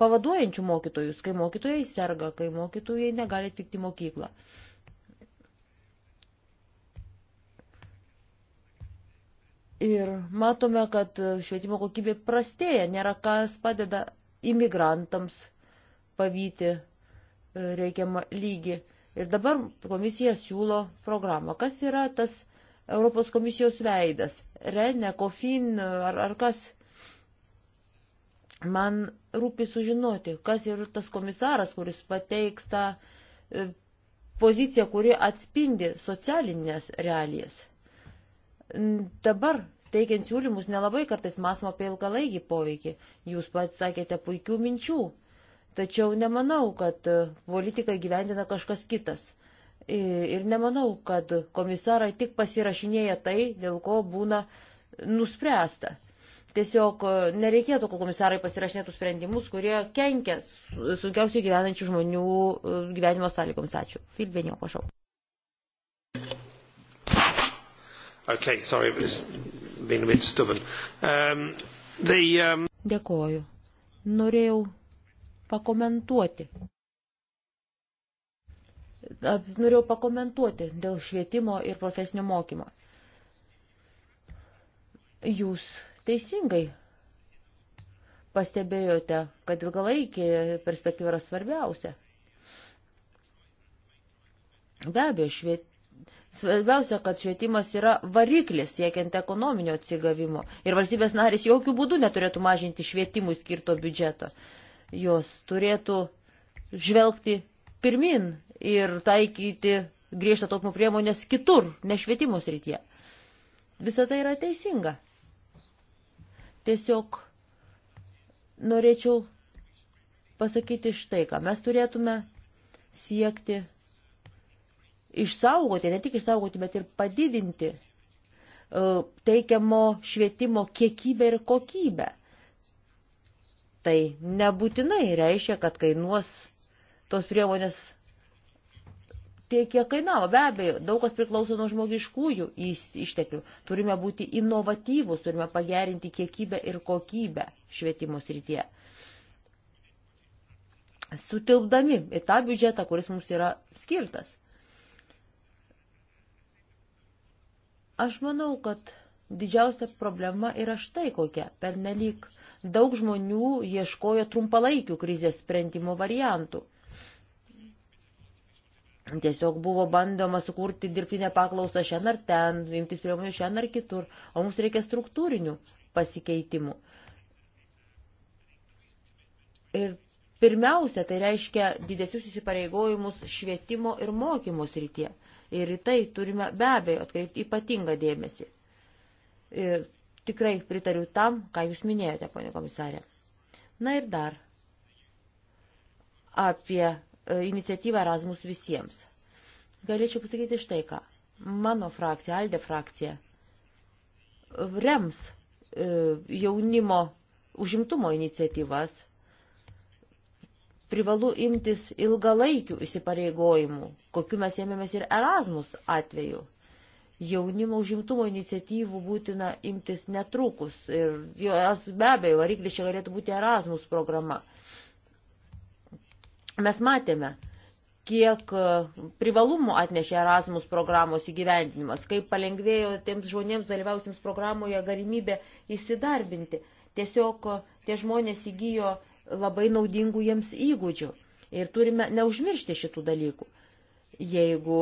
Speaker 3: pavaduojančių mokytojus, kai mokytojai serga, kai mokytojai negali atvykti mokyklą. Ir matome, kad švietimo kokybė prastėja, nėra kas padeda imigrantams pavyti e, reikiamą lygį. Ir dabar komisija siūlo programą. Kas yra tas Europos komisijos veidas? Rene, Kofin ar, ar kas? Man rūpi sužinoti, kas yra tas komisaras, kuris pateiks tą e, poziciją, kuri atspindi socialinės realijas. Dabar, teikiant siūlymus, nelabai kartais mąsmo apie ilgalaikį poveikį. Jūs pats sakėte puikių minčių, tačiau nemanau, kad e, politiką gyvendina kažkas kitas. Ir nemanau, kad komisarai tik pasirašinėja tai, dėl ko būna nuspręsta. Tiesiog e, nereikėtų, kol komisarai pasirašinėtų sprendimus, kurie kenkia sunkiausiai gyvenančių žmonių e, gyvenimo sąlygoms. Ačiū. Filbenio, prašau.
Speaker 2: Okay, sorry, been a bit stubborn. Um, the, um...
Speaker 3: Dėkoju. Norėjau pakomentuoti. Norėjau pakomentuoti dėl švietimo ir profesinio mokymo. Jūs Teisingai pastebėjote, kad ilgalaikė perspektyva yra svarbiausia. Be abejo, šviet... svarbiausia, kad švietimas yra variklis siekiant ekonominio atsigavimo. Ir valstybės narės jokių būdų neturėtų mažinti švietimui skirto biudžeto. Jos turėtų žvelgti pirmin ir taikyti griežtą taupimo priemonės kitur, ne švietimo srityje. Visą tai yra teisinga. Tiesiog norėčiau pasakyti štai ką. Mes turėtume siekti išsaugoti, ne tik išsaugoti, bet ir padidinti e, teikiamo švietimo kiekybę ir kokybę. Tai nebūtinai reiškia, kad kainuos tos priemonės tiek, kiek kainavo. Be abejo, daug kas priklauso nuo žmogiškųjų išteklių. Turime būti inovatyvus, turime pagerinti kiekybę ir kokybę švietimo srityje. Sutilpdami į tą biudžetą, kuris mums yra skirtas. Aš manau, kad didžiausia problema yra štai kokia. Per nelik daug žmonių ieškojo trumpalaikių krizės sprendimo variantų Tiesiog buvo bandoma sukurti dirbtinę paklausą šiandien ar ten, imtis priemonių šiandien ar kitur, o mums reikia struktūrinių pasikeitimų. Ir pirmiausia, tai reiškia didesnius įsipareigojimus švietimo ir mokymo srityje. Ir į tai turime be abejo atkreipti ypatingą dėmesį. Ir tikrai pritariu tam, ką jūs minėjote, ponė komisarė. Na ir dar apie E, iniciatyvą Erasmus visiems. Galėčiau pasakyti štai ką. Mano frakcija, Alde frakcija, rems e, jaunimo užimtumo iniciatyvas, privalu imtis ilgalaikių įsipareigojimų, kokiu mes ėmėmės ir Erasmus atveju. Jaunimo užimtumo iniciatyvų būtina imtis netrukus ir jos be abejo variklis čia galėtų būti Erasmus programa. Uh, Mes matėme, kiek e, privalumų atnešė Erasmus programos įgyvendinimas, kaip palengvėjo tiems žmonėms dalyvausiams programoje galimybė įsidarbinti. Tiesiog e, tie žmonės įgyjo labai naudingų jiems įgūdžių. Ir turime neužmiršti šitų dalykų. Jeigu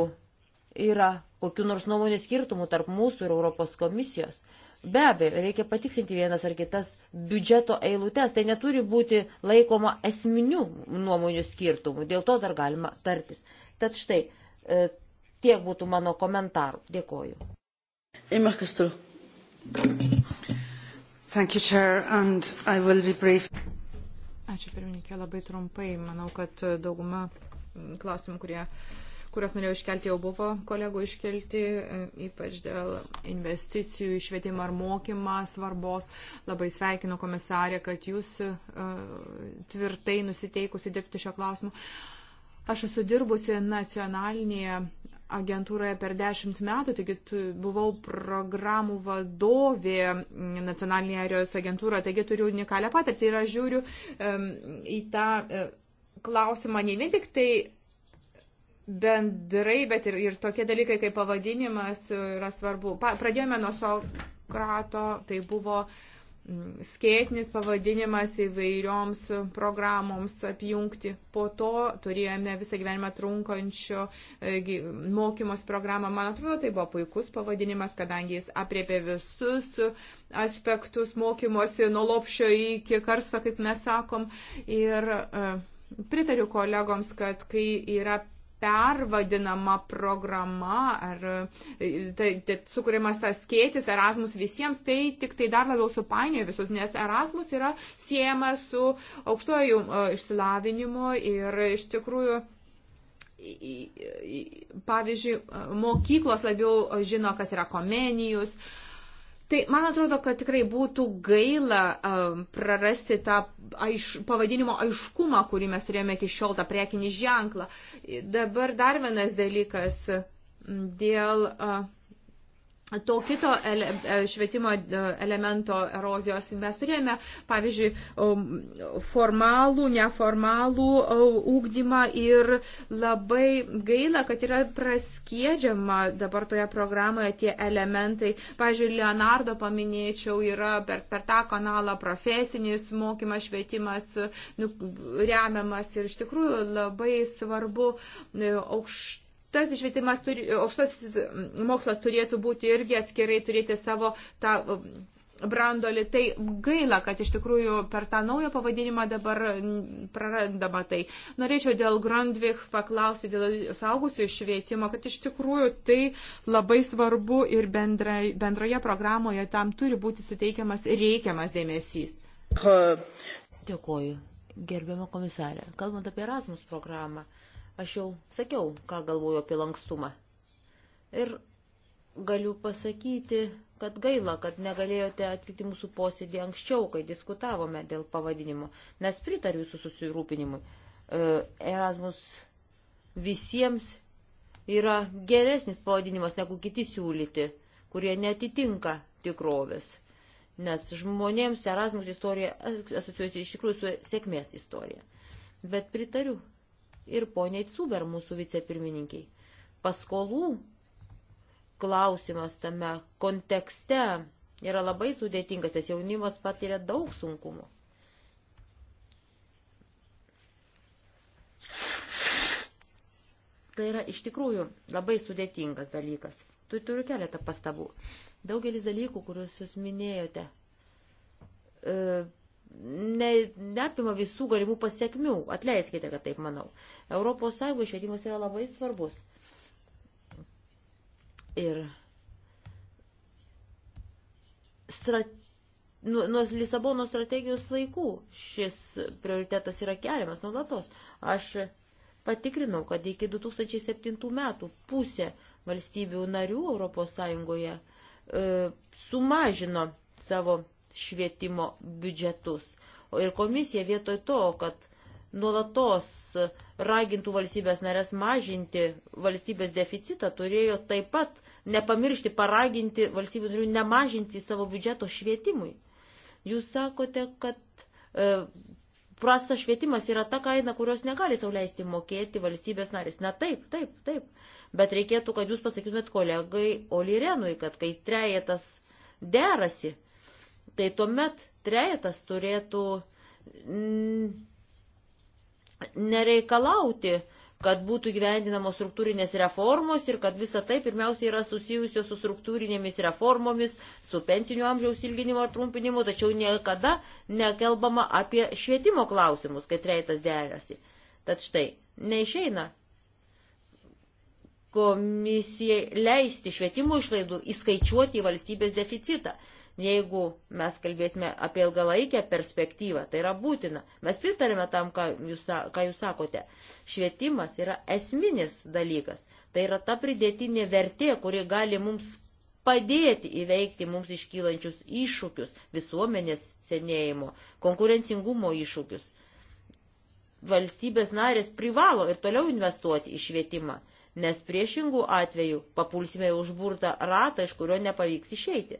Speaker 3: yra kokiu nors nuomonės skirtumų tarp mūsų ir Europos komisijos, Be abejo, reikia patiksinti vienas ar kitas biudžeto eilutes, tai neturi būti laikoma esminių nuomonių skirtumų, dėl to dar galima tartis. Tad štai, e, tiek būtų mano komentarų. Dėkoju.
Speaker 1: Thank you, Chair, and I
Speaker 3: will be brief.
Speaker 1: Ačiū pirmininkė, labai trumpai. Manau, kad dauguma klausimų, kurie uh, kuriuos norėjau iškelti, jau buvo kolegų iškelti, e, ypač dėl investicijų į švietimą ar mokymą svarbos. Labai sveikinu komisarė, kad jūs e, tvirtai nusiteikusi dirbti šio klausimu. Aš esu dirbusi nacionalinėje agentūroje per dešimt metų, taigi buvau programų vadovė nacionalinėje aerijos agentūroje, taigi turiu unikalią patirtį ir aš žiūriu um, į tą uh, klausimą ne vien tik tai bendrai, bet ir, ir tokie dalykai kaip pavadinimas yra svarbu. Pa, pradėjome nuo Sokrato, tai buvo mm, skėtinis pavadinimas įvairioms programoms apjungti. Po to turėjome visą gyvenimą trunkančio e, mokymos programą. Man atrodo, tai buvo puikus pavadinimas, kadangi jis apriepė visus aspektus mokymosi nuo lopšio iki karsto, kaip mes sakom. Ir e, pritariu kolegoms, kad kai yra pervadinama programa, ar e, tai, tai, sukūrimas tas skėtis Erasmus visiems, tai tik tai dar labiau supainioja visus, nes Erasmus yra siejama su aukštojų e, išsilavinimu ir iš tikrųjų pavyzdžiui, mokyklos labiau žino, kas yra komenijus, Tai man atrodo, kad tikrai būtų gaila um, prarasti tą aiš, pavadinimo aiškumą, kurį mes turėjome iki šiol, tą prekinį ženklą. Dabar dar vienas dalykas dėl. Uh, to kito ele, e, švietimo e, elemento erozijos mes turėjome, pavyzdžiui, um, formalų, neformalų ūkdymą e, ir labai gaila, kad yra praskėdžiama dabar toje programoje tie elementai. Pavyzdžiui, Leonardo paminėčiau, yra per, per tą kanalą profesinis mokymas, švietimas nu, remiamas ir iš tikrųjų labai svarbu aukšt tas švietimas, turi, aukštasis mm, mokslas turėtų būti irgi atskirai turėti savo tą mm, brandolį. Tai gaila, kad iš tikrųjų per tą naują pavadinimą dabar mm, prarandama tai. Norėčiau dėl Grandvik paklausti, dėl saugusių švietimo, kad iš tikrųjų tai labai svarbu ir bendrai, bendroje programoje tam turi būti suteikiamas reikiamas dėmesys.
Speaker 3: Dėkuoju, gerbiama komisarė. Kalbant apie Erasmus programą, uh, Aš jau sakiau, ką galvoju apie lankstumą. Ir galiu pasakyti, kad gaila, kad negalėjote atvykti mūsų posėdį anksčiau, kai diskutavome dėl pavadinimo, nes pritariu jūsų susirūpinimui. E, Erasmus visiems yra geresnis pavadinimas negu kiti siūlyti, kurie netitinka tikrovės. Nes žmonėms Erasmus istorija asociuosi iš tikrųjų su sėkmės istorija. Bet pritariu ir poniai Cuber mūsų vicepirmininkiai. Paskolų klausimas tame kontekste yra labai sudėtingas, nes jaunimas patiria daug sunkumų. Tai yra iš tikrųjų labai sudėtingas dalykas. Tu turiu keletą pastabų. Daugelis dalykų, kuriuos jūs minėjote, e, ne, neapima visų galimų pasiekmių. Atleiskite, kad taip manau. Europos Sąjungos švietimas yra labai svarbus. Ir strategija nuo, nuo Lisabono strategijos laikų šis prioritetas yra keliamas nuolatos. Aš patikrinau, kad iki 2007 metų pusė valstybių narių ES e, sumažino savo švietimo biudžetus. Ir komisija vietoj to, kad nuolatos ragintų valstybės narės mažinti valstybės deficitą, turėjo taip pat nepamiršti paraginti valstybių narių nemažinti savo biudžeto švietimui. Jūs sakote, kad e, prastas švietimas yra ta kaina, kurios negali sauliaisti mokėti valstybės narės. Na taip, taip, taip. Bet reikėtų, kad jūs pasakytumėt kolegai Olirenui, kad kai trejetas derasi, tai tuomet trejetas turėtų nereikalauti, kad būtų gyvendinamos struktūrinės reformos ir kad visa tai pirmiausia yra susijusios su struktūrinėmis reformomis, su pensinio amžiaus ilginimo ar trumpinimo, tačiau niekada nekalbama apie švietimo klausimus, kai treitas derasi. Tad štai, neišeina komisijai leisti švietimo išlaidų įskaičiuoti į valstybės deficitą. Jeigu mes kalbėsime apie ilgalaikę perspektyvą, tai yra būtina. Mes pritarime tam, ką jūs, ką jūs sakote. Švietimas yra esminis dalykas. Tai yra ta pridėtinė vertė, kuri gali mums padėti įveikti mums iškylančius iššūkius - visuomenės senėjimo, konkurencingumo iššūkius. Valstybės narės privalo ir toliau investuoti į švietimą, nes priešingų atvejų papulsime į užburtą ratą, iš kurio nepavyks išeiti.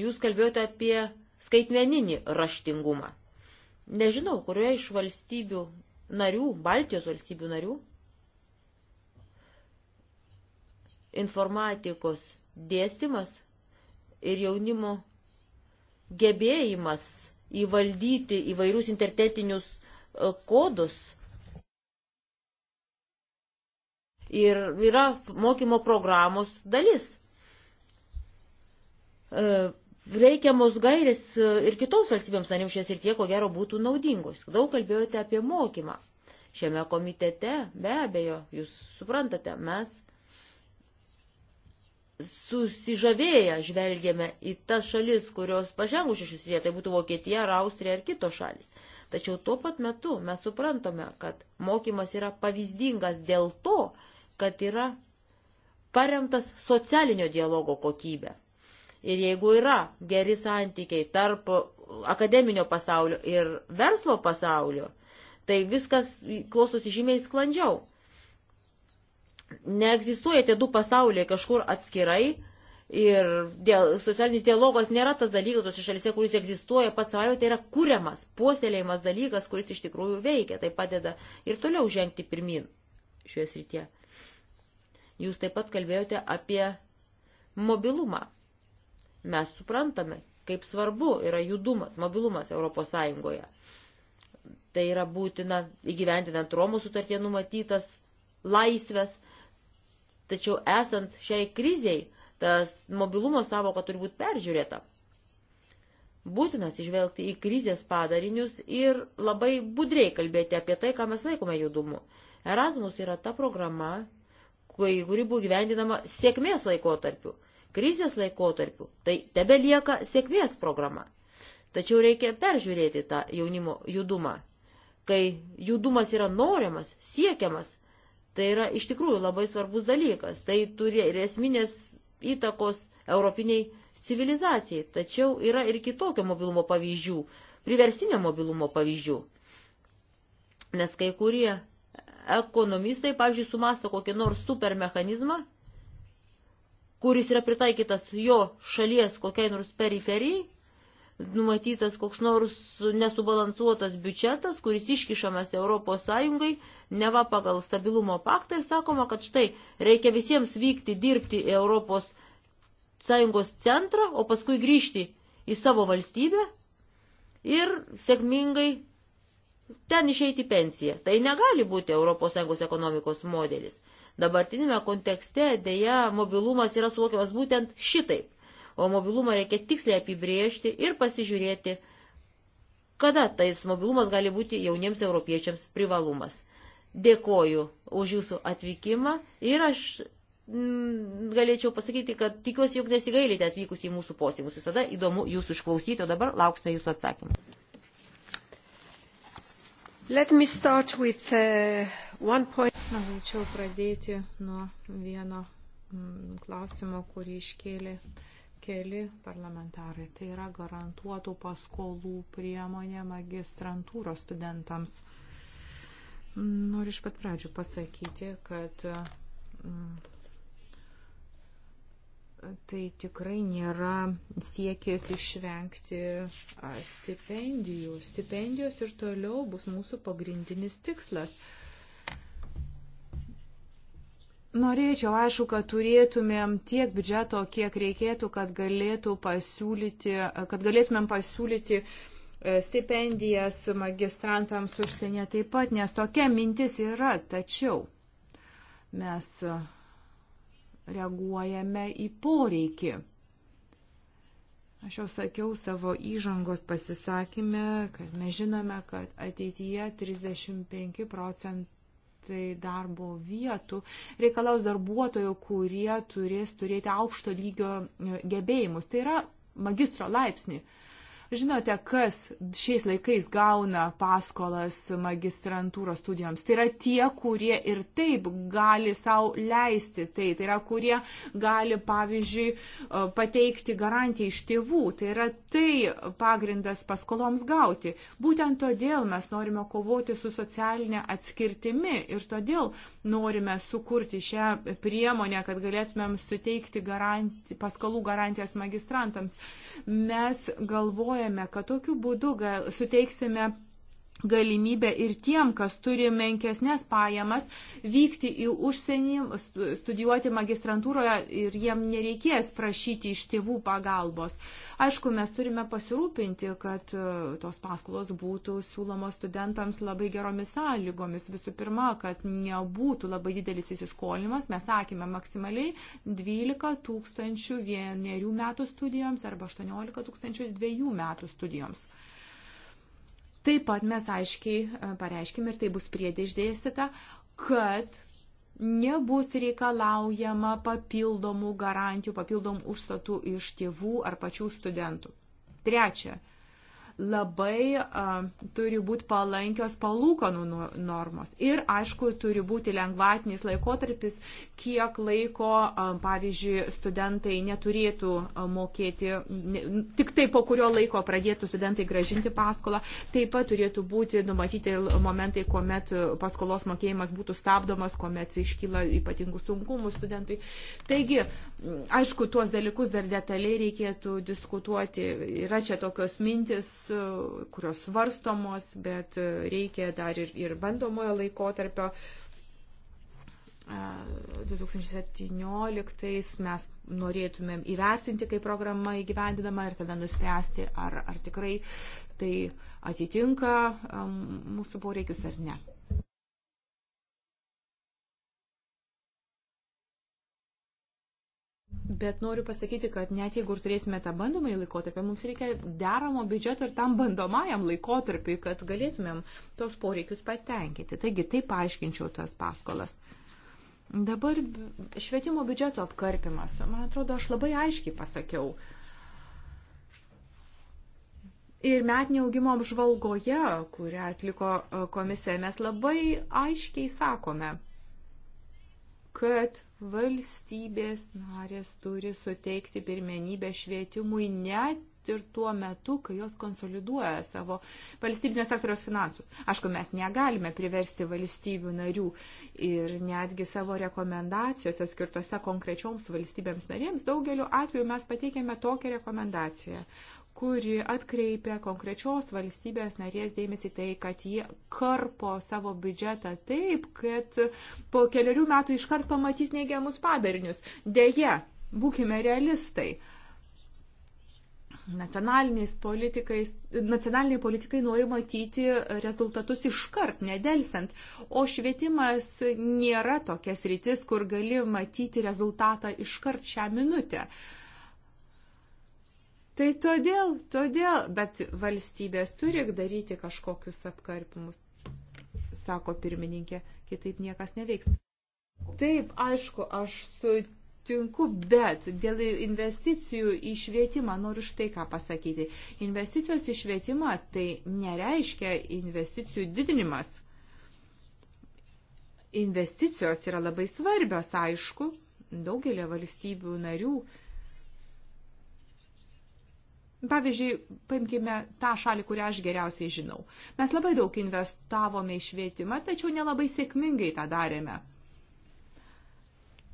Speaker 3: Jūs kalbėjote apie skaitmeninį raštingumą. Nežinau, kurioje iš valstybių narių, Baltijos valstybių narių, informatikos dėstymas ir jaunimo gebėjimas įvaldyti įvairius intertetinius e, kodus. Ir yra mokymo programos dalis. E, reikiamos gairės e, ir kitoms valstybėms narėms šias ir tie, ko gero, būtų naudingos. Daug kalbėjote apie mokymą. Šiame komitete, be abejo, jūs suprantate, mes susižavėję žvelgėme į tas šalis, kurios pažengusi šis jie, tai būtų Vokietija, ar Austrija, ar kitos šalis. Tačiau tuo pat metu mes suprantame, kad mokymas yra pavyzdingas dėl to, kad yra paremtas socialinio dialogo kokybė. Ir jeigu yra geri santykiai tarp akademinio pasaulio ir verslo pasaulio, tai viskas klostosi žymiai sklandžiau. Neegzistuoja tie du pasauliai kažkur atskirai ir dėl, socialinis dialogas nėra tas dalykas tose šalise, kuris egzistuoja pats savaime, tai yra kuriamas, puoselėjimas dalykas, kuris iš tikrųjų veikia, tai padeda ir toliau žengti pirmin šioje srityje. Jūs taip pat kalbėjote apie mobilumą. Mes suprantame, kaip svarbu yra judumas, mobilumas Europos Sąjungoje. Tai yra būtina įgyvendinant Romų sutartie numatytas laisvės, tačiau esant šiai kriziai, tas mobilumo savoka turi būti peržiūrėta. Būtinas išvelgti į krizės padarinius ir labai budriai kalbėti apie tai, ką mes laikome judumu. Erasmus yra ta programa, kuri buvo gyvendinama sėkmės laikotarpiu krizės laikotarpių, tai tebe lieka sėkmės programa. Tačiau reikia peržiūrėti tą jaunimo judumą. Kai judumas yra norimas, siekiamas, tai yra iš tikrųjų labai svarbus dalykas. Tai turi ir esminės įtakos europiniai civilizacijai. Tačiau yra ir kitokio mobilumo pavyzdžių, priverstinio mobilumo pavyzdžių. Nes kai kurie ekonomistai, pavyzdžiui, sumasto kokį nors supermechanizmą, kuris yra pritaikytas jo šalies kokiai nors periferijai, numatytas koks nors nesubalansuotas biudžetas, kuris iškišamas Europos Sąjungai, neva pagal stabilumo paktą ir sakoma, kad štai reikia visiems vykti dirbti į Europos Sąjungos centrą, o paskui grįžti į savo valstybę ir sėkmingai ten išeiti pensiją. Tai negali būti Europos Sąjungos ekonomikos modelis. Dabartinėme kontekste dėja mobilumas yra suvokiamas būtent šitaip, o mobilumą reikia tiksliai apibriežti ir pasižiūrėti, kada tais mobilumas gali būti jauniems europiečiams privalumas. Dėkoju už jūsų atvykimą ir aš m, mm, galėčiau pasakyti, kad tikiuosi, jog nesigailite atvykus į mūsų posėdžius. Visada įdomu jūsų išklausyti, o dabar lauksime jūsų atsakymų.
Speaker 1: Let me start with uh, Point... Norėčiau pradėti nuo vieno mm, klausimo, kurį iškėlė keli parlamentarai. Tai yra garantuotų paskolų priemonė magistrantūros studentams. Noriu iš pat pradžių pasakyti, kad mm, tai tikrai nėra siekis išvengti stipendijų. Stipendijos ir toliau bus mūsų pagrindinis tikslas. Norėčiau, aišku, kad turėtumėm tiek biudžeto, kiek reikėtų, kad, galėtų pasiūlyti, kad galėtumėm pasiūlyti e, stipendijas magistrantams užsienyje taip pat, nes tokia mintis yra, tačiau mes e, reaguojame į poreikį. Aš jau sakiau savo įžangos pasisakymę, kad mes žinome, kad ateityje 35 procentų tai darbo vietų reikalaus darbuotojų, kurie turės turėti aukšto lygio e, gebėjimus. Tai yra magistro laipsnį. Uh, Žinote, kas šiais laikais gauna paskolas magistrantūros studijoms? Tai yra tie, kurie ir taip gali savo leisti tai. Tai yra, kurie gali, pavyzdžiui, e, pateikti garantiją iš tėvų. Tai yra tai pagrindas paskoloms gauti. Būtent todėl mes norime kovoti su socialinė atskirtimi ir todėl norime sukurti šią priemonę, kad galėtumėm suteikti garanti, paskolų garantijas magistrantams. Mes galvojame, galvojame, kad tokiu būdu gal, suteiksime galimybę ir tiem, kas turi menkesnės pajamas, vykti į užsienį, studijuoti magistrantūroje ir jiem nereikės prašyti iš tėvų pagalbos. Uh, Aišku, mes turime pasirūpinti, kad e, tos paskolos būtų siūlomos studentams labai geromis sąlygomis. Visų pirma, kad nebūtų labai didelis įsiskolimas. Mes sakėme maksimaliai 12 tūkstančių vienerių metų studijoms arba 18 tūkstančių dviejų metų studijoms. Taip pat mes aiškiai e, pareiškime ir tai bus priedė išdėstyta, kad nebus reikalaujama papildomų garantijų, papildomų užstatų iš tėvų ar pačių studentų. Trečia, labai a, turi būti palankios palūkanų nu, normos. Ir, aišku, turi būti lengvatinis laikotarpis, kiek laiko, a, pavyzdžiui, studentai neturėtų a, mokėti, ne, tik tai po kurio laiko pradėtų studentai gražinti paskolą. Taip pat turėtų būti numatyti ir momentai, kuomet paskolos mokėjimas būtų stabdomas, kuomet iškyla ypatingų sunkumų studentui. Taigi, aišku, tuos dalykus dar detaliai reikėtų diskutuoti. Yra čia tokios mintis kurios svarstomos, bet reikia dar ir, ir bandomojo laikotarpio. 2017 mes norėtumėm įvertinti, kaip programa įgyvendinama ir tada nuspręsti, ar, ar tikrai tai atitinka mūsų poreikius ar ne. Bet noriu pasakyti, kad net jeigu ir turėsime tą bandomąjį laikotarpį, mums reikia deramo biudžeto ir tam bandomajam laikotarpiui, kad galėtumėm tos poreikius patenkinti. Taigi taip paaiškinčiau tas paskolas. Dabar švietimo biudžeto apkarpimas. Man atrodo, aš labai aiškiai pasakiau. Ir metinio augimo apžvalgoje, kurią atliko e, komisija, mes labai aiškiai sakome, kad valstybės narės turi suteikti pirmenybę švietimui net ir tuo metu, kai jos konsoliduoja savo valstybinio sektoriaus finansus. Aišku, mes negalime priversti valstybių narių ir netgi savo rekomendacijose skirtose konkrečioms valstybėms narėms, daugeliu atveju mes pateikėme tokią rekomendaciją kuri atkreipia konkrečios valstybės narės dėmesį tai, kad jie karpo savo biudžetą taip, kad po keliarių metų iškart pamatys neigiamus padarinius. Deja, būkime realistai. Nacionaliniai politikai nori matyti rezultatus iškart, nedelsiant, o švietimas nėra tokia sritis, kur gali matyti rezultatą iškart šią minutę. Uh, Tai todėl, todėl, bet valstybės turi daryti kažkokius apkarpimus, sako pirmininkė, kitaip niekas neveiks. Taip, aišku, aš sutinku, bet dėl investicijų į švietimą noriu štai ką pasakyti. Investicijos į švietimą tai nereiškia investicijų didinimas. Investicijos yra labai svarbios, aišku, daugelio valstybių narių Pavyzdžiui, paimkime tą šalį, kurią aš geriausiai žinau. Mes labai daug investavome į švietimą, tačiau nelabai sėkmingai tą darėme.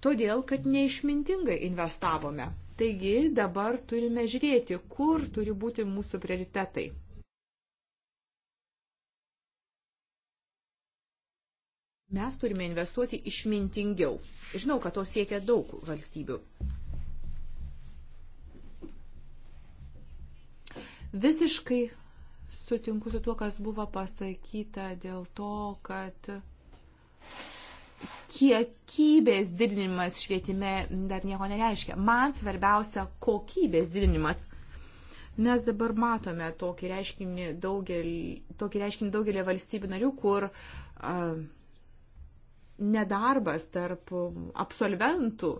Speaker 1: Todėl, kad neišmintingai investavome. Taigi dabar turime žiūrėti, kur turi būti mūsų prioritetai. Mes turime investuoti išmintingiau. Žinau, kad to siekia daug valstybių. Visiškai sutinku su tuo, kas buvo pasakyta dėl to, kad kiekybės didinimas švietime dar nieko nereiškia. Man svarbiausia kokybės didinimas. Nes dabar matome tokį reiškinį daugelį, tokį reiškinį daugelį valstybių narių, kur uh, nedarbas tarp absolventų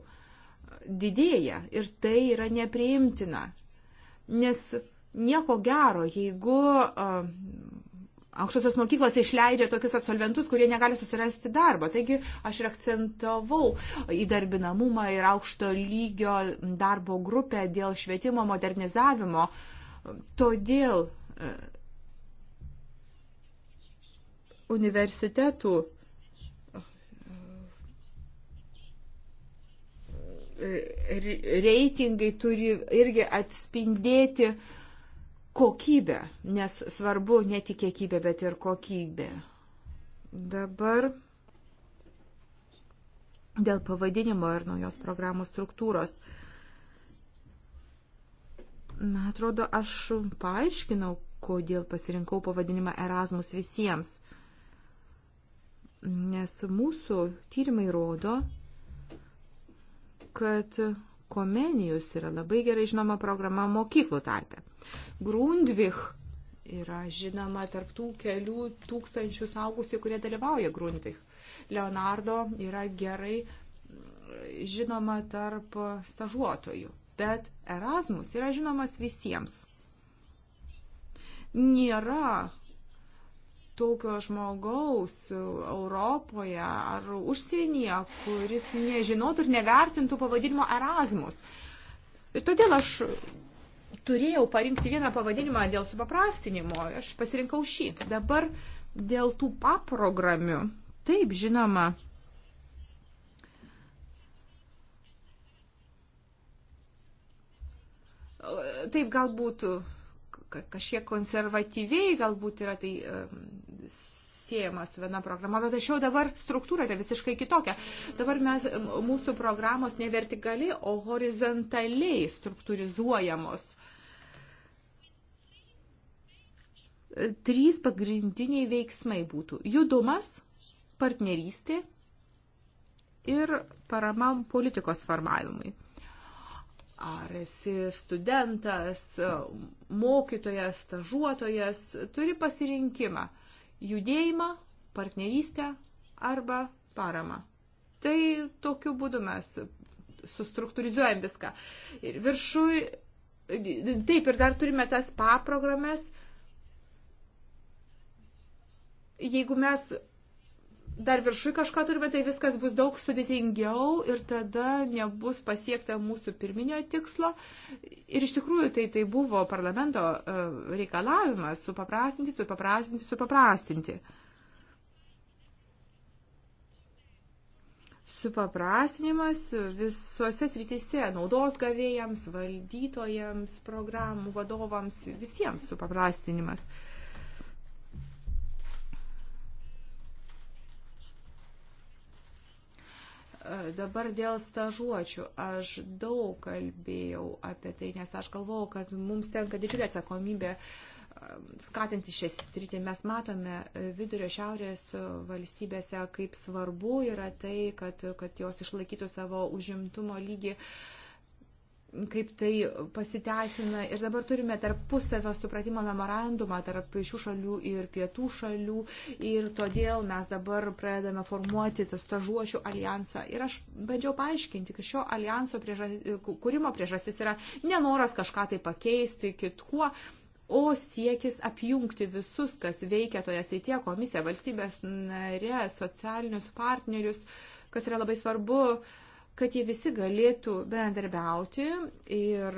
Speaker 1: didėja ir tai yra nepriimtina. Nes nieko gero, jeigu aukštosios mokyklos išleidžia tokius absolventus, kurie negali susirasti darbo. Taigi aš ir akcentavau įdarbinamumą ir aukšto lygio darbo grupę dėl švietimo modernizavimo. Todėl universitetų reitingai turi irgi atspindėti uh, kokybę, nes svarbu ne tik kiekybė, bet ir kokybė. Dabar dėl pavadinimo ir naujos programos struktūros. Man atrodo, aš paaiškinau, kodėl pasirinkau pavadinimą Erasmus visiems. Nes mūsų tyrimai rodo, kad Komenijus yra labai gerai žinoma programa mokyklų tarpe. Grundvich yra žinoma tarptų kelių tūkstančių saugusių, kurie dalyvauja Grundvich. Leonardo yra gerai mm, žinoma tarp stažuotojų, bet Erasmus yra žinomas visiems. Nėra tokio žmogaus Europoje ar užsienyje, kuris nežinotų ir nevertintų pavadinimo Erasmus. Ir todėl aš turėjau parinkti vieną pavadinimą dėl supaprastinimo, aš pasirinkau šį. Dabar dėl tų paprogramių. Taip, žinoma. Taip, galbūt kažkiek konservatyviai galbūt yra tai siejama su viena programa, bet aš jau dabar struktūra yra visiškai kitokia. Dabar mes, mūsų programos ne vertikaliai, o horizontaliai struktūrizuojamos. Trys pagrindiniai veiksmai būtų judumas, partnerystė ir parama politikos formavimui ar esi studentas, mokytojas, stažuotojas, turi pasirinkimą - judėjimą, partnerystę arba paramą. Tai tokiu būdu mes sustruktūrizuojam viską. Ir viršui, taip, ir dar turime tas paprogramas. Jeigu mes dar viršui kažką turime, tai viskas bus daug sudėtingiau ir tada nebus pasiekta mūsų pirminio tikslo. Ir iš tikrųjų tai, tai buvo parlamento e, reikalavimas supaprastinti, supaprastinti, supaprastinti. Supaprastinimas visose srityse, naudos gavėjams, valdytojams, programų vadovams, visiems supaprastinimas. Uh, Dabar dėl stažuočių aš daug kalbėjau apie tai, nes aš galvau, kad mums tenka didžiulė atsakomybė um, skatinti šią sritį. Mes matome vidurio šiaurės valstybėse, kaip svarbu yra tai, kad, kad jos išlaikytų savo užimtumo lygį. Uh, kaip tai pasiteisina. Ir dabar turime tarpusavio supratimo memorandumą tarp šių šalių ir pietų šalių. Ir todėl mes dabar pradedame formuoti tą stažuošių alijansą. Ir aš bandžiau paaiškinti, kad šio alijanso priežas, kūrimo priežastis yra nenoras kažką tai pakeisti kitkuo. O siekis apjungti visus, kas veikia toje srityje, komisiją, valstybės narę, socialinius partnerius, kas yra labai svarbu uh, kad jie visi galėtų bendarbiauti ir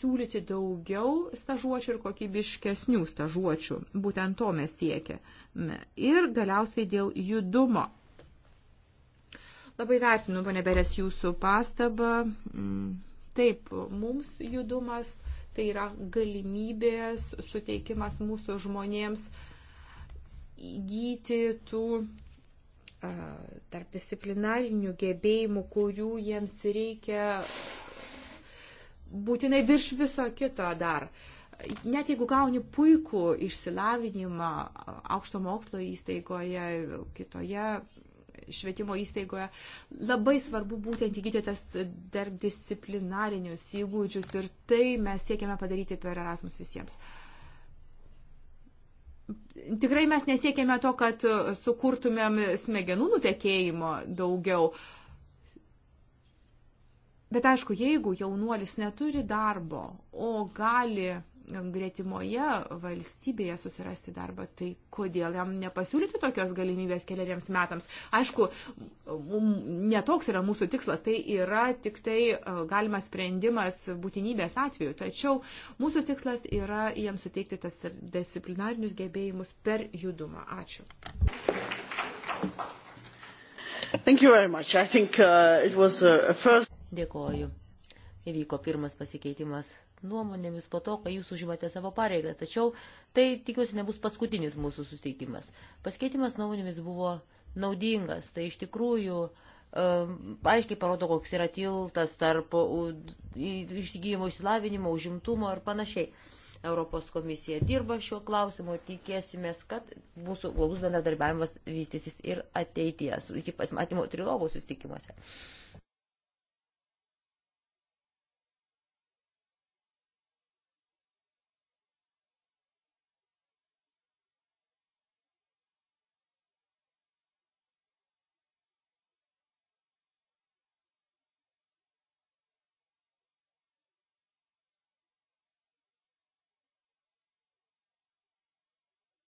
Speaker 1: siūlyti daugiau stažuočių ir kokybiškesnių stažuočių. Būtent to mes siekiame. Ir galiausiai dėl judumo. Labai vertinu, ponė Berės, jūsų pastabą. Mm, taip, mums judumas tai yra galimybės suteikimas mūsų žmonėms įgyti tų tarp disciplinarinių gebėjimų, kurių jiems reikia būtinai virš viso kito dar. Net jeigu gauni puikų išsilavinimą aukšto mokslo įstaigoje, kitoje švietimo įstaigoje, labai svarbu būtent įgyti tas tarp disciplinarinius įgūdžius ir tai mes siekiame padaryti per Erasmus visiems. Uh, tikrai mes nesiekėme to, kad sukurtumėm smegenų nutekėjimo daugiau. Bet aišku, jeigu jaunuolis neturi darbo, o gali gretimoje valstybėje susirasti darbą, tai kodėl jam nepasiūlyti tokios galimybės keliariems metams? Aišku, netoks yra mūsų tikslas, tai yra tik tai e, galimas sprendimas būtinybės atveju, tačiau mūsų tikslas yra jiems suteikti tas disciplinarinius gebėjimus per judumą. Ačiū.
Speaker 3: Thank you very much. I think uh, it was a, uh, a first. Dėkoju. Įvyko pirmas pasikeitimas nuomonėmis po to, kai jūs užimate savo pareigas. Tačiau tai, tikiuosi, nebus paskutinis mūsų susitikimas. Paskeitimas nuomonėmis buvo naudingas. Tai iš tikrųjų um, aiškiai parodo, koks yra tiltas tarp išsigyjimo išsilavinimo, užimtumo ir panašiai. Europos komisija dirba šiuo klausimu ir tikėsimės, kad mūsų glaudus bendradarbiavimas vystysis ir ateities, iki pasimatymo trilogų susitikimuose.